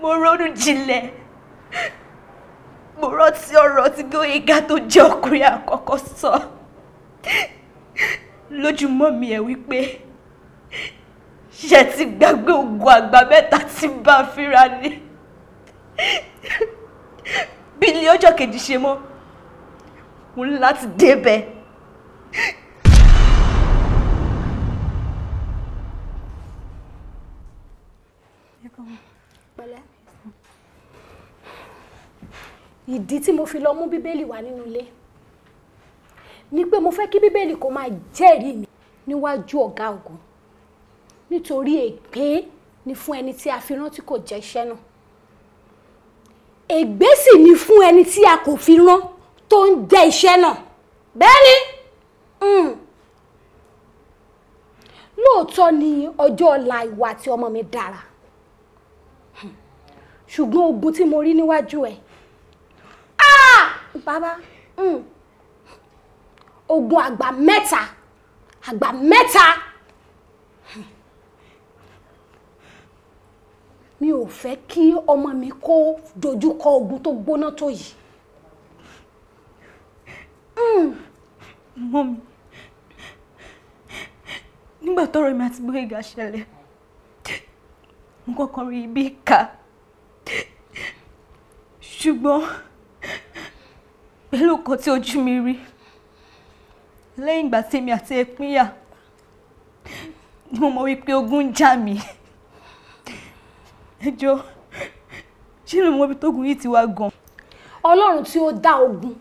mo ronú jinlẹ̀ mo rántí ọ̀rọ̀ tí Gbóyèga tó jẹ́ ọkùnrin àkọ́kọ́ sọ lójúmọ́ mi ẹ̀ wípé ṣe ti gbàgbé oògùn àgbà mẹ́ta tí bá a fínra ni bí ilé ọjọ́ kejì ṣe mọ́ mo ní láti débẹ̀ ìdí tí mo fi lọ mú bíbélì wá nínú ilé ni pé mo fẹ́ kí bíbélì kó máa jẹ́rìí mi níwájú ọ̀gá ògùn nítorí ègbé ni fún ẹni tí a fi rán tí kò jẹ́ iṣẹ́ náà ègbé ni fún ẹni tí a kò fi rán tó ń jẹ́ iṣẹ́ náà bẹ́ẹ̀ ni. Hmm. lóòótọ́ ni ọjọ́ ọ̀la ìwà tí ọmọ mi dára hmm. ṣùgbọ́n ogun tí mo rí níwájú ẹ̀ ah! bàbá hmm. ogun àgbà mẹ́ta àgbà mẹ́ta mi ò fẹ́ kí ọmọ mi kó dojúkọ ogun tó gbóná tó yìí. mọ́mi. Mm nígbà tọrọ mi àti Gbóyèga ṣẹlẹ̀ mo kọ́kọ́ rí ibi kà ṣùgbọ́n pẹ̀lú nǹkan tí ojú mi rí lẹ́yìn ìgbà tí èmi àti ẹ pínyà ni mo mọ̀ wípé ogun ń jà mí ẹjọ́ ṣé ló mọ̀ ibi tógun yìí ti wá gan. ọlọ́run tí ó dá ogun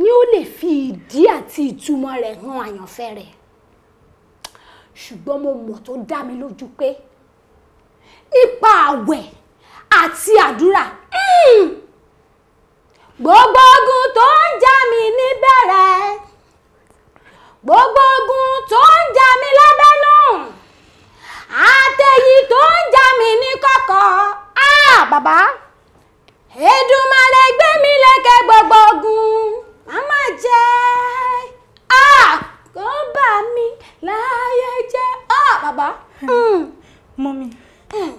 ni ó lè fi ìdí àti ìtumọ̀ rẹ̀ hàn àyànfẹ́ rẹ̀ ṣùgbọ́n mo mọ̀ tó dá mi lójú pé ipa àwẹ̀ àti àdúrà hmm, gbogbo ogun tó ń jà mí níbẹ̀rẹ̀ gbogbo ogun tó ń jà mí lábẹ́nú àtẹ̀yí tó ń jà mí ní kọ̀kọ̀ ah bàbá Èdùmàrè gbé mi lékè gbogbo ogun màmá jẹ́ ah kó bà mí láyé jẹ́ ọ́ ah, bàbá. mọ́mí hmm. hmm.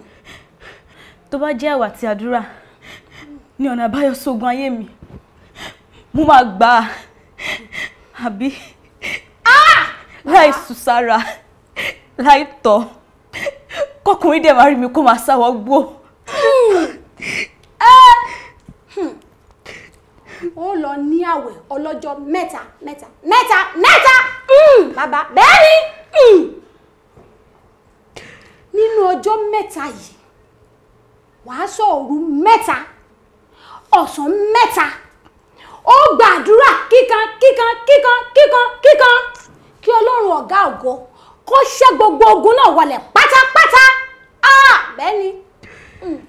tó bá jẹ́ àwà àti àdúrà ní ọ̀nà àbáyọ sógun ayé mi mo máa gbà á àbí ah! láì sùn sára láì tọ̀ kọkùnrin dẹ̀ máa rí mi kó máa sáwọ́ gbó. Hmm ó lọ ní àwẹ̀ ọlọ́jọ́ mẹ́ta mẹ́ta mẹ́ta mẹ́ta hmm, bàbá bẹ́ẹ̀ ni hmm. nínú ọjọ́ mẹ́ta yìí wàá sọ òru mẹ́ta ọ̀sán mẹ́ta ó gbàdúrà kíkan kíkan kíkan kíkan kíkan kí ọlọ́run ọ̀gá ògo kó ṣẹ́ gbogbo ogun náà wọlẹ̀ pátápátá ah, bẹ́ẹ̀ ni. Hmm,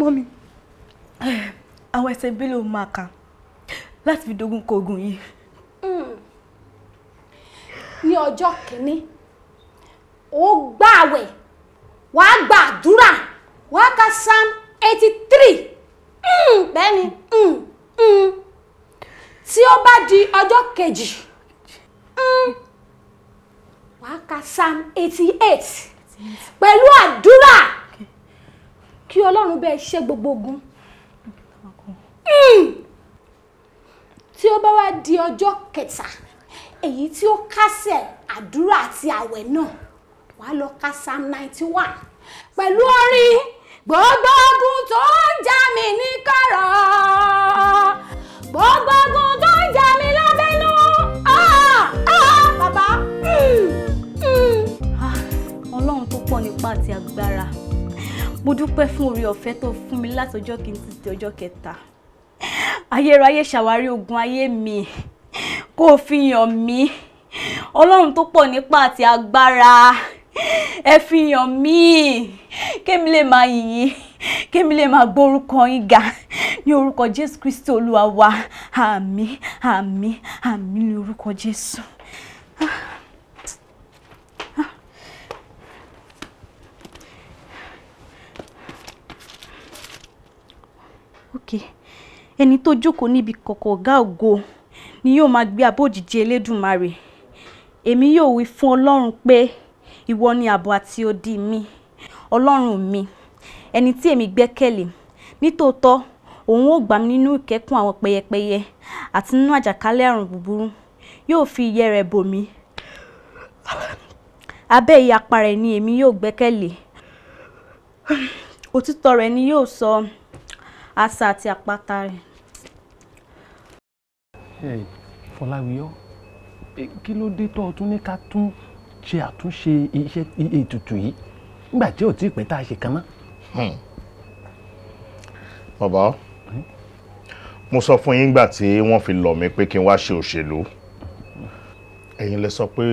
mọ́mi eh, àwọn ẹsẹ̀ bí ló máa kà láti fi dogun kogun yìí. Hmm. ní ọjọ́ kìíní ó gbààwẹ̀ wàá gbàdúrà wàá ka psalm eighty three hmm. bẹ́ẹ̀ ni hmm, tí ó bá di ọjọ́ kejì wàá ka psalm eighty eight pẹ̀lú àdúrà kí ọlọ́run bẹ́ẹ̀ ṣe gbogbo ogun. Mm tí ó bá wá di ọjọ́ kẹta èyí tí ó kásẹ̀ àdúrà àti àwẹ̀ náà wà lọ ka psalm ninety one pẹ̀lú orin gbogbo ogun tó ń jà mí ní kọ̀rọ̀ gbogbo ogun tó ń jà mí lábẹ́nú ah, ah, bàbá ah, ọlọ́run tó pọ̀ nípa àti agbára mo dúpẹ́ fún oore ọ̀fẹ́ tó fún mi látọjọ́ kìíní títí ọjọ́ kẹta ayérayé ṣàwárí ogun ayé mi kó o fi yàn mí ọlọ́run tó pọ̀ nípa àti agbára ẹ fi yàn mí kémi lè máa yìnyín kémi lè máa gbórúkọ yín ga ní orúkọ jésù kristi olúwa wa àmín àmín àmín ní orúkọ jésù. Ah. ẹni tó jókòó níbi kọ̀kọ̀ ọ̀gá ògo ni yóò máa gbé abọ́ òjìji elédùnmarè èmi yóò wí fún ọlọ́run pé ìwọ ni ààbò àti odi mi ọlọ́run mi ẹni tí èmi gbẹ́kẹ̀lé nítòótọ́ òun ó gbà mí nínú ìkẹ́kùn àwọn pẹyẹpẹyẹ àti nínú àjàkálẹ̀ àrùn búburú yóò fi ìyẹ́ rẹ̀ bò mí abẹ́ ìyapa rẹ̀ ni èmi yóò gbẹ́kẹ̀lé òtítọ́ rẹ̀ ni yóò sọ. So, àṣà àti àpáta rẹ̀. Fọláwíyọ́ eh, kí ló dé tó o tún ní ká tún ṣe àtúnṣe iṣẹ́ ètùtù yìí nígbà tí ò tí ì pẹ́ tá a ṣe kan mọ́. Hmm. bàbá mo sọ fún yín gbà tí wọ́n fi lọ̀ mí pé kí n wá ṣe òṣèlú ẹ̀yin lè sọ pé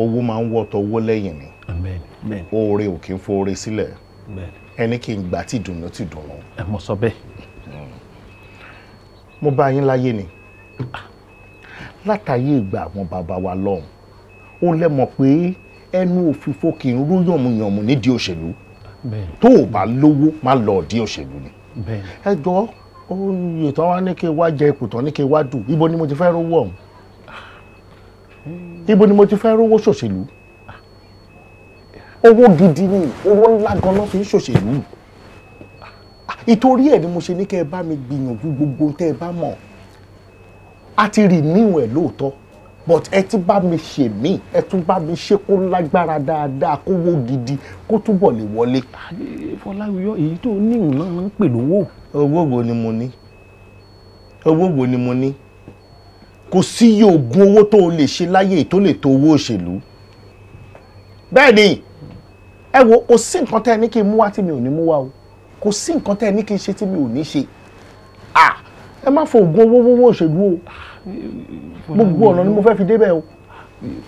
owó máa ń wọ́ tọwọ́ lẹ́yìn ni oore ò kí ń fowóre sílẹ̀ ẹni kí n gbà tí ìdùnnú tí ìdùnnú. ẹ mọ sọ bẹ́ẹ̀. mo bá yín láyé ni látàyè ìgbà àwọn bàbá wa lọ́hùn ó lẹ́mọ̀ pé ẹnu òfìfo kì í rú yànmùyànmù nídìí òṣèlú tó o bá lówó má lọ ọ̀dí òṣèlú ni. ẹ jọ oyè tán wá ní kí n wá jẹ ipò tán ní kí n wá dù ibo ni mo ti fẹ́ rówó ọ̀hún ibo ni mo ti fẹ́ rówó ṣòṣèlú. So owó gidi ni owó ńlá ganan fi ń ṣòṣèlú ìtorí ẹ̀ ni mo ṣe ní kẹ́ ẹ bá mi gbìyànjú gbogbo tẹ́ ẹ bá mọ̀ a ti rì níwọ̀n ẹ̀ lóòótọ́ but ẹ ti bá mi ṣe mí ẹ tún bá mi ṣe kó lágbára dáadáa kó wó gidi kó túbọ̀ lè wọlé. Fọláwiyọ èyí tó níhùn náà ń pè lówó. owó wo ni mo ní owó wo ni mo ní kò sí yóò gun owó tó o lè ṣe láyé tó lè tó owó òṣèlú bẹ́ẹ̀ ni ẹ wo kò sí nǹkan tẹ́ ẹ ní kí n mú wá tí mi ò ní mú wá o kò sí nǹkan tẹ́ ẹ ní kí n ṣe tí mi ò ní ṣe ah ẹ má fọ oògùn owó owó òṣèlú o gbogbo ọ̀nà ni mo fẹ́ fi débẹ̀ o.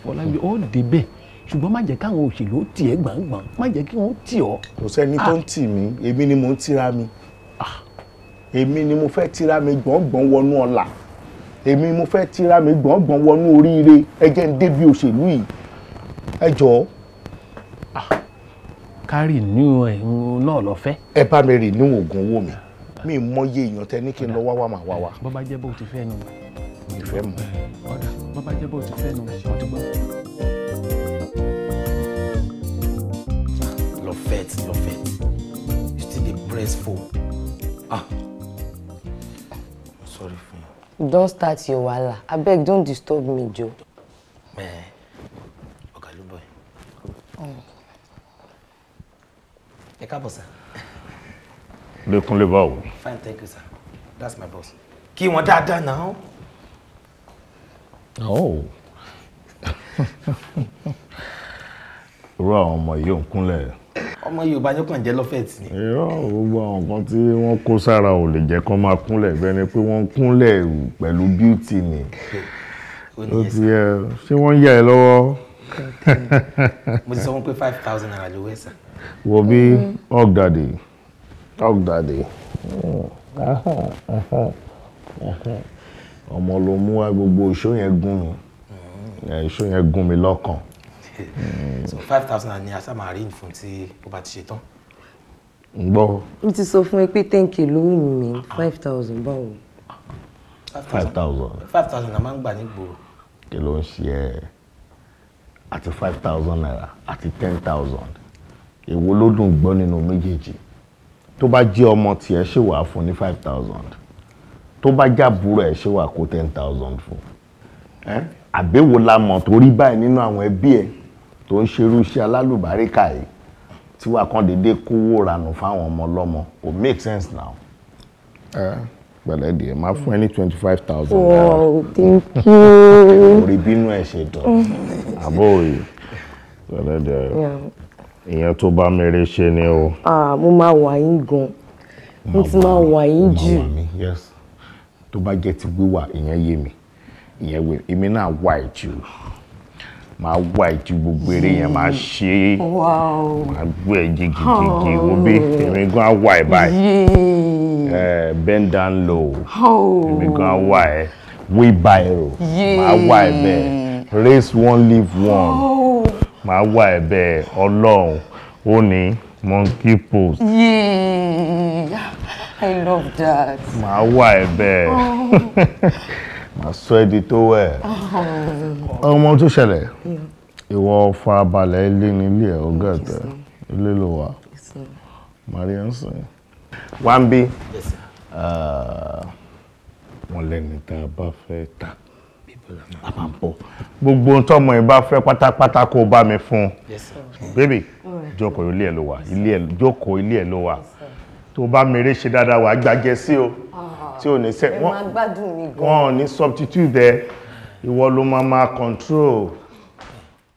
Fọlábí ó débẹ̀ ṣùgbọ́n má jẹ́ káwọn òṣèlú ó tì ẹ́ gbàngbàn má jẹ́ kí wọ́n tì ọ́. kò sẹ́ni tó ń tì mí èmi ni mò ń tira mi èmi ni mo fẹ́ tira mi gbọ̀ngbọ̀n wọnú ọ̀la èmi mo fẹ́ tira mi gbọ̀ngbọ̀n wọnú oríire ẹ jẹ́ ń débi òṣèlú yìí ẹ jọ̀ọ́ ká renew ẹ̀ náà lọ fẹ́. ẹ bá mi renew oògùn owó mi mi mọyé èèyàn tẹ ní kí n lọ wá wá màá wá wá. bọ́bá jẹ́ bó ti fẹ́ nu. mi fẹ́ mọ̀. ọ̀dà bọ́bá jẹ́ bó ti fẹ́ nu wọ́n ti gbọ́. Lovett you still dey press phone. ah sorry for you. don start your wahala abeg don disturb me joe. ẹ káàbọ̀ sir. lẹ́kúnlé báwo. fine thank you sir that's my boss. kí that done now? oh irú my young yìí Oh my kúnlẹ̀. ọmọ yorùbá yóò kàn jẹ́ lọ́fẹ̀ẹ́ tì ní. irọ́ gbogbo àwọn nǹkan tí wọ́n kó sára ò lè jẹ́ kó máa you bẹ́ẹ̀ ni pé wọ́n ń kúnlẹ̀ pẹ̀lú bíútì ni. ó ti yẹ ṣé wọ́n ń yà ẹ́ lọ́wọ́. mo ti sọ fún pé five thousand naira ló wẹ̀ sàn. Will wo bí ọ̀gdàdì mm. ọ̀gdàdì ọmọ ló mú wá gbogbo ìṣó yẹn gún mi eh, ìṣó yẹn gún mi lọ́kàn. so five thousand ni asa máa rí ìfún tí ó bá ti ṣe tán. ń gbọ́. mo ti sọ fún ẹ pé ten k ló wù mí five thousand báwo. five thousand. five thousand náà máa ń gbà nígboro. kí ló ń ṣe ẹ àti five thousand naira àti ten thousand èwo ló dùn gbọ́ nínú méjèèjì tó bá jẹ́ ọmọ tiẹ̀ ṣe wà fún ní five thousand tó bá jábúrò ẹ̀ ṣe wà kó ten thousand fún àbẹ̀wò la mọ̀ tó rí báyìí nínú àwọn ẹbí ẹ̀ tó ń ṣerú iṣẹ́ alálùbáríkà yìí tí wàá kàn déédéé kówó ranù fáwọn ọmọ ọlọ́mọ kò make sense now. pẹ̀lẹ́ díẹ̀ máa fún ẹ ní twenty five thousand naira. wow thank you. orí bínú ẹ̀ ṣe dán mm-hmm. àbó òye pẹ̀lẹ́ díẹ̀ ìyẹn tó bá mèrè ṣe ni o. Ah, mo máa wà yín gan mo ti máa wà yín jù. yes tó bá jẹ́ ti wíwà ìyẹn yé mi ìyẹn wé èmi náà wà ẹ̀ jù máa wà ẹ̀ jù gbogbo eré yẹn máa ṣe é máa gbé ẹ̀ jìgìjìgì wo oh. èmi gan wà ẹ̀ báyìí eh, bend down low oh. èmi gan wà ẹ̀ wheelbarrow máa wà ẹ̀ bẹ́ẹ̀ raise one leave one. Oh màá wà ẹ bẹ́ẹ̀ ọlọ́run ó ní monkey post. yéé i love that. màá wà ẹ bẹ́ẹ̀ màá sọ ẹ́ di tó wẹ̀. Oh. ọmọ tó ṣẹlẹ̀ ìwọ farabalẹ̀ ilé nílé ẹ̀ ó gẹ̀ẹ́tẹ̀ ilé ló wà marianson wambi ah, wọ́n lẹ́ni tá a bá fẹ́ ta a máa bọ̀ gbogbo ohun tọ́mọ ẹ bá fẹ́ pátápátá kó o bá mi fún un bébì jókòó ilé ẹ ló wà ilé ẹ jókòó ilé ẹ ló wà tó bá mèrè ṣe dáadáa wà gbàgẹ sí o ah. tí ò ní sẹ wọn ò ní substitute ẹ ìwọ ló máa máa control.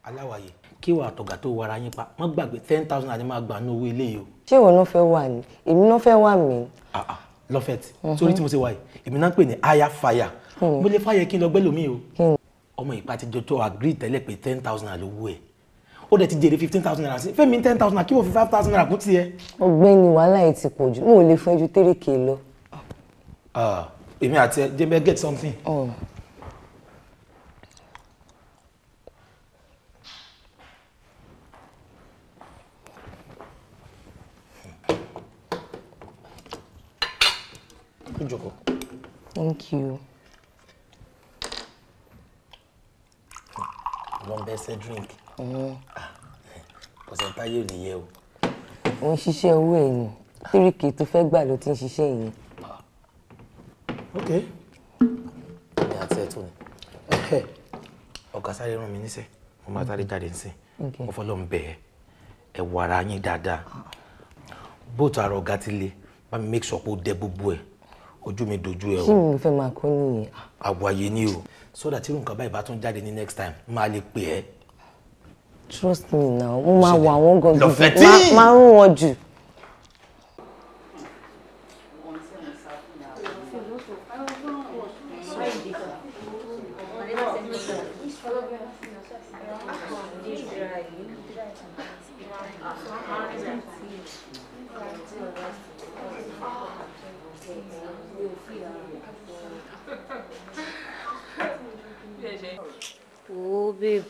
aláwàyè kí wàá tọ̀gà tó wara yín pa wọ́n gbàgbé ten thousand àti máa gbà ní owó ilé yìí o. ṣé ìwọ náà fẹ́ wà ní èmi náà fẹ́ wà mí. Ah, ah, lọ́fẹ̀ẹ́ tí torí mhm. tí mo ṣe wà yìí èmi náà ń pè ní aya fire Hmm. mo lè fàyè kí n lọ gbẹ́ lómi o hmm. ọmọ ìpa ti jọjọ agree tẹ́lẹ̀ pé ten thousand naira lówó ẹ̀ ó dẹ̀ ti jèrè fifteen thousand naira sí fẹ́mi ten thousand naira kí wọ́n fi five thousand naira kún tiẹ̀. ọ̀gbẹ́ni wàhálà yìí ti pọ̀ jù mo ò lè fún ẹjú tẹ́rẹ̀ kè lọ. Ah, èmi àti ẹ jẹ́ bẹ́ẹ̀ get something. Oh. Thank you. wọ́n bẹ́ drink. Ah, ọ̀sẹ̀ táyé ò nìyẹn o. ò ń ṣiṣẹ́ owó ẹ̀ ni tíríkì tó fẹ́ gbà ló ti ń ṣiṣẹ́ yìí. ok. èmi àti ẹ̀ tó ni ọ̀gá sáré rán mi níṣẹ́ mo máa sáré jáde nísìn mo fọlọ́ ń bẹ̀ ẹ́ ẹ̀ wọ ara yín dáadáa bóòtù àrò ọ̀gá ti le bá mi make sure pé ó dẹ gbogbo ẹ̀ ojú mi dojú ẹ o. kí ni fẹ́ máa kó nìyẹn. àwàyè ni o sódà tí nǹkan báyìí bá tún jáde ní next time máa lè pè ẹ́. trust me now mo máa wọ àwọn gangan máa rún wọn jù.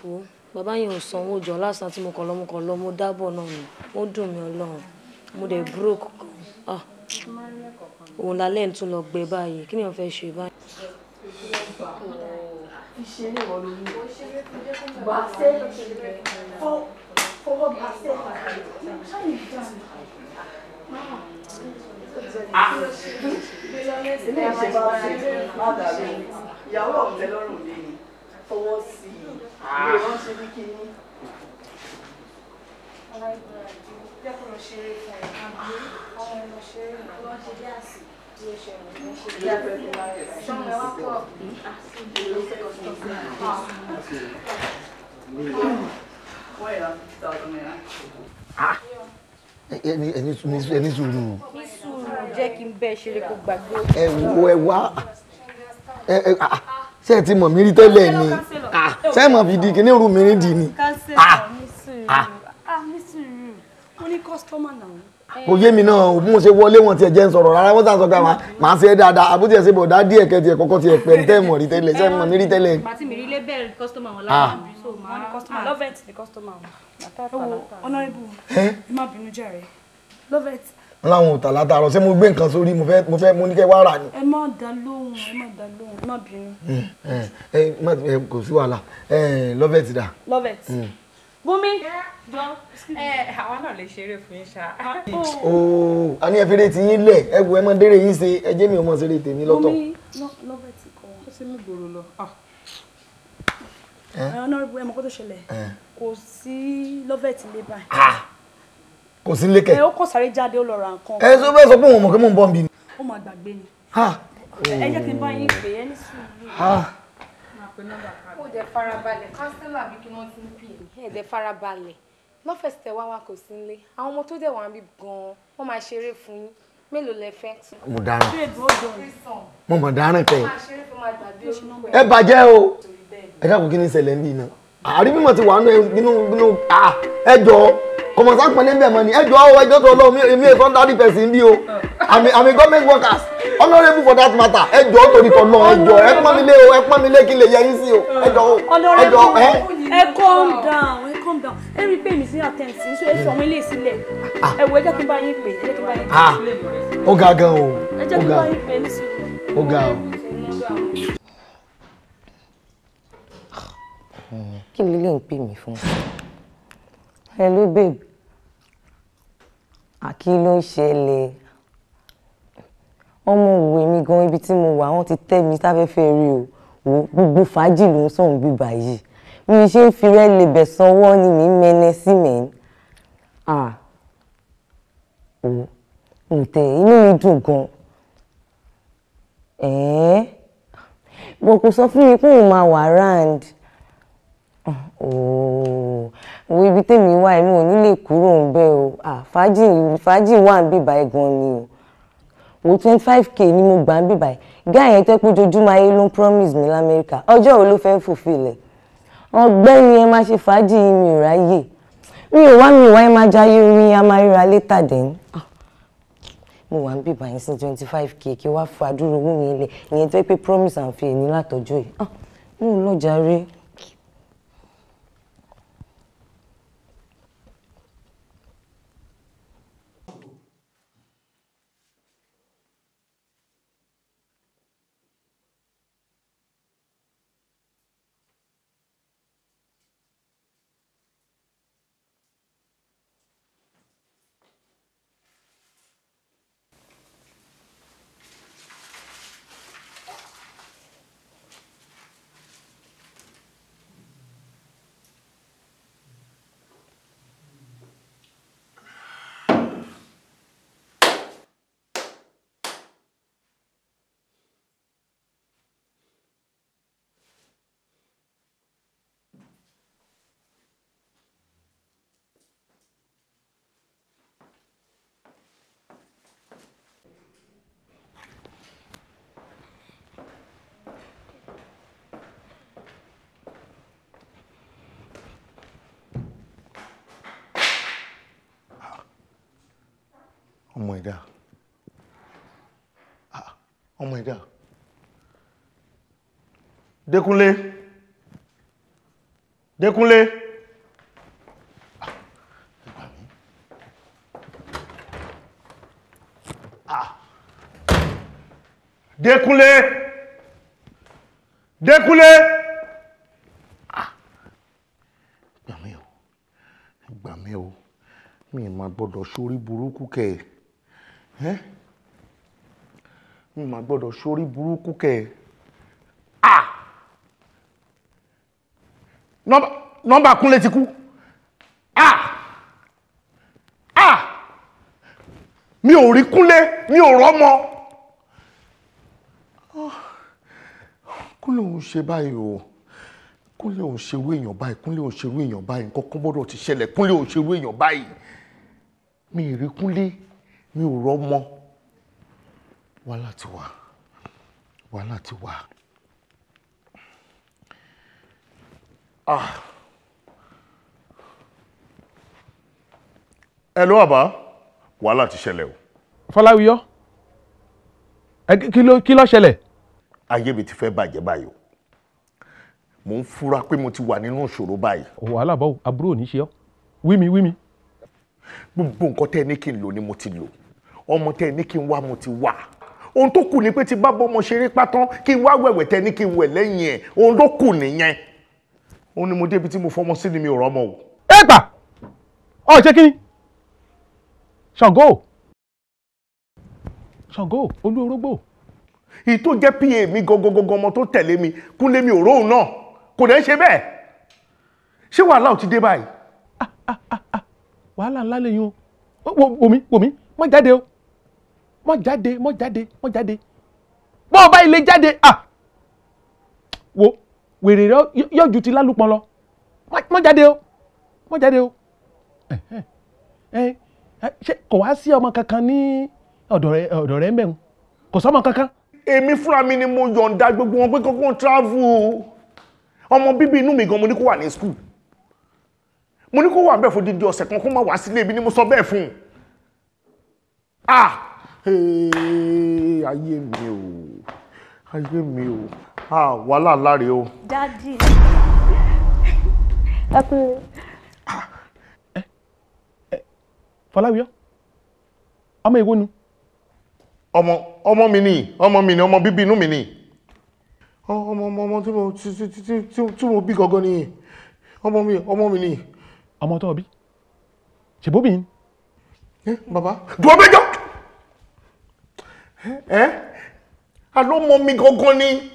wo bàbá yẹn ò sanwó jọ lásán tí mo kàn lọ mo kàn lọ mo dábọ̀ náà ni ó dùn mí ọlọ́run mo dẹ̀ broke kan ah. òun lálẹ́ ń tún lọ gbé báyìí kí ni wọ́n fẹ́ ṣe báyìí. ìṣeré wọn ló ní gbàṣẹ fọwọ́ gbàṣẹ ṣáà ní ìjà mi. ìyàwó ọ̀tẹ̀ lọ́rùn ni fọwọ́ sí i ah. ilé rántí ní kíní. aláìgbọràn ju jẹ́kọ̀ọ́ lọ ṣeré fún ẹ̀ àbí ọmọ ẹ̀ lọ ṣeré lọ́wọ́ ṣe bí àsì bí ó ṣe rìn ló ẹni sùúrù jẹ́ kí n bẹ́ẹ̀ ṣeré kó gbàgbé. ẹ wá ah, ṣé ẹ ti mọ̀ mí rí tẹ́lẹ̀ ni ah, ṣé ẹ mọ̀ fi di kíní òru mi rí di ni. Ah, ah. kò yé mi náà bí mo ṣe wọlé wọn tiẹ̀ jẹ́ ń sọ̀rọ̀ rárá wọ́n sàn sọ pé àwọn màá ṣe é dáadáa àbújá ṣe bọ̀ dá díẹ̀ kẹ́ tiẹ̀ kọ́kọ́ tiẹ̀ pẹ̀ tẹ́ mọ̀ rí tẹ́lẹ̀ ṣé ẹ mọ̀ mí rí tẹ́lẹ̀. màtí mi rí lébẹ̀rẹ̀ kọ́sítọ́mà wọn lára mi so máa lọ́vẹ̀tì ni kọ́sítọ́mà wọn. ọ̀nà ibù ẹ má bínú jàre lọ́vẹ̀tì wọn láwọn òtà látàárọ̀ ṣé mo gbé nǹkan sórí mo fẹ́ mo fẹ́ ní kẹ́ wá ni. ẹ má dá lóhùn ẹ má dá lóhùn má bínú. ẹ kò sí wàhálà ẹ lọ́vẹ̀t dà. lọ́vẹ̀t mm. bumi eh, àwa náà lè ṣeré fún yín ṣá. Ah, ooo oh. oh, a ní ẹ fèrè yín lẹ ẹ wo ẹ mọ dérè yín ṣe ẹ jẹ́ mi ò mọ̀ ṣeré tèmi lọ́tọ̀. bumi lọ́vẹ̀t kọ́ ó ṣe mí gbòòrò lọ ọ̀nà ah. eh? eh, ẹ mọ̀ kó tó ṣẹlẹ̀ kò sí lọ́vẹ̀t lébà kò sí lékẹ̀. ẹ ó kọ sáré jáde ó lọ ra nǹkan. ẹ sọ fẹ́ sọ pé òun mọ̀ pé mò ń bọ̀ ń ni. ó máa gbàgbé ni. ẹ jẹ́ kí n bá yín pè é ní sùúrù. ó dẹ̀ farabalẹ̀ kánsílà bí kí wọ́n ti ń pè é. ẹ dẹ̀ farabalẹ̀ lọ́fẹ̀sì tẹ wá wa kò sí nílé àwọn ọmọ tó dẹ̀ wá bí gan-an wọ́n máa ṣeré fún yín mélòó lẹ fẹ́. mo dáràn mo mọ̀ dáràn pẹ̀. ẹ bàjẹ́ o ẹ káàkó kí ni ìṣẹ̀lẹ̀ ń bì náà àrí mímọ̀ ti wà nínú ah, ẹjọ́ kọmọ sáà pẹ̀lú ẹ̀mí ẹ̀mọ́ ni ẹjọ́ ọwọ́ ẹjọ́ tó lọ mi ẹ̀ sọ́ndárì pẹ̀sì bí o àmì àmì government workers honourable for that matter ẹjọ́ torí kan náà ẹjọ́ ẹ pọ́n mi lé o ẹ pọ́n mi lé kí n lè yẹ yín sí o ẹjọ́ o ẹjọ́ ẹ. ẹ calm down ẹ calm down ẹ rí i pé mi sí àtẹ̀ǹtì ṣé ẹ sọ̀rọ̀ ilé ìsílẹ̀ ah. ẹ wò ẹ jẹ́ kí n bá yín pè ẹ jẹ́ kí n bá yín pè. Ah. ó ga gan o ó ga o. kí ló lè ń pè mí fún un hello babe àkí ló ń ṣẹlẹ̀ ọmọ òwò mi gan ibi tí mo wà wọ́n ti tẹ́ mi sáfẹ́fẹ́ rí o wò gbogbo fàájì ló ń sọ̀hún gbígbà yìí mi ṣe ń fi rẹ́ lè bẹ̀ sanwó ni mi ń mẹ́nẹ́ sí mẹ́ni ah ò tẹ̀ inú mi dùn gan ẹ̀ẹ́n bọ̀ kò sọ fún mi pé òun máa wà round wo ibi tèmi wà èmi ò ní lè kúrò ń bẹ̀ o fàájì fàájì wà ń bíbá ẹ̀ gan ni o wo twenty five k ni mo gbà ń bíbá ẹ̀ gáà yẹn tẹ́ pé ojoojúmọ́ ayé ló ń promise mi lamẹ́ríkà ọjọ́ wo ló fẹ́ẹ́ fulfill ẹ̀ ọgbẹ́ni ẹ máa ṣe fàájì mi ò ráyè mi ò wá mi ò wá ẹ máa jayé orin a máa ríra létà dẹ́n mo wà ń bíbá yẹn sí twenty five k kí wàá fàdúró owó mi lẹ̀ ìyẹn tẹ́ pé promise and fail ní látọ̀jọ́ yìí mo lọ jàre. ọmọ ẹ̀dá ọmọ ẹ̀dá Dékúnlé Dékúnlé ẹ̀gbà mi Dékúnlé Dékúnlé gbà mí o gbà mí o mi ma gbọ́dọ̀ sórí burúkú kẹ́ẹ̀ ẹ́ mo mà gbọ́dọ̀ sórí burúkú kẹ́ ẹ̀ à nọ́mbà kúnlé ti kú à à mi ò rí kúnlé mi ò rọ́mọ ah! kúnlé òun ṣe báyìí o kúnlé òun ṣerú èèyàn báyìí kúnlé òun ṣerú èèyàn báyìí nǹkan kan gbọ́dọ̀ ti ṣẹlẹ̀ kúnlé òun ṣerú èèyàn báyìí mi ì rí kúnlé mi ò rọ́mọ wàhálà ti wà wàhálà ti wà. ah hello àbá wàhálà ti ṣẹlẹ̀ o. fọláwíyọ kí ló ṣẹlẹ̀. ayé mi ti fẹ́ bàjẹ́ báyìí o mo ń fura pé mo ti wà nínú ìṣòro báyìí. wàhálà báwo àbúrò ò ní ṣe ọ́ wí mi wí mi. gbogbo nǹkan tẹ́ ẹ ní kí n lò ni mo ti lò ọmọ tẹ ní kí n wá mo ti wà ohun tó kù ni pé ti bá bọ́mọ ṣeré pátán kí n wá wẹ̀wẹ̀ tẹ ní kí n wẹ̀ lẹ́yìn ẹ̀ ohun tó kù nìyẹn òun ni mo débi tí mo fọmọ sí ni mi ò rọmọ o. ẹ gbà ọ ṣe kí ni ṣàngó ṣàngó olú èyí tó jẹ́ pa mi gangan ọmọ tó tẹ̀lé mi kúnlé mi ò róhùn náà kò dẹ́ ṣe bẹ́ẹ̀ ṣé wàhálà ò ti dé báyìí. Ah, ah, ah, wàhálà ńlá lè yun o wò mí wò mí má jáde o mọ́ jáde mọ́ jáde mọ́ jáde bọ́ ọba ilé jáde ah wo wèrè rẹ yóò ju ti lálùpọ̀ lọ mọ́ jáde o mọ́ jáde o ṣé kò wá sí ọmọ kankan ní ọ̀dọ̀ rẹ ọ̀dọ̀ rẹ ń bẹ̀ ń kò sọ́mọ kankan. èmi fúnra mi ni mo yọ̀ǹda gbogbo wọn pé kankan travel ọmọ bíbí inú mi gan mo ní kó wà ní school mo ní kó wà bẹ́ẹ̀ fún dídí ọ̀sẹ̀ kan kó má wá sílé ibi ni mo sọ bẹ́ẹ̀ fún un. ah Hey, ayé mi o ayé mi o wàhálà láre o. dádì ẹ pé. Ah, fọláwíyọ ọmọ èwo ni. ọmọ ọmọ mi ni ọmọ mi ni ọmọ bíbí inú mi ni ọmọ ọmọ ọmọ tí mo tí mo bí gangan ni ọmọ mi ọmọ mi ni. ọmọ tó o bí ṣèbóbìnrin. ẹ bàbá dùn ọbẹ jọ ẹ́ àló mọ mi gangan ni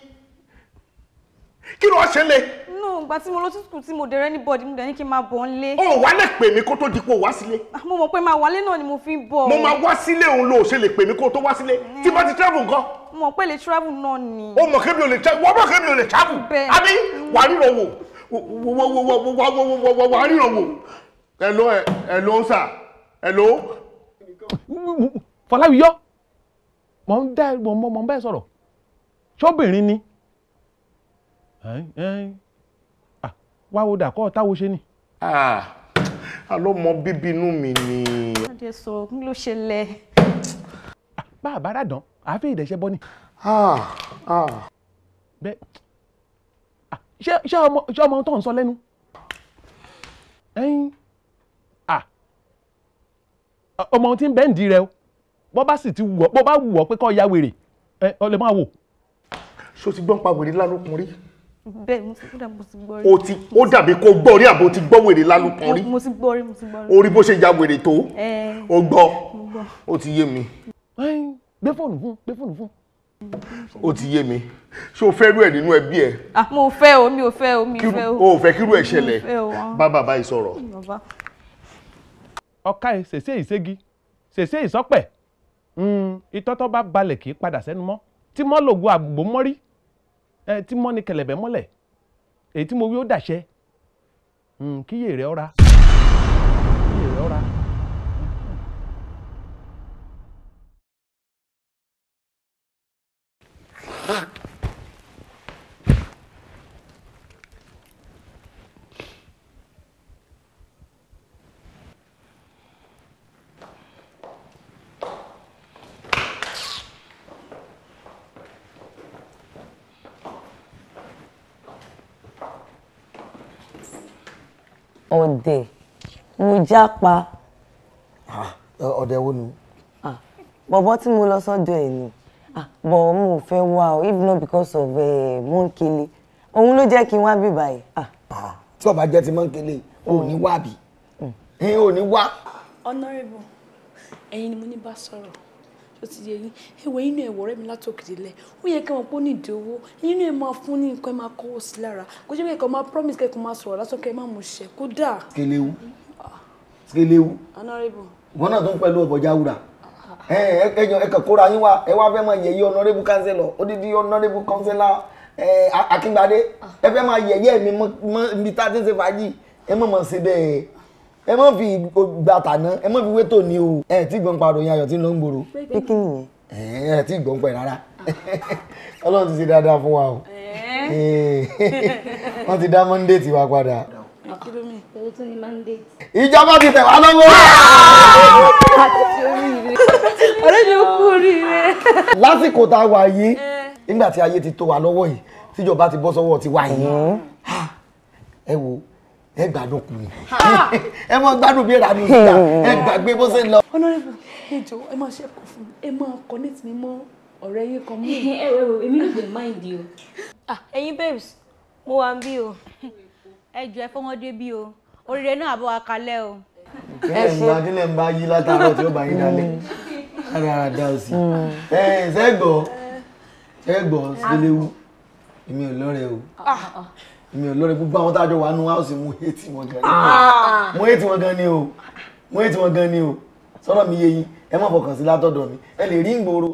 kí ló wá ṣẹlẹ̀. nù ìgbà tí mo lọ sí sùkúl tí mo dẹrẹ́ ní bọ́ọ̀dì mo dẹ̀ ní kí n máa bọ̀ ńlé. ó wá lè pè mí kó tó di pé ó wá sílé. Ah, mo mọ̀ pé máa wálé náà ni mo fi ń bọ̀. mo máa wá sílé òun ló ṣe lè pè mí kó tó wá sílé mm. tí bá ti travel nǹkan. mo mọ̀ pé lè travel náà ni. ó mọ̀ kébi ò lè travel wọ́n mọ̀ kébi ò lè travel. bẹ́ẹ̀ àbí mm. wà á ríran wò wà á ríran wò. hello hello sir hello. Fọláwíyọ́ mò ń dá mò ń mò ń bẹ́ẹ̀ sọ̀rọ̀ ṣóbìnrin ni ah, wá wo dàkọ́ táwo ṣe ni. àlọ́ ah, mọ bíbí inú mi ni. adé sọ ògùn ló ṣe lẹ. Ah, bá a bá rà dán àáfíì ìdẹ̀ṣẹ́ bọ́ ni. bẹ́ẹ̀ ṣé ọmọ ṣé ọmọ tó ń sọ lẹ́nu. ọmọ tí ń bẹ́ẹ̀ ń di rẹ o bó bá sì ti wù ọ́ bó bá wù ọ́ pé kó ya wèrè ẹ ọ lè máa wò. ṣó ti gbọ́n pa wèrè lálùkùn rí. bẹ́ẹ̀ mo ti kúndà mo ti gbọ́ rí. o ti ó dàbí kó gbọ́ rí àbò ti gbọ́ wèrè lálùkùn rí. mo ti gbọ́ rí mo ti gbọ́ rí. orí bó ṣe ya wèrè tó o gbọ́ o ti yé mi. gbé fóònù fún gbé fóònù fún. o ti yé mi ṣé o fẹ́ ẹ̀ nínú ẹbí ẹ. Ah, mo fẹ́ o mi ò fẹ́ o mi fẹ́ o. o fẹ́ kírú ẹ̀ ṣẹlẹ̀ bá bàbá yìí sọ̀rọ̀. ọ̀ka ẹ̀ ṣèṣe ìṣègi ṣèṣe ìsọ́pẹ̀ Hmm, itọ́ tó bá balẹ̀ kì í padà sẹ́nu mọ́ tí mọ́ lògùn àgbò mọ́rí tí mọ́ ni kẹlẹ̀bẹ̀ mọ́lẹ̀ èyí tí mo wí ó dàṣẹ hmm, kíyè rẹ̀ ọ́ra. ọdẹ mo jápa. Ah, ọdẹ wo ni. Ah, bọ̀bọ̀ tí mo lọ sọ́dọ̀ ẹ̀ ni ah, bọ̀ mo fẹ́ wá o if not because of eh, mọ́ńkele òun ló jẹ́ kí n wá bí báyìí. tí ó bá jẹ́ ti mọ́ńkele ò ní wá bí mm. ò ní wá. honourable ẹ̀yin ni mo ní bá sọ̀rọ̀ tó ti yẹ yín ẹwẹ inú ẹwọ ọ̀rẹ́ mi látòkèdè lẹ ó yẹ kí wọn pọ ní ìdí owó inú ẹ máa fún ní nǹkan ẹ máa kọwọ sí lára kó jẹ́ kẹ́kọ̀ọ́ máa promise kẹ́kọ̀ọ́ máa sọ̀rọ̀ lásán kẹ́ ẹ má mú ṣẹ kó dà. kelewu mm-hmm. kelewu wọn náà tó ń pẹ̀lú ọbọjà wúrà ẹjọ ẹkàn kóra yín wá ẹ wá fẹ́ máa yẹ̀yẹ́ honorable councillor odidi honorable councillor akíngbadé ah. ẹ fẹ́ máa yẹ̀yẹ́ mi mọ́ ibi tá a ti ń ṣe fàájì ẹ mọ̀ mọ̀ ṣe bẹ́ẹ̀ ẹ mọ́ fi gbàtà náà ẹ mọ́ fi wé tòní o ẹ tí gbọ́n pa àròyìn ayọ̀ tí ń lọ ń gbòòrò. pé kí nìyẹn ẹ tí gbọ́n pẹ̀ rárá ọlọ́run ti ṣe dáadáa fún wa o wọ́n ti dá monday tiwa padà. ìjọba ti tẹ̀ wá lọ́wọ́. ọ̀rẹ́ mi ò kú oríire. lásìkò tá a wà yìí nígbà tí ayé ti tó wa lọ́wọ́ yìí tíjọba ti bọ́ sọ́wọ́ ti wá yìí ẹ wo ẹ gbádùn kù ni ẹ mọ gbádùn bí ra mi síta ẹ gbàgbé bó ṣe ń lọ. honorable ejò ẹ máa ṣe ẹ̀kọ́ fún mi ẹ máa connect mi mọ́ ọ̀rẹ́ yín kan mú. ẹ ẹ wo èmi ló dé mind o. ẹ̀yin babes mo wà ń bí o ẹ jọ ẹ fọmọdé bí o oríire náà àbọ̀ àkàlẹ̀ o. kílẹ̀ ń bá kílẹ̀ ń bá yí látàárọ̀ tí ó bá yín dalẹ̀ ara ara dá i. ẹ ṣẹ́gbọ̀ọ́ ṣẹ́gbọ̀ọ́ sílẹ̀ wù èmi ò lọ́rẹ̀ẹ́ o mi ò lórí gbogbo àwọn tájọ wà nù house mo hate wọn gan ni ah. mo hate wọn gan ni o mo hate wọn gan ni o sọ̀rọ̀ mi yé yín ẹ má fọkàn sí látọ̀dọ̀ mi ẹ lè rí ìgboro.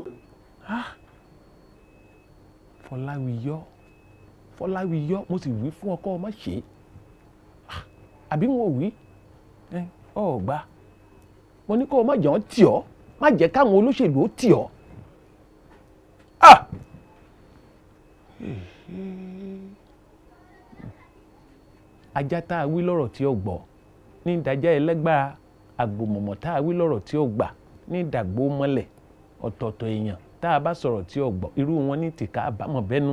Fọláwíyọ ah. Fọláwíyọ mo sì wí fún ọkọ ọmọ ṣe ah. àbí wọn ò wí ọ gbà mo ní kó o má jẹ́ ọ́n tì ọ́ má jẹ́ káwọn olóṣèlú ó tì Ah! mm ajá tá a wí lọ́rọ̀ tí ó gbọ́ ní ìdájá ẹlẹ́gbàá àgbòmọ̀mọ̀ tá a wí lọ́rọ̀ tí ó gbà ní ìdàgbò mọ́lẹ̀ ọ̀tọ̀ọ̀tọ̀ èèyàn tá a bá sọ̀rọ̀ tí ó gbọ́ irú wọn ní tìka àbámọ̀ bẹ́nu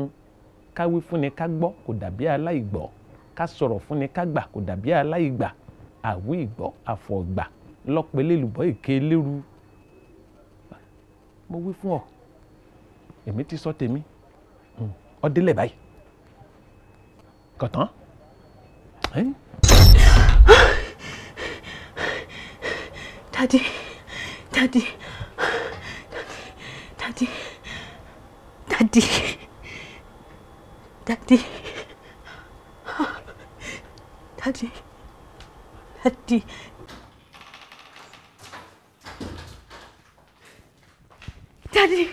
ká wí fúnni ká gbọ́ kò dàbí aláìgbọ́ ká sọ̀rọ̀ fúnni ká gbà kò dàbí aláìgbà àwí ìgbọ́ àfọ̀gbà lọ́pẹ́lẹ́lùbọ́ ìké lérú mo wí fún ọ èmi ti sọ tèmi ọdẹ lẹ báyìí kọ̀tán. 에? 다디, 다디, 다디, 다디, 다디, 다디, 다디. 다디,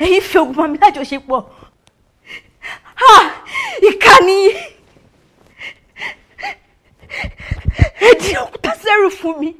에이, 표구만 해주시고 for me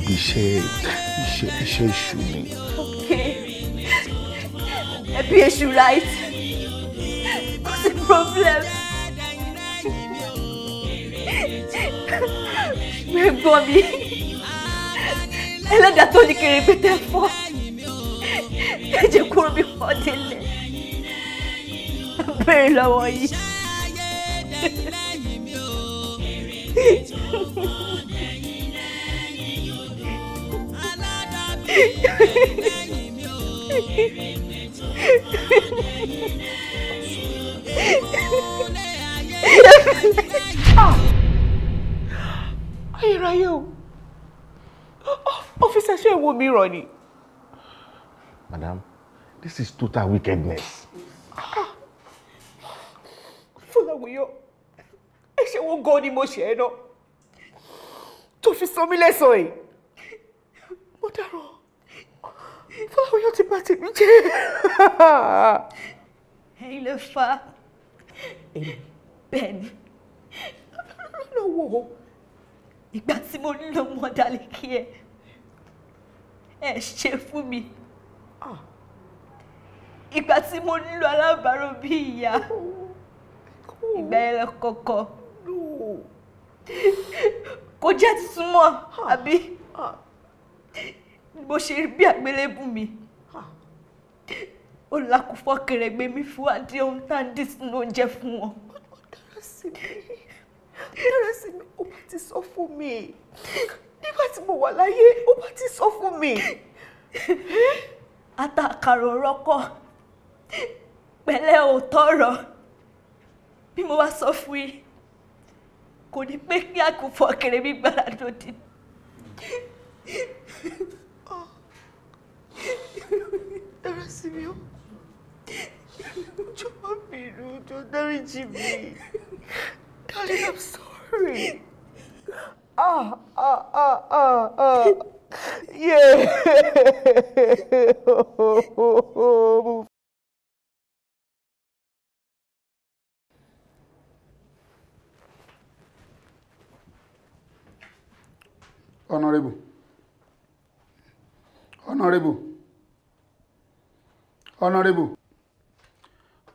gbogbo iṣẹ́ iṣẹ́ iṣẹ́ èṣù ni. okay ẹbí èṣù right kò sí problem. gbẹ̀gbọ́n mi ẹlẹ́dàá tó ní kiri pété fọ́ ẹ̀jẹ̀ kúrò mi fọ́ délé bẹ̀rẹ̀ lọ́wọ́ yìí. This is total wickedness. Fọláwíyọ, ẹ̀ṣẹ̀ wo gan ni mo ṣe ẹ́ náà? Tó fi sọ mí lẹ́sàn-án yìí. Mo dárò, Fọláwíyọ ti bà tèmi jẹ́. Ẹ̀yin lè fa bẹ́ẹ̀ ni. Lọ́wọ́ ìgbà tí mo nílò mọ́dálẹ́kí ẹ̀, ẹ̀ ṣe fún mi ìgbà tí mo nílò alábàárò bí ìyá ìgbà yẹn lọ kọ̀kọ̀ kò jẹ́ tuntun mọ́ àbí bó ṣe rí bí àgbélébù mi ó lakùfọ́ kèrègbè mi fún adé ohun tá à ń dì sínú oúnjẹ fún wọn. dára sí mi ó bá ti sọ fún mi nígbà tí mo wà láyé ó bá ti sọ fún mi. ata àkàrà pẹ̀lẹ́ ò tọrọ bí mo wá sọ fún yìí kò ní pé kí àkùfọ̀ kéré mi gbára lòdì. dára sí mi ó jọ̀wọ́ mi ló jọ dáríjì mi darling i'm sorry. ah ah ah ah ah. Yeah. honorable honorable honorable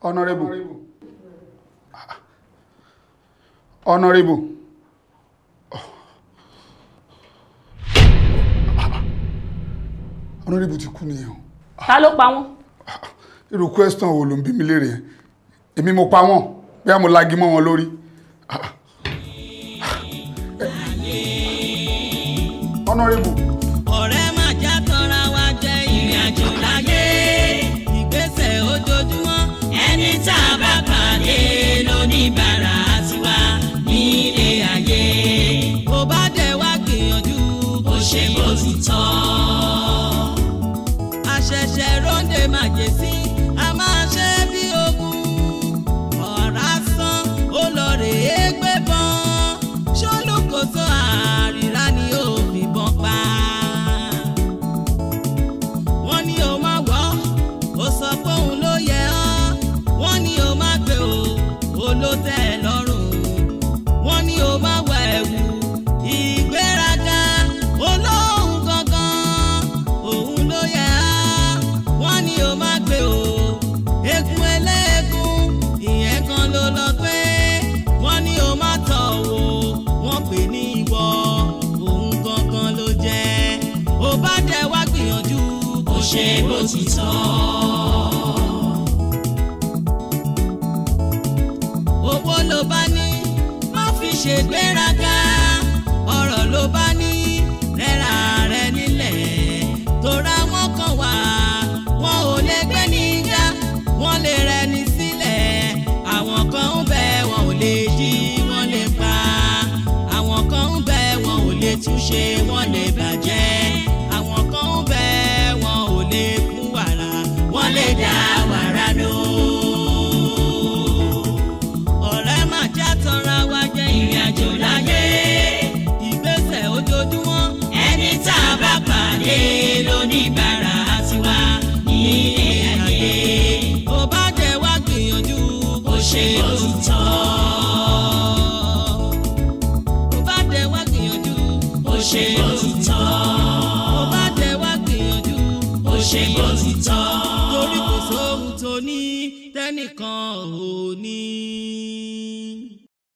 honorable honorable honorable ti kú nìyẹn o. ta ló pa wọn. irú question wo ló ń bí mi léèrè yẹn èmi mo pa wọn bí a mo lagi mọ́ wọn lórí. honourable. ọ̀rẹ́ máa já tọ́ra wa jẹ́ ìrìn àjò láyé ìgbésẹ̀ ojoojúmọ́ ẹni tá a bá pàdé lóníbàárà tiwa nílé ayé. bó bá dẹ̀ wá gbìyànjú bó ṣe bó ti tọ́. tẹ́nìkan ò ní.